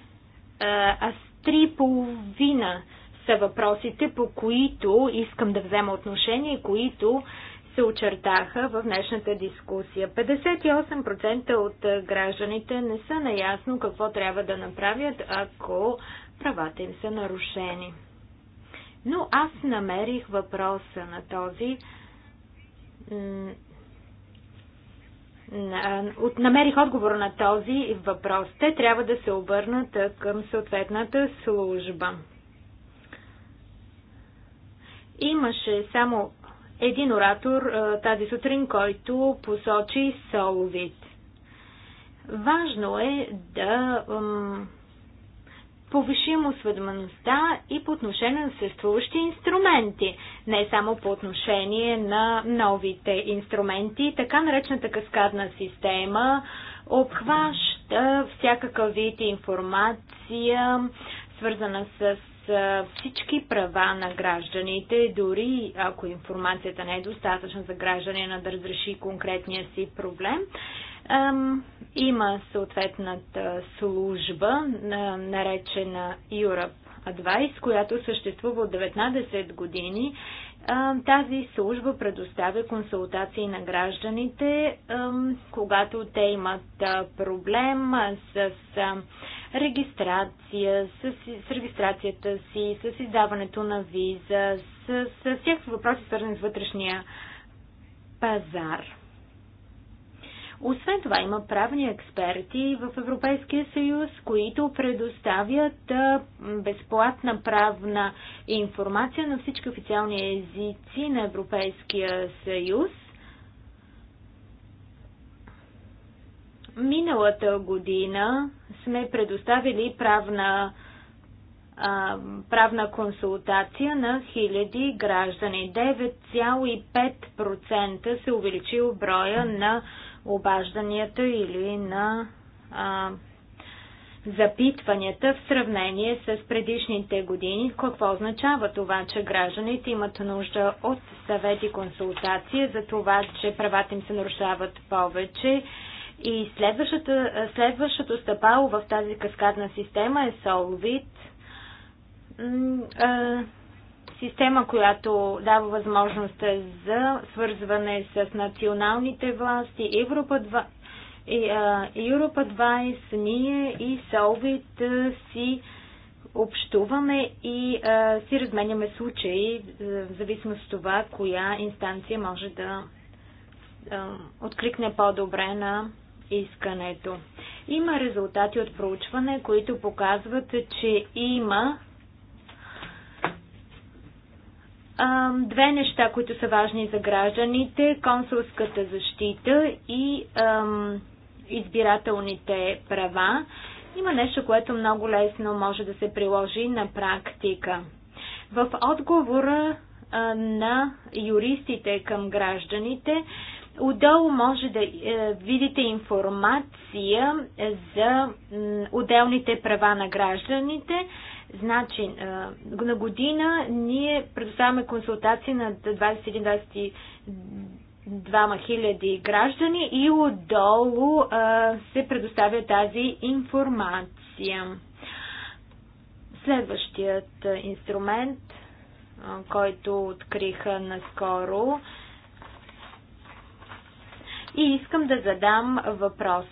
а, три половина са въпросите, по които искам да взема отношение, които се очертаха в днешната дискусия. 58% от е, гражданите не са наясно какво трябва да направят, ако правата им са нарушени. Но аз намерих въпроса на този. Намерих отговор на този въпрос. Те трябва да се обърнат е, към съответната служба. Имаше само един оратор тази сутрин, който посочи Солвит. Важно е да повишим осведомеността и по отношение на съществуващи инструменти, не само по отношение на новите инструменти. Така наречената каскадна система обхваща всякакъв вид информация, свързана с за всички права на гражданите, дори ако информацията не е достатъчна за гражданина да разреши конкретния си проблем. Има съответната служба, наречена Europe Advice, която съществува от 19 години. Тази служба предоставя консултации на гражданите, когато те имат проблем с регистрация, с, с регистрацията си, с издаването на виза, с, с всякакви въпроси, свързани с вътрешния пазар. Освен това има правни експерти в Европейския съюз, които предоставят безплатна правна информация на всички официални езици на Европейския съюз Миналата година сме предоставили правна, а, правна консултация на хиляди граждани. 9,5% се увеличил броя на обажданията или на а, запитванията в сравнение с предишните години. Какво означава това, че гражданите имат нужда от съвет и консултация за това, че правата им се нарушават повече? И следващото, следващото стъпало в тази каскадна система е Solvit, система, която дава възможност за свързване с националните власти, Европа 2, и, а, ние и Solvit си общуваме и а, си разменяме случаи, в зависимост от това, коя инстанция може да а, откликне по-добре на искането. Има резултати от проучване, които показват, че има две неща, които са важни за гражданите консулската защита и ам, избирателните права. Има нещо, което много лесно може да се приложи на практика. В отговора а, на юристите към гражданите Отдолу може да е, видите информация за отделните права на гражданите. Значи, е, на година ние предоставяме консултации на 21-22 хиляди граждани и отдолу е, се предоставя тази информация. Следващият инструмент, който откриха наскоро, и искам да задам въпрос,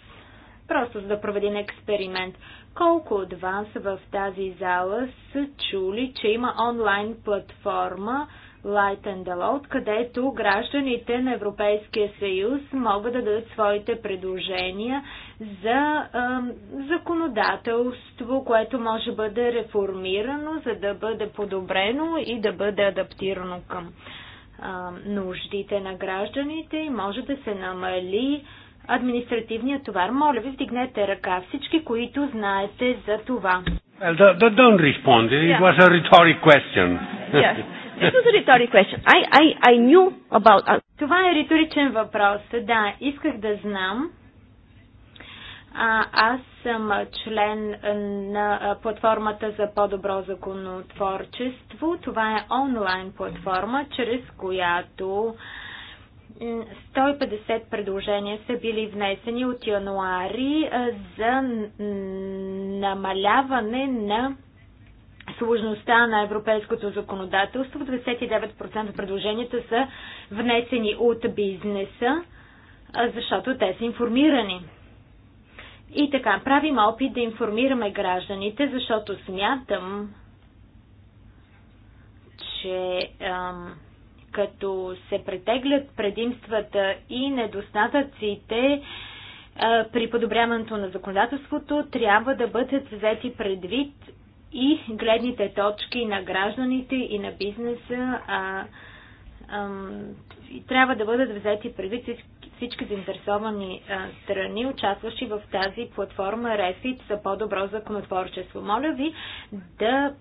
просто за да проведем експеримент. Колко от вас в тази зала са чули, че има онлайн платформа Light and Load, където гражданите на Европейския съюз могат да дадат своите предложения за е, законодателство, което може да бъде реформирано, за да бъде подобрено и да бъде адаптирано към нуждите на гражданите и може да се намали административния товар. Моля ви, вдигнете ръка всички, които знаете за това.
Well, don't respond. It was a rhetoric question. yes.
This was a rhetoric question. I, I, I knew about... Uh, това е риторичен въпрос. Да, исках да знам а, аз съм член на платформата за по-добро законотворчество. Това е онлайн платформа, чрез която 150 предложения са били внесени от януари за намаляване на сложността на европейското законодателство. 29% от предложенията са внесени от бизнеса, защото те са информирани и така, правим опит да информираме гражданите, защото смятам, че ам, като се претеглят предимствата и недостатъците а, при подобряването на законодателството, трябва да бъдат взети предвид и гледните точки на гражданите и на бизнеса. А, ам, и трябва да бъдат взети предвид всички заинтересовани страни, участващи в тази платформа Refit за по-добро законотворчество. Моля ви да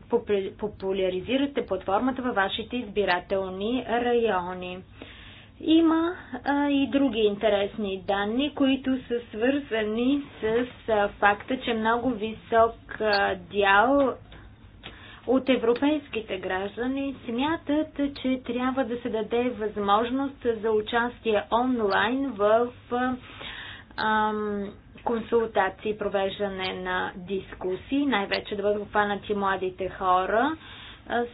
популяризирате платформата във вашите избирателни райони. Има а, и други интересни данни, които са свързани с а, факта, че много висок а, дял от европейските граждани смятат, че трябва да се даде възможност за участие онлайн в ам, консултации, провеждане на дискусии, най-вече да бъдат обхванати младите хора.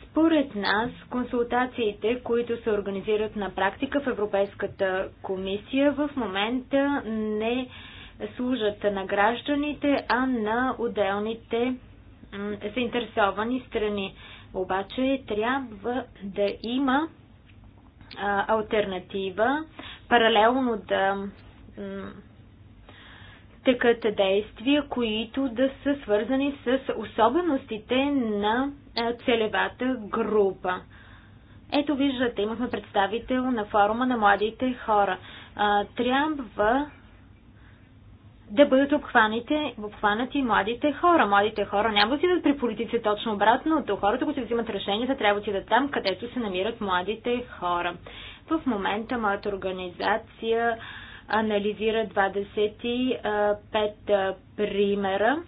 Според нас, консултациите, които се организират на практика в Европейската комисия, в момента не служат на гражданите, а на отделните заинтересовани страни. Обаче трябва да има а, альтернатива, паралелно да текат действия, които да са свързани с особеностите на целевата група. Ето виждате, имахме представител на форума на младите хора. Трябва да бъдат обхванати, обхванати младите хора. Младите хора няма да отидат идват при политици точно обратно, обратното. Хората, които взимат решения, трябва да отидат там, където се намират младите хора. В момента моята организация анализира 25 примера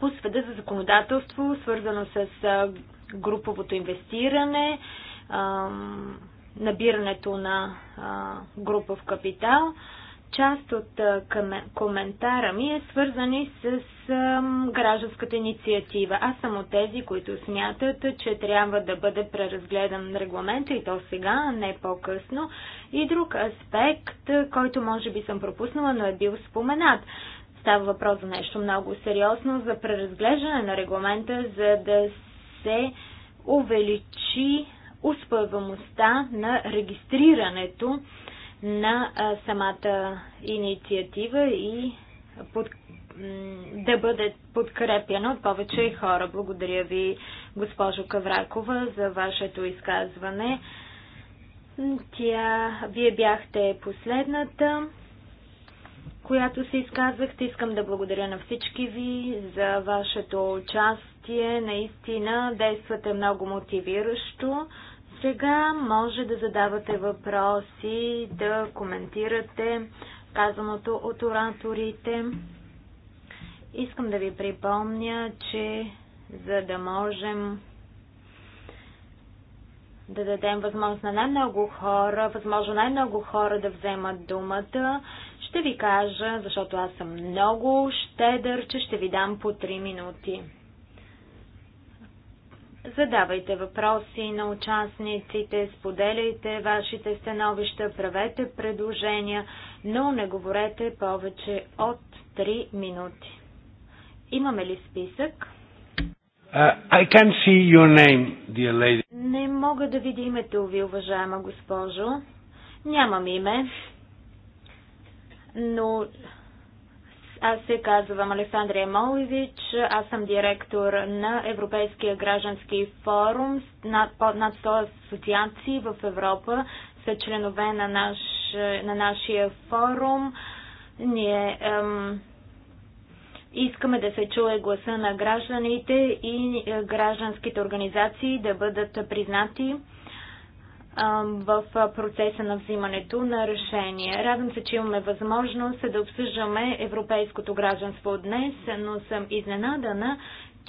по света за законодателство, свързано с груповото инвестиране, набирането на групов капитал. Част от коментара ми е свързани с гражданската инициатива. Аз съм от тези, които смятат, че трябва да бъде преразгледан регламента и то сега, а не по-късно. И друг аспект, който може би съм пропуснала, но е бил споменат. Става въпрос за нещо много сериозно, за преразглеждане на регламента, за да се увеличи успеваността на регистрирането на самата инициатива и под, да бъде подкрепена от повече хора. Благодаря ви, госпожо Кавракова, за вашето изказване. Тя, вие бяхте последната, която се изказахте. Искам да благодаря на всички ви за вашето участие. Наистина действате много мотивиращо. Сега може да задавате въпроси, да коментирате казаното от ораторите. Искам да ви припомня, че за да можем да дадем възможност на най-много хора, възможно най-много хора да вземат думата, ще ви кажа, защото аз съм много щедър, че ще ви дам по 3 минути. Задавайте въпроси на участниците, споделяйте вашите становища, правете предложения, но не говорете повече от 3 минути. Имаме ли списък?
Uh, I can see your name, dear lady.
Не мога да видя името ви, уважаема госпожо. Нямам име, но аз се казвам Александрия Молевич, аз съм директор на Европейския граждански форум. Над, над 100 асоциации в Европа са членове на, наш, на нашия форум. Ние ем, искаме да се чуе гласа на гражданите и е, гражданските организации да бъдат признати в процеса на взимането на решение. Радвам се, че имаме възможност да обсъждаме европейското гражданство днес, но съм изненадана,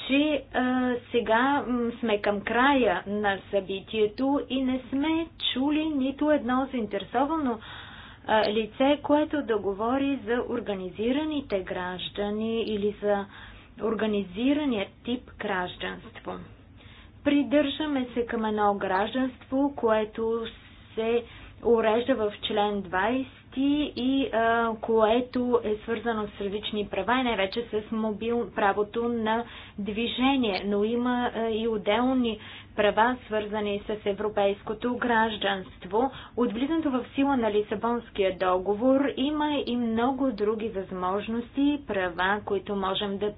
че а, сега сме към края на събитието и не сме чули нито едно заинтересовано а, лице, което да говори за организираните граждани или за организирания тип гражданство. Придържаме се към едно гражданство, което се урежда в член 20 и а, което е свързано с различни права и най-вече с мобил, правото на движение, но има а, и отделни права, свързани с европейското гражданство. От влизането в сила на Лисабонския договор има и много други възможности права, които можем да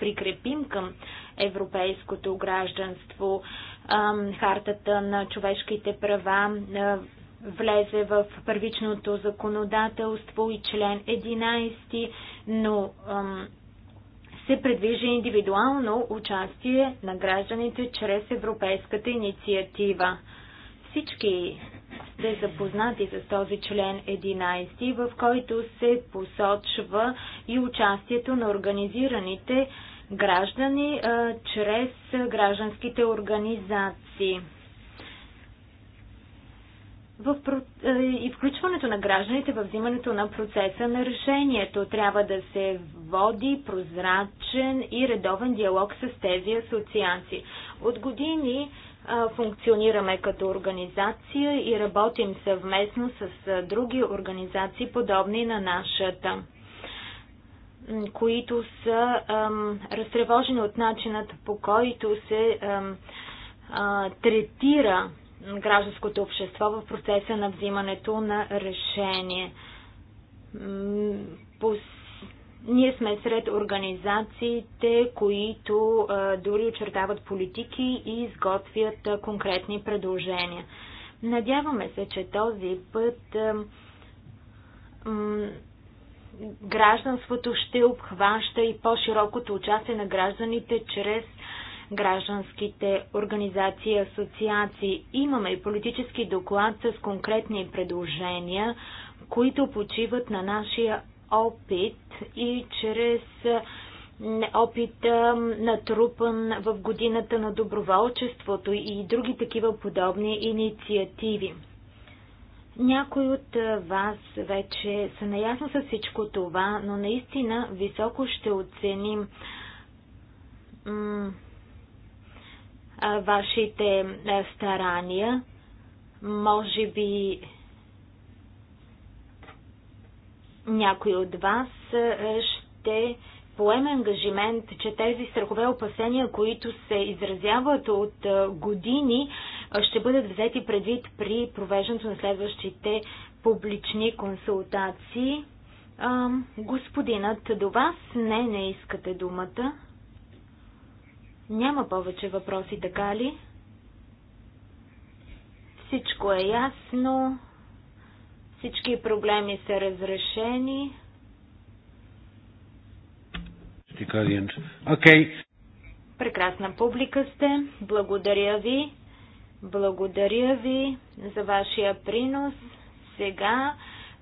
прикрепим към европейското гражданство, хартата на човешките права влезе в първичното законодателство и член 11, но се предвижда индивидуално участие на гражданите чрез Европейската инициатива. Всички сте запознати с този член 11, в който се посочва и участието на организираните граждани а, чрез гражданските организации. В, и включването на гражданите във взимането на процеса на решението трябва да се води прозрачен и редовен диалог с тези асоциации. От години а, функционираме като организация и работим съвместно с а, други организации, подобни на нашата които са разтревожени от начинът по който се третира гражданското общество в процеса на взимането на решение. Ние сме сред организациите, които дори очертават политики и изготвят конкретни предложения. Надяваме се, че този път гражданството ще обхваща и по-широкото участие на гражданите чрез гражданските организации и асоциации. Имаме и политически доклад с конкретни предложения, които почиват на нашия опит и чрез опита натрупан в годината на доброволчеството и други такива подобни инициативи. Някои от вас вече са наясно с всичко това, но наистина високо ще оценим вашите старания. Може би някой от вас ще поеме ангажимент, че тези страхове опасения, които се изразяват от години, ще бъдат взети предвид при провеждането на следващите публични консултации. Господинът до вас? Не, не искате думата. Няма повече въпроси, така ли? Всичко е ясно. Всички проблеми са разрешени. Okay. Прекрасна публика сте. Благодаря ви. Благодаря ви за вашия принос. Сега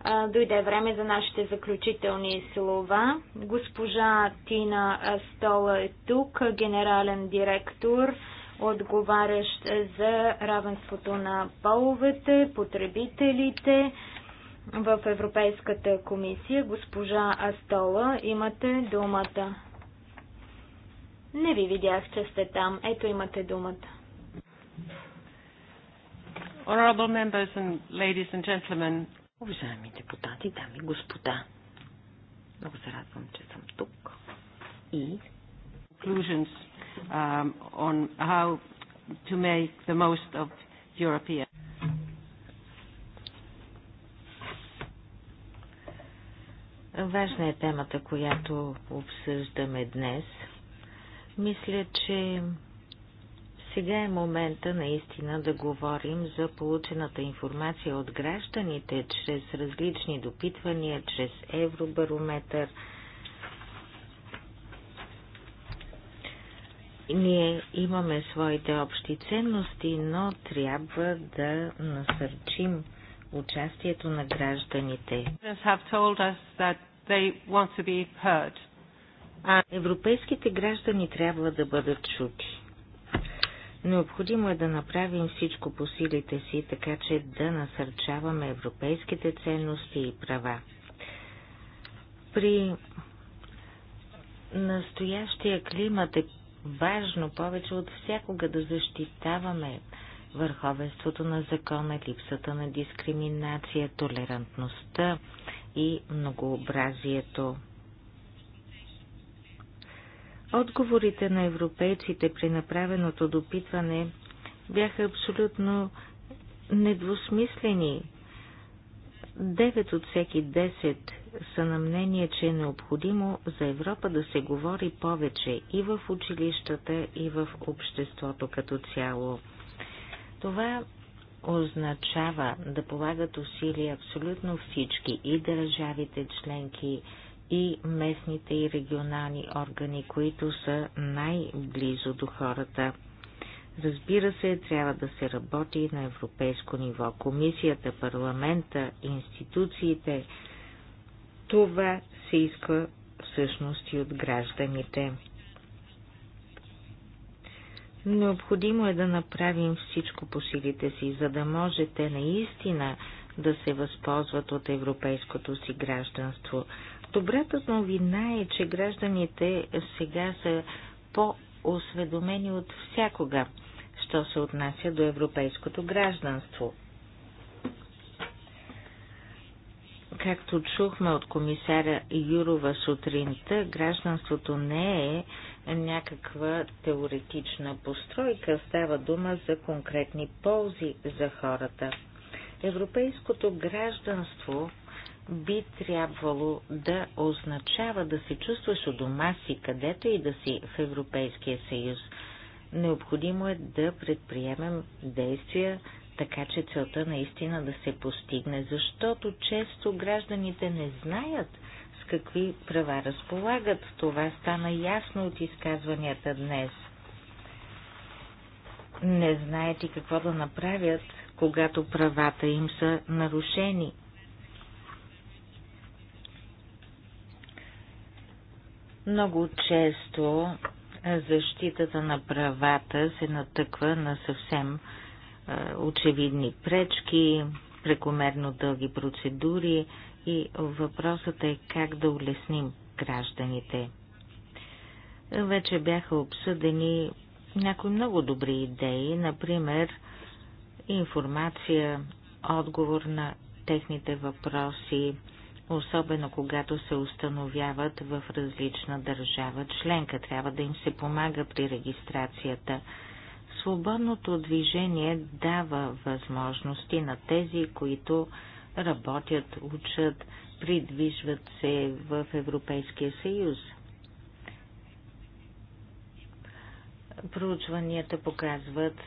а, дойде време за нашите заключителни слова. Госпожа Тина Стола е тук, генерален директор, отговарящ за равенството на половете, потребителите в Европейската комисия. Госпожа Астола, имате думата. Не ви видях, че сте там. Ето имате думата.
Honorable members and ladies and gentlemen. Уважаеми депутати, дами и господа, много се радвам, че съм тук. И conclusions um, on how to make the most of European Важна е темата, която обсъждаме днес. Мисля, че сега е момента наистина да говорим за получената информация от гражданите чрез различни допитвания, чрез Евробарометър. Ние имаме своите общи ценности, но трябва да насърчим участието на гражданите. Европейските граждани трябва да бъдат чути. Необходимо е да направим всичко по силите си, така че да насърчаваме европейските ценности и права. При настоящия климат е важно повече от всякога да защитаваме върховенството на закона, липсата на дискриминация, толерантността и многообразието. Отговорите на европейците при направеното допитване бяха абсолютно недвусмислени. Девет от всеки десет са на мнение, че е необходимо за Европа да се говори повече и в училищата, и в обществото като цяло. Това означава да полагат усилия абсолютно всички и държавите членки, и местните и регионални органи, които са най-близо до хората. Разбира се, трябва да се работи на европейско ниво. Комисията, парламента, институциите. Това се иска всъщност и от гражданите. Необходимо е да направим всичко по силите си, за да можете наистина да се възползват от европейското си гражданство. Добрата новина е, че гражданите сега са по-осведомени от всякога, що се отнася до европейското гражданство. Както чухме от комисаря Юрова сутринта, гражданството не е някаква теоретична постройка, става дума за конкретни ползи за хората. Европейското гражданство би трябвало да означава да се чувстваш у дома си, където и да си в Европейския съюз. Необходимо е да предприемем действия, така че целта наистина да се постигне, защото често гражданите не знаят с какви права разполагат. Това стана ясно от изказванията днес. Не знаят и какво да направят, когато правата им са нарушени. Много често е, защитата на правата се натъква на съвсем е, очевидни пречки, прекомерно дълги процедури и въпросът е как да улесним гражданите. Вече бяха обсъдени някои много добри идеи, например информация, отговор на техните въпроси, особено когато се установяват в различна държава членка. Трябва да им се помага при регистрацията. Свободното движение дава възможности на тези, които работят, учат, придвижват се в Европейския съюз. Проучванията показват,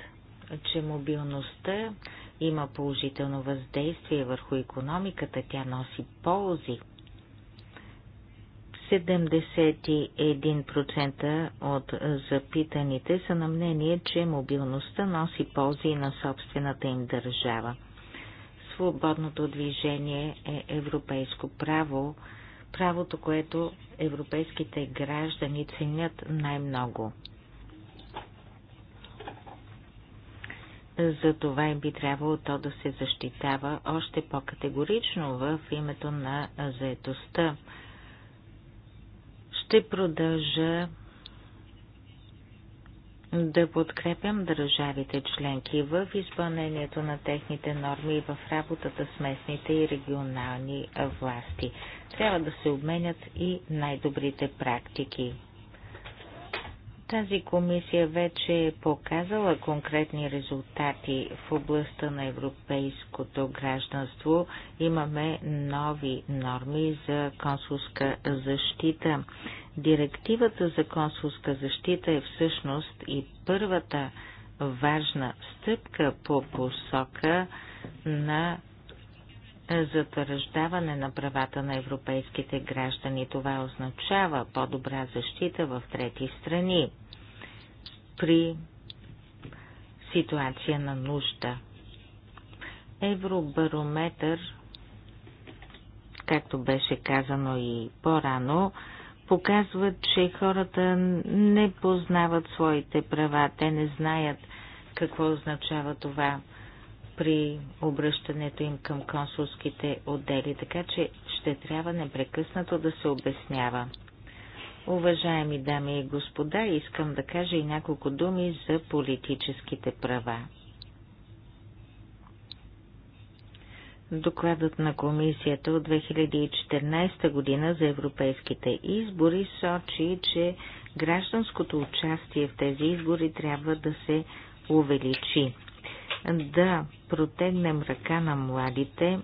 че мобилността има положително въздействие върху економиката, тя носи ползи. 71% от запитаните са на мнение, че мобилността носи ползи на собствената им държава. Свободното движение е европейско право, правото, което европейските граждани ценят най-много. За това им би трябвало то да се защитава още по-категорично в името на заетостта. Ще продължа да подкрепям държавите членки в изпълнението на техните норми и в работата с местните и регионални власти. Трябва да се обменят и най-добрите практики. Тази комисия вече е показала конкретни резултати в областта на европейското гражданство. Имаме нови норми за консулска защита. Директивата за консулска защита е всъщност и първата важна стъпка по посока на затвърждаване на правата на европейските граждани. Това означава по-добра защита в трети страни при ситуация на нужда. Евробарометър, както беше казано и по-рано, показва, че хората не познават своите права, те не знаят какво означава това при обръщането им към консулските отдели, така че ще трябва непрекъснато да се обяснява. Уважаеми дами и господа, искам да кажа и няколко думи за политическите права. Докладът на комисията от 2014 година за европейските избори сочи, че гражданското участие в тези избори трябва да се увеличи да протегнем ръка на младите,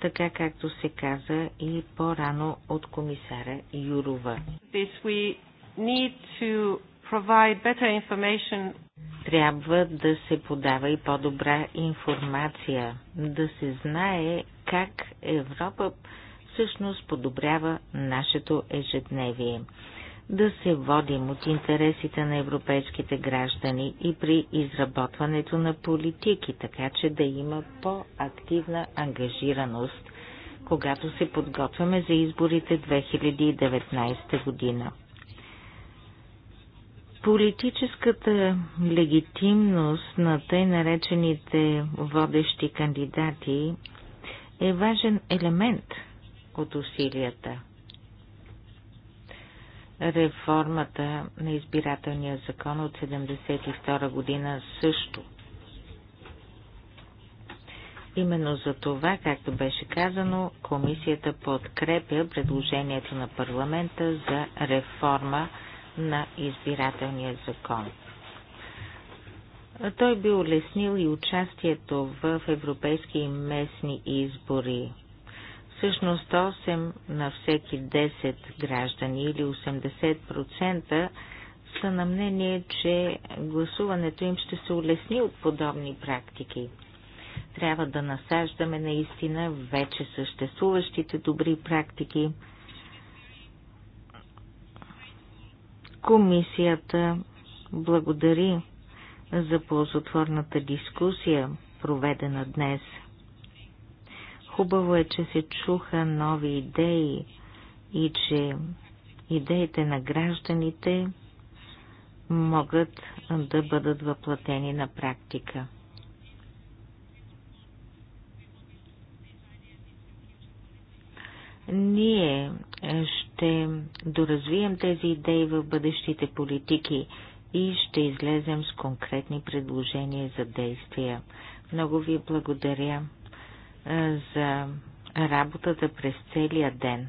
така както се каза и по-рано от комисара Юрова. Трябва да се подава и по-добра информация, да се знае как Европа всъщност подобрява нашето ежедневие да се водим от интересите на европейските граждани и при изработването на политики, така че да има по-активна ангажираност, когато се подготвяме за изборите 2019 година. Политическата легитимност на тъй наречените водещи кандидати е важен елемент от усилията – Реформата на избирателния закон от 1972 година също. Именно за това, както беше казано, комисията подкрепя предложението на парламента за реформа на избирателния закон. Той би улеснил и участието в европейски и местни избори Всъщност 8 на всеки 10 граждани или 80% са на мнение, че гласуването им ще се улесни от подобни практики. Трябва да насаждаме наистина вече съществуващите добри практики. Комисията благодари за ползотворната дискусия, проведена днес – Хубаво е, че се чуха нови идеи и че идеите на гражданите могат да бъдат въплатени на практика. Ние ще доразвием тези идеи в бъдещите политики и ще излезем с конкретни предложения за действия. Много ви благодаря за работата през целия ден.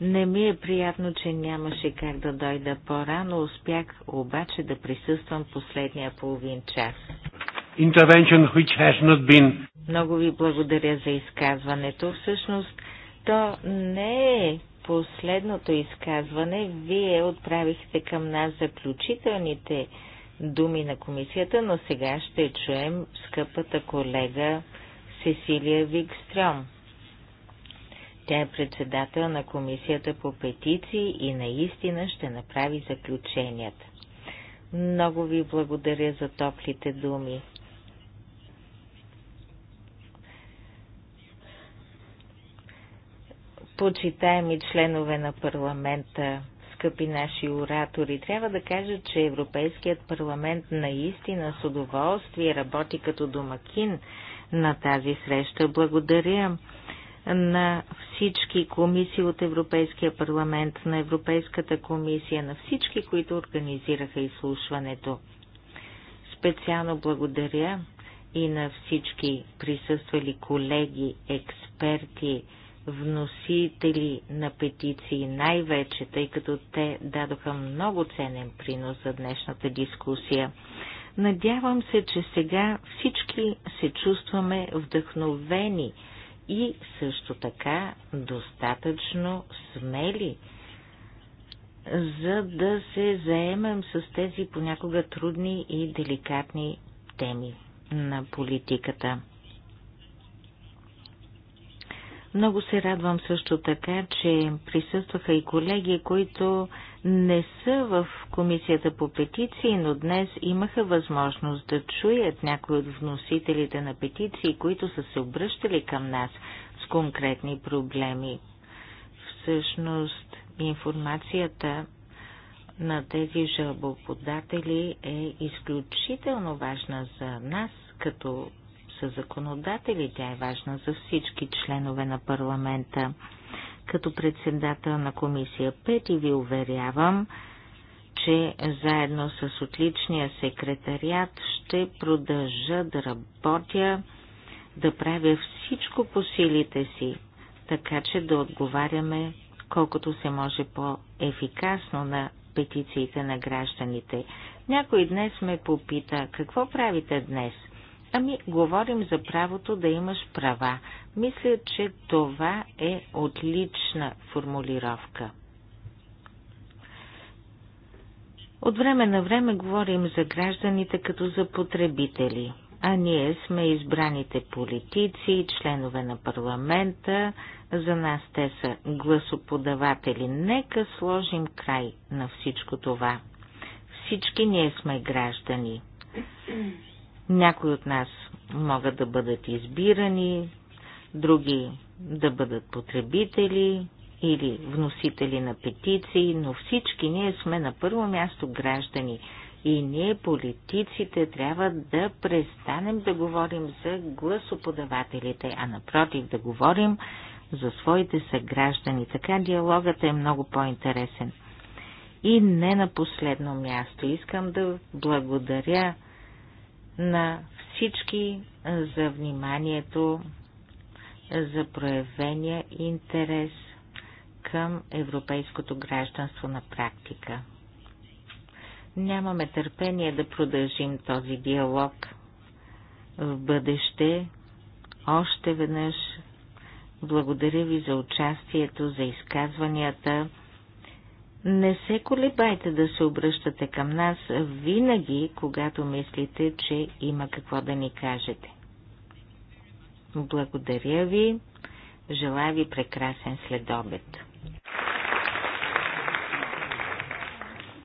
Не ми е приятно, че нямаше как да дойда по-рано, успях обаче да присъствам последния половин час.
Been...
Много ви благодаря за изказването. Всъщност, то не е последното изказване. Вие отправихте към нас заключителните думи на комисията, но сега ще чуем скъпата колега Сесилия Викстрем. Тя е председател на комисията по петиции и наистина ще направи заключенията. Много ви благодаря за топлите думи. Почитаеми членове на парламента, скъпи наши оратори. Трябва да кажа, че Европейският парламент наистина с удоволствие работи като домакин на тази среща. Благодаря на всички комисии от Европейския парламент, на Европейската комисия, на всички, които организираха изслушването. Специално благодаря и на всички присъствали колеги, експерти, вносители на петиции най-вече, тъй като те дадоха много ценен принос за днешната дискусия. Надявам се, че сега всички се чувстваме вдъхновени и също така достатъчно смели, за да се заемем с тези понякога трудни и деликатни теми на политиката. Много се радвам също така, че присъстваха и колеги, които не са в комисията по петиции, но днес имаха възможност да чуят някои от вносителите на петиции, които са се обръщали към нас с конкретни проблеми. Всъщност, информацията на тези жалбоподатели е изключително важна за нас като за законодатели, тя е важна за всички членове на парламента. Като председател на комисия 5 и ви уверявам, че заедно с отличния секретариат ще продължа да работя, да правя всичко по силите си, така че да отговаряме колкото се може по-ефикасно на петициите на гражданите. Някой днес ме попита, какво правите днес? Ами, говорим за правото да имаш права. Мисля, че това е отлична формулировка. От време на време говорим за гражданите като за потребители, а ние сме избраните политици, членове на парламента, за нас те са гласоподаватели. Нека сложим край на всичко това. Всички ние сме граждани. Някои от нас могат да бъдат избирани, други да бъдат потребители или вносители на петиции, но всички ние сме на първо място граждани и ние политиците трябва да престанем да говорим за гласоподавателите, а напротив да говорим за своите съграждани. Така диалогът е много по-интересен. И не на последно място искам да благодаря на всички за вниманието, за проявения интерес към европейското гражданство на практика. Нямаме търпение да продължим този диалог в бъдеще. Още веднъж благодаря ви за участието, за изказванията. Не се колебайте да се обръщате към нас винаги, когато мислите, че има какво да ни кажете. Благодаря ви. Желая ви прекрасен следобед.